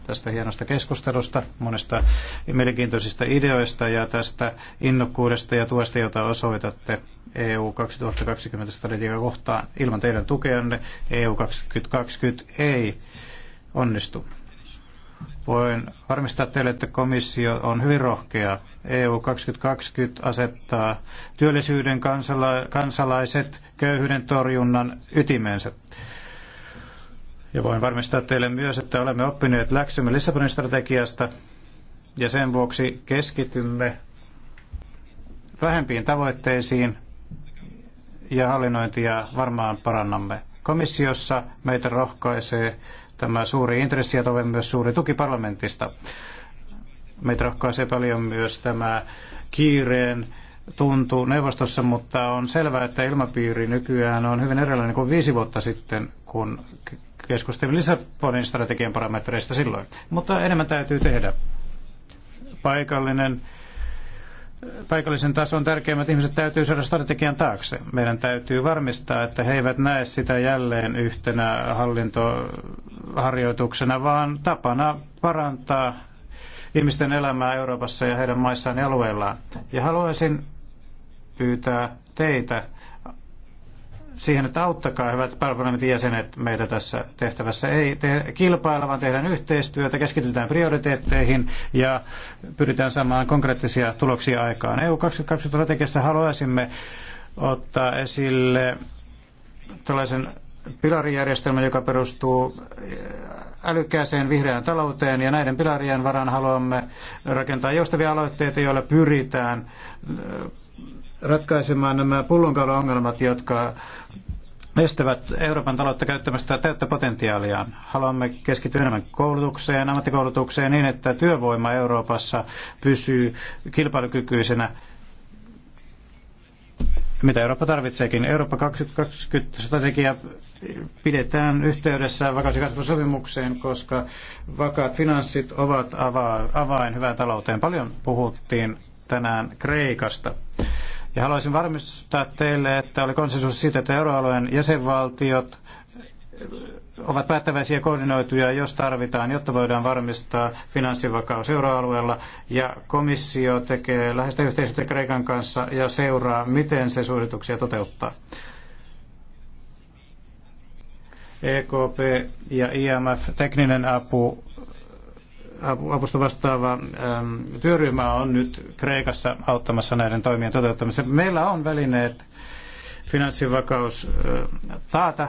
tästä hienosta keskustelusta, monesta mielenkiintoisista ideoista ja tästä innokkuudesta ja tuesta, jota osoitatte EU 2020 strategiaa kohtaan. Ilman teidän tukeanne EU 2020 ei onnistu. Voin varmistaa teille, että komissio on hyvin rohkea. EU 2020 asettaa työllisyyden kansalaiset köyhyyden torjunnan ytimensä. Ja voin varmistaa teille myös, että olemme oppineet läksymme Lissabonin strategiasta ja sen vuoksi keskitymme vähempiin tavoitteisiin ja hallinnointia varmaan parannamme. Komissiossa meitä rohkaisee tämä suuri intressi ja toivon myös suuri tuki parlamentista. Meitä rohkaisee paljon myös tämä kiireen tuntu neuvostossa, mutta on selvää, että ilmapiiri nykyään on hyvin erilainen kuin viisi vuotta sitten, kun Keskustelimme Lissabonin strategian parametreista silloin, mutta enemmän täytyy tehdä. Paikallinen paikallisen tason tärkeimmät ihmiset täytyy saada strategian taakse. Meidän täytyy varmistaa, että he eivät näe sitä jälleen yhtenä hallintoharjoituksena, vaan tapana parantaa ihmisten elämää Euroopassa ja heidän maissaan ja alueillaan. Ja haluaisin pyytää teitä siihen, että auttakaa hyvät parlamentin jäsenet meitä tässä tehtävässä. Ei te, kilpailla, vaan tehdään yhteistyötä, keskitytään prioriteetteihin ja pyritään saamaan konkreettisia tuloksia aikaan. EU 2020 strategiassa haluaisimme ottaa esille tällaisen pilarijärjestelmän, joka perustuu älykkääseen vihreään talouteen ja näiden pilarien varaan haluamme rakentaa joustavia aloitteita, joilla pyritään ratkaisemaan nämä pullonkaulaongelmat, jotka estävät Euroopan taloutta käyttämästä täyttä potentiaaliaan. Haluamme keskittyä enemmän koulutukseen, ammattikoulutukseen niin, että työvoima Euroopassa pysyy kilpailukykyisenä mitä Eurooppa tarvitseekin. Eurooppa 2020 strategia pidetään yhteydessä vakaus- ja sopimukseen, koska vakaat finanssit ovat avain hyvään talouteen. Paljon puhuttiin tänään Kreikasta. Ja haluaisin varmistaa teille, että oli konsensus siitä, että euroalueen jäsenvaltiot ovat päättäväisiä koordinoituja, jos tarvitaan, jotta voidaan varmistaa finanssivakaus euroalueella. Ja komissio tekee läheistä yhteistyötä Kreikan kanssa ja seuraa, miten se suosituksia toteuttaa. EKP ja IMF, tekninen apu avusta vastaava ähm, työryhmä on nyt Kreikassa auttamassa näiden toimien toteuttamisessa. Meillä on välineet finanssivakaus äh, taata,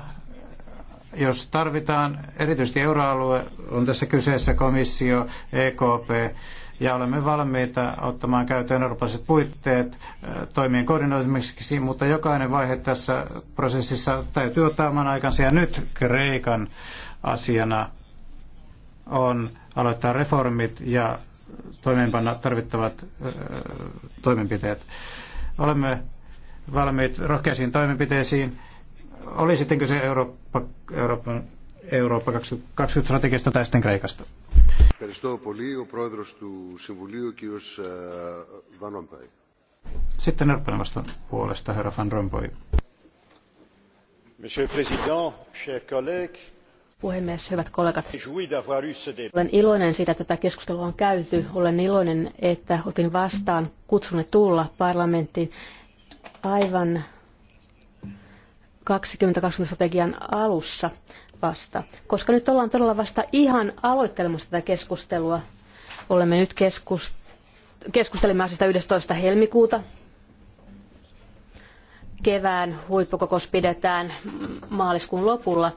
jos tarvitaan. Erityisesti euroalue on tässä kyseessä komissio, EKP, ja olemme valmiita ottamaan käyttöön eurooppalaiset puitteet äh, toimien koordinoimiseksi, mutta jokainen vaihe tässä prosessissa täytyy ottaa oman aikansa, ja nyt Kreikan asiana on aloittaa reformit ja toimeenpanna tarvittavat toimenpiteet. Olemme valmiit rohkeisiin toimenpiteisiin. Oli sitten kyse Eurooppa, Euroopan Eurooppa 20 strategiasta tai sitten Kreikasta. Sitten Euroopan vastaan puolesta herra Van Rompuy. Monsieur le Président, chers collègues, puhemies, hyvät kollegat. Olen iloinen siitä, että tätä keskustelua on käyty. Olen iloinen, että otin vastaan kutsunne tulla parlamenttiin aivan 2020 strategian alussa vasta, koska nyt ollaan todella vasta ihan aloittelemassa tätä keskustelua. Olemme nyt keskust- keskustelimme asiasta 11. helmikuuta kevään huippukokous pidetään maaliskuun lopulla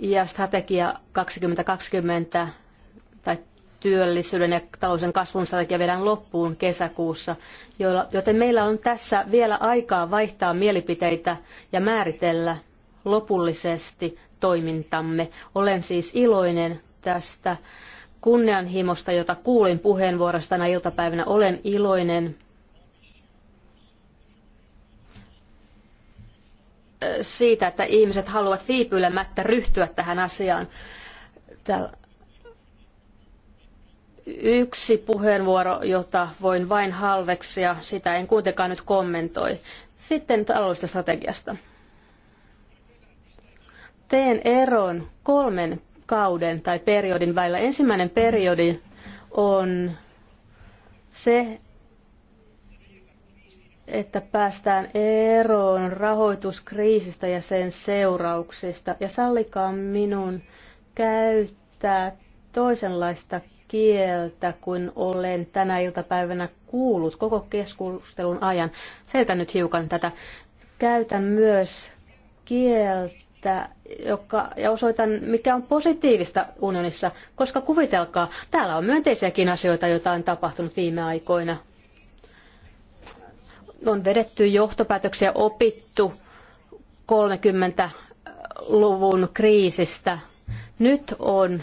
ja strategia 2020 tai työllisyyden ja talouden kasvun strategia viedään loppuun kesäkuussa, joten meillä on tässä vielä aikaa vaihtaa mielipiteitä ja määritellä lopullisesti toimintamme. Olen siis iloinen tästä kunnianhimosta, jota kuulin puheenvuorostana iltapäivänä. Olen iloinen siitä, että ihmiset haluavat viipyilemättä ryhtyä tähän asiaan. Täällä yksi puheenvuoro, jota voin vain halveksia, sitä en kuitenkaan nyt kommentoi. Sitten taloudellisesta strategiasta. Teen eron kolmen kauden tai periodin välillä. Ensimmäinen periodi on se, että päästään eroon rahoituskriisistä ja sen seurauksista. Ja sallikaa minun käyttää toisenlaista kieltä kuin olen tänä iltapäivänä kuullut koko keskustelun ajan. Seltä nyt hiukan tätä. Käytän myös kieltä joka, ja osoitan, mikä on positiivista unionissa, koska kuvitelkaa, täällä on myönteisiäkin asioita, joita on tapahtunut viime aikoina on vedetty johtopäätöksiä opittu 30-luvun kriisistä. Nyt on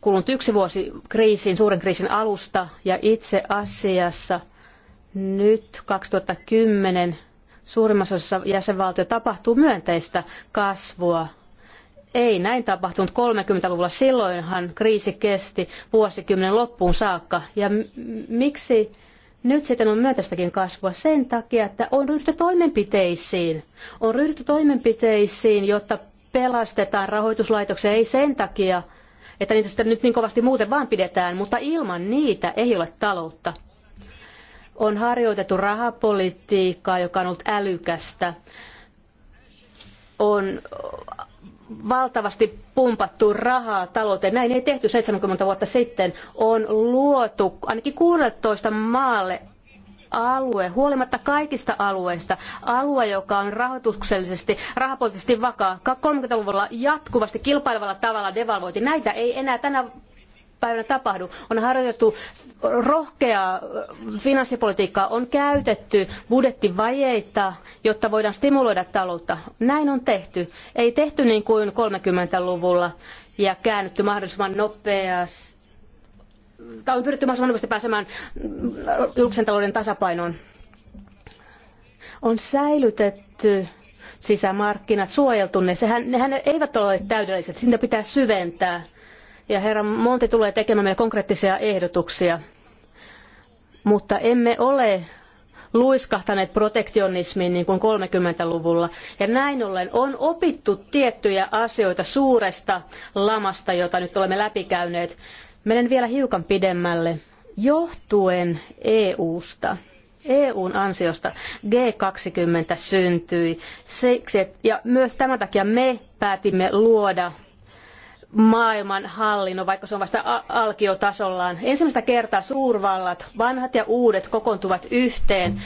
kulunut yksi vuosi kriisin, suuren kriisin alusta ja itse asiassa nyt 2010 suurimmassa osassa jäsenvaltio tapahtuu myönteistä kasvua. Ei näin tapahtunut 30-luvulla. Silloinhan kriisi kesti vuosikymmenen loppuun saakka. Ja miksi nyt sitten on myönteistäkin kasvua sen takia, että on ryhdytty toimenpiteisiin. On ryhdytty toimenpiteisiin, jotta pelastetaan rahoituslaitoksia, ei sen takia, että niitä sitä nyt niin kovasti muuten vaan pidetään, mutta ilman niitä ei ole taloutta. On harjoitettu rahapolitiikkaa, joka on ollut älykästä. On valtavasti pumpattu rahaa talouteen. Näin ei tehty 70 vuotta sitten. On luotu ainakin 16 maalle alue, huolimatta kaikista alueista, alue, joka on rahoituksellisesti, rahapoliittisesti vakaa, 30-luvulla jatkuvasti kilpailevalla tavalla devalvoitiin. Näitä ei enää tänä päivänä tapahdu. On harjoitettu rohkeaa finanssipolitiikkaa, on käytetty budjettivajeita, jotta voidaan stimuloida taloutta. Näin on tehty. Ei tehty niin kuin 30-luvulla ja käännytty mahdollisimman nopeasti tai on pyritty mahdollisimman nopeasti pääsemään mm, julkisen talouden tasapainoon. On säilytetty sisämarkkinat, suojeltu ne. Sehän, nehän eivät ole täydelliset, sitä pitää syventää ja herra Monti tulee tekemään meille konkreettisia ehdotuksia. Mutta emme ole luiskahtaneet protektionismiin niin kuin 30-luvulla. Ja näin ollen on opittu tiettyjä asioita suuresta lamasta, jota nyt olemme läpikäyneet. Menen vielä hiukan pidemmälle. Johtuen EU-sta, EUn ansiosta G20 syntyi. Siksi, ja myös tämän takia me päätimme luoda maailman hallinnon, vaikka se on vasta alkiotasollaan. Ensimmäistä kertaa suurvallat, vanhat ja uudet, kokoontuvat yhteen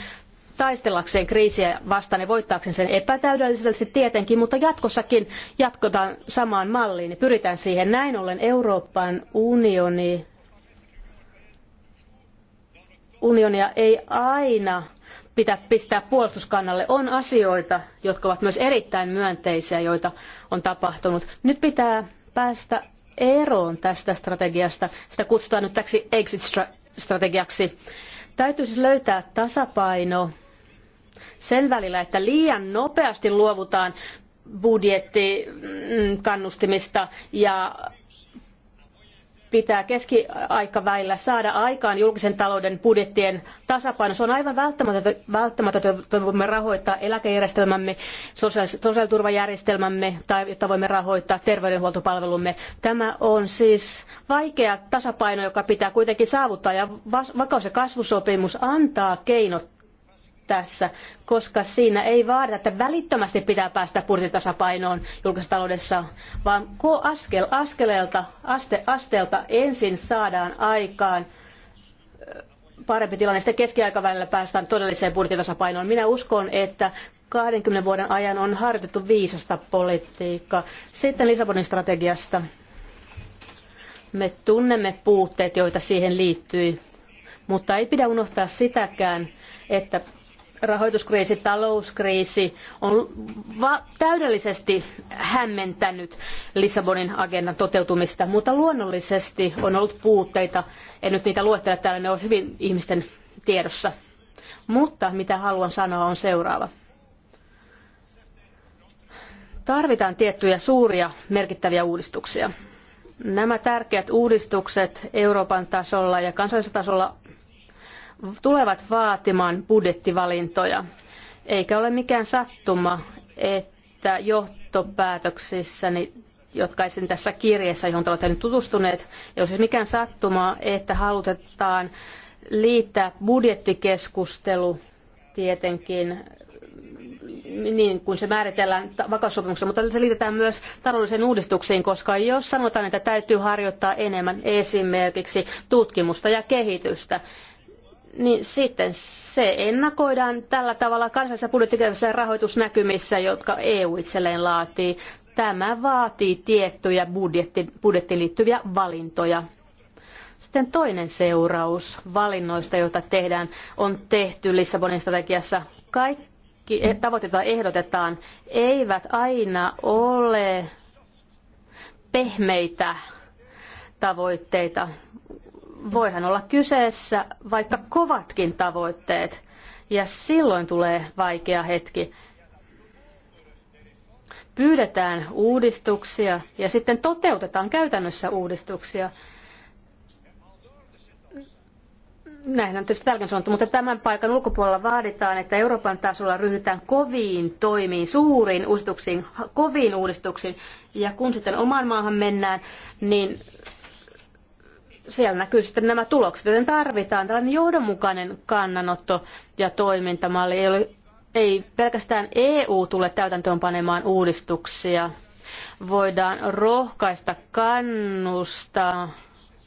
taistellakseen kriisiä vastaan ja voittaakseen sen epätäydellisesti tietenkin, mutta jatkossakin jatkotaan samaan malliin ja pyritään siihen. Näin ollen Euroopan unioni, unionia ei aina pitää pistää puolustuskannalle. On asioita, jotka ovat myös erittäin myönteisiä, joita on tapahtunut. Nyt pitää päästä eroon tästä strategiasta. Sitä kutsutaan nyt täksi exit-strategiaksi. Täytyy siis löytää tasapaino sen välillä, että liian nopeasti luovutaan budjettikannustimista ja pitää keskiaikavälillä saada aikaan julkisen talouden budjettien tasapaino. Se on aivan välttämätöntä, välttämätöntä että voimme rahoittaa eläkejärjestelmämme, sosiaaliturvajärjestelmämme tai jotta voimme rahoittaa terveydenhuoltopalvelumme. Tämä on siis vaikea tasapaino, joka pitää kuitenkin saavuttaa ja vakaus- ja kasvusopimus antaa keinot tässä, koska siinä ei vaadita, että välittömästi pitää päästä budjettitasapainoon julkisessa taloudessa, vaan askel, askeleelta, aste, asteelta ensin saadaan aikaan parempi tilanne. Sitten keskiaikavälillä päästään todelliseen budjettitasapainoon. Minä uskon, että 20 vuoden ajan on harjoitettu viisasta politiikkaa. Sitten Lissabonin strategiasta. Me tunnemme puutteet, joita siihen liittyi, mutta ei pidä unohtaa sitäkään, että rahoituskriisi, talouskriisi on täydellisesti hämmentänyt Lissabonin agendan toteutumista, mutta luonnollisesti on ollut puutteita. En nyt niitä luettele täällä, ne ovat hyvin ihmisten tiedossa. Mutta mitä haluan sanoa on seuraava. Tarvitaan tiettyjä suuria merkittäviä uudistuksia. Nämä tärkeät uudistukset Euroopan tasolla ja kansallisella tasolla tulevat vaatimaan budjettivalintoja. Eikä ole mikään sattuma, että johtopäätöksissäni jotka esitin tässä kirjeessä, johon te olette nyt tutustuneet. Ei ole siis mikään sattuma, että halutetaan liittää budjettikeskustelu tietenkin niin kuin se määritellään vakaussopimuksessa, mutta se liitetään myös taloudellisiin uudistuksiin, koska jos sanotaan, että täytyy harjoittaa enemmän esimerkiksi tutkimusta ja kehitystä, niin sitten se ennakoidaan tällä tavalla kansallisessa budjettikäytössä rahoitusnäkymissä, jotka EU itselleen laatii. Tämä vaatii tiettyjä budjetti, budjettiin liittyviä valintoja. Sitten toinen seuraus valinnoista, joita tehdään, on tehty Lissabonin strategiassa. Kaikki e- tavoitteet, joita ehdotetaan, eivät aina ole pehmeitä tavoitteita voihan olla kyseessä vaikka kovatkin tavoitteet, ja silloin tulee vaikea hetki. Pyydetään uudistuksia ja sitten toteutetaan käytännössä uudistuksia. Näin on tietysti tälläkin sanottu, mutta tämän paikan ulkopuolella vaaditaan, että Euroopan tasolla ryhdytään koviin toimiin, suuriin uudistuksiin, koviin uudistuksiin. Ja kun sitten omaan maahan mennään, niin siellä näkyy sitten nämä tulokset, joten tarvitaan tällainen johdonmukainen kannanotto ja toimintamalli. Ei, ole, ei pelkästään EU tule täytäntöönpanemaan uudistuksia. Voidaan rohkaista, kannustaa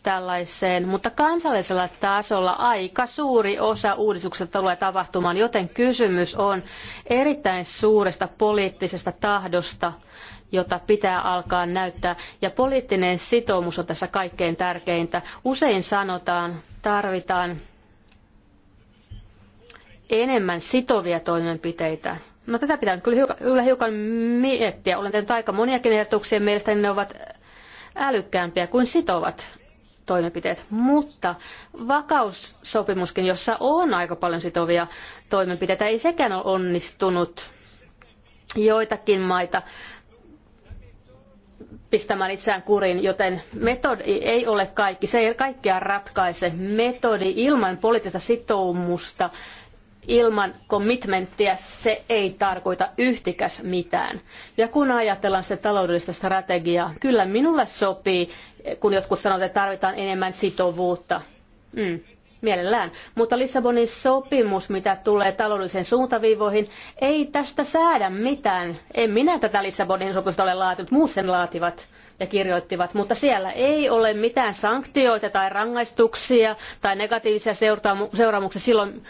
tällaiseen, mutta kansallisella tasolla aika suuri osa uudistuksesta tulee tapahtumaan, joten kysymys on erittäin suuresta poliittisesta tahdosta jota pitää alkaa näyttää. Ja poliittinen sitoumus on tässä kaikkein tärkeintä. Usein sanotaan, tarvitaan enemmän sitovia toimenpiteitä. No tätä pitää kyllä hiukan, kyllä hiukan miettiä. Olen tehnyt aika moniakin ehdotuksia, mielestäni ne ovat älykkäämpiä kuin sitovat toimenpiteet. Mutta vakaussopimuskin, jossa on aika paljon sitovia toimenpiteitä, ei sekään ole onnistunut joitakin maita pistämään itseään kuriin, joten metodi ei ole kaikki, se ei kaikkea ratkaise. Metodi ilman poliittista sitoumusta, ilman commitmenttiä, se ei tarkoita yhtikäs mitään. Ja kun ajatellaan sitä taloudellista strategiaa, kyllä minulle sopii, kun jotkut sanovat, että tarvitaan enemmän sitovuutta. Mm mielellään. Mutta Lissabonin sopimus, mitä tulee taloudellisiin suuntaviivoihin, ei tästä säädä mitään. En minä tätä Lissabonin sopimusta ole laatinut, muut sen laativat ja kirjoittivat, mutta siellä ei ole mitään sanktioita tai rangaistuksia tai negatiivisia seuraamuksia silloin,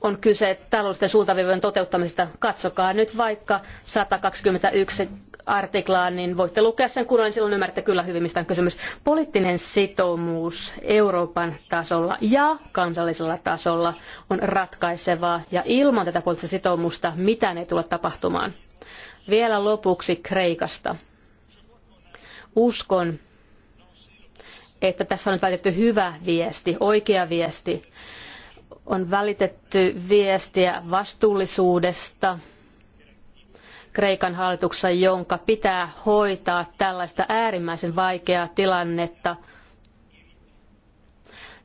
on kyse taloudellisten suuntaviivojen toteuttamisesta. Katsokaa nyt vaikka 121 artiklaan, niin voitte lukea sen kunnolla, niin silloin ymmärrätte kyllä hyvin, mistä on kysymys. Poliittinen sitoumus Euroopan tasolla ja kansallisella tasolla on ratkaisevaa, ja ilman tätä poliittista sitoumusta mitään ei tule tapahtumaan. Vielä lopuksi Kreikasta. Uskon, että tässä on nyt välitetty hyvä viesti, oikea viesti. On välitetty viestiä vastuullisuudesta, Kreikan hallituksessa, jonka pitää hoitaa tällaista äärimmäisen vaikeaa tilannetta.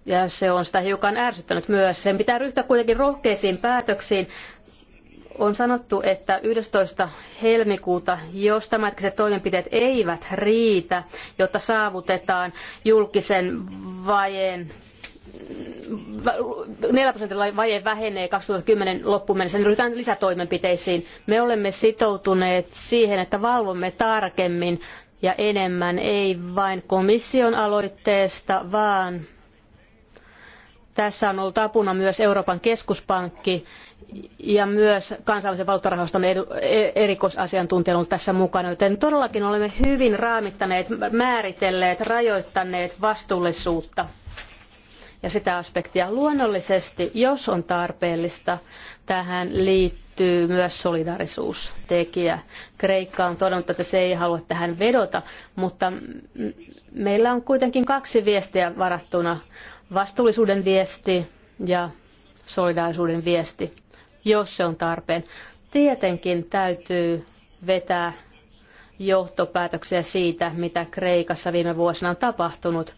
Ja se on sitä hiukan ärsyttänyt myös. Sen pitää ryhtyä kuitenkin rohkeisiin päätöksiin. On sanottu, että 11. helmikuuta, jos tämänhetkiset toimenpiteet eivät riitä, jotta saavutetaan julkisen vajeen 4 prosentilla vaje vähenee 2010 loppuun mennessä, niin ryhdytään lisätoimenpiteisiin. Me olemme sitoutuneet siihen, että valvomme tarkemmin ja enemmän, ei vain komission aloitteesta, vaan tässä on ollut apuna myös Euroopan keskuspankki ja myös kansainvälisen valuuttarahaston e- erikoisasiantuntija on ollut tässä mukana, joten todellakin olemme hyvin raamittaneet, määritelleet, rajoittaneet vastuullisuutta ja sitä aspektia. Luonnollisesti, jos on tarpeellista, tähän liittyy myös solidarisuustekijä. Kreikka on todennut, että se ei halua tähän vedota, mutta meillä on kuitenkin kaksi viestiä varattuna. Vastuullisuuden viesti ja solidaarisuuden viesti, jos se on tarpeen. Tietenkin täytyy vetää johtopäätöksiä siitä, mitä Kreikassa viime vuosina on tapahtunut.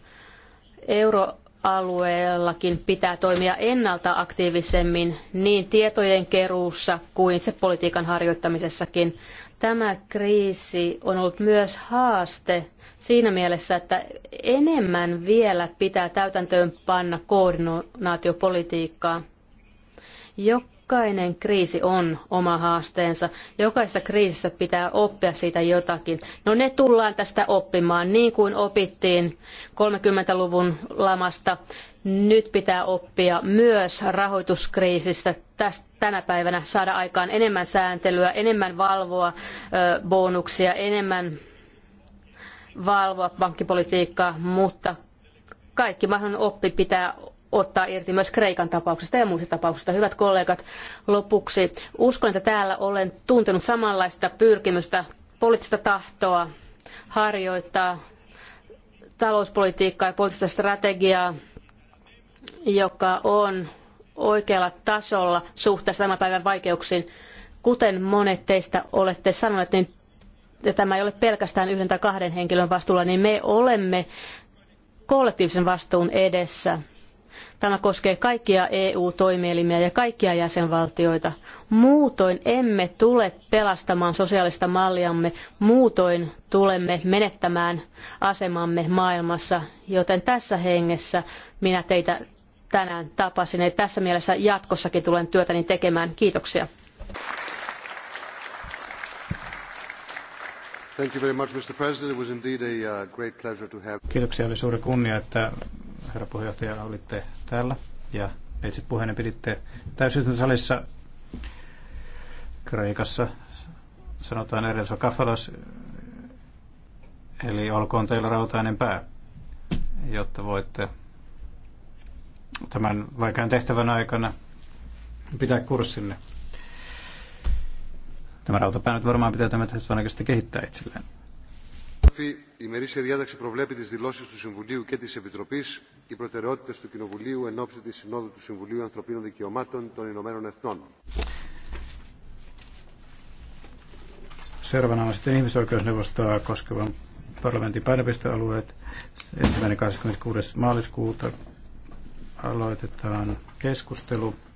Euro alueellakin pitää toimia ennalta aktiivisemmin niin tietojen keruussa kuin itse politiikan harjoittamisessakin. Tämä kriisi on ollut myös haaste siinä mielessä, että enemmän vielä pitää täytäntöön panna koordinaatiopolitiikkaa. Joka Jokainen kriisi on oma haasteensa. Jokaisessa kriisissä pitää oppia siitä jotakin. No ne tullaan tästä oppimaan, niin kuin opittiin 30-luvun lamasta. Nyt pitää oppia myös rahoituskriisistä tästä tänä päivänä saada aikaan enemmän sääntelyä, enemmän valvoa bonuksia, enemmän valvoa pankkipolitiikkaa, mutta kaikki mahdollinen oppi pitää ottaa irti myös Kreikan tapauksesta ja muista tapauksista. Hyvät kollegat, lopuksi uskon, että täällä olen tuntenut samanlaista pyrkimystä, poliittista tahtoa harjoittaa talouspolitiikkaa ja poliittista strategiaa, joka on oikealla tasolla suhteessa tämän päivän vaikeuksiin. Kuten monet teistä olette sanoneet, niin ja tämä ei ole pelkästään yhden tai kahden henkilön vastuulla, niin me olemme kollektiivisen vastuun edessä Tämä koskee kaikkia EU-toimielimiä ja kaikkia jäsenvaltioita. Muutoin emme tule pelastamaan sosiaalista malliamme, muutoin tulemme menettämään asemamme maailmassa, joten tässä hengessä minä teitä tänään tapasin. Ja tässä mielessä jatkossakin tulen työtäni tekemään. Kiitoksia. Uh, Kiitoksia. Oli suuri kunnia, että herra puheenjohtaja, olitte täällä ja itse puheenne piditte täysistuntosalissa Kreikassa. Sanotaan edes kafalas, eli olkoon teillä rautainen pää, jotta voitte tämän vaikean tehtävän aikana pitää kurssinne. Tämä rautapää nyt varmaan pitää tämä tehtävä kehittää itselleen. Η ημερήσια διάταξη προβλέπει τι δηλώσει του Συμβουλίου και τη Επιτροπή, οι προτεραιότητε του Κοινοβουλίου εν ώψη τη Συνόδου του Συμβουλίου Ανθρωπίνων Δικαιωμάτων των Ηνωμένων Εθνών. Seuraavana on sitten ihmisoikeusneuvostoa koskevan parlamentin painopistealueet. Ensimmäinen 26. maaliskuuta aloitetaan keskustelu.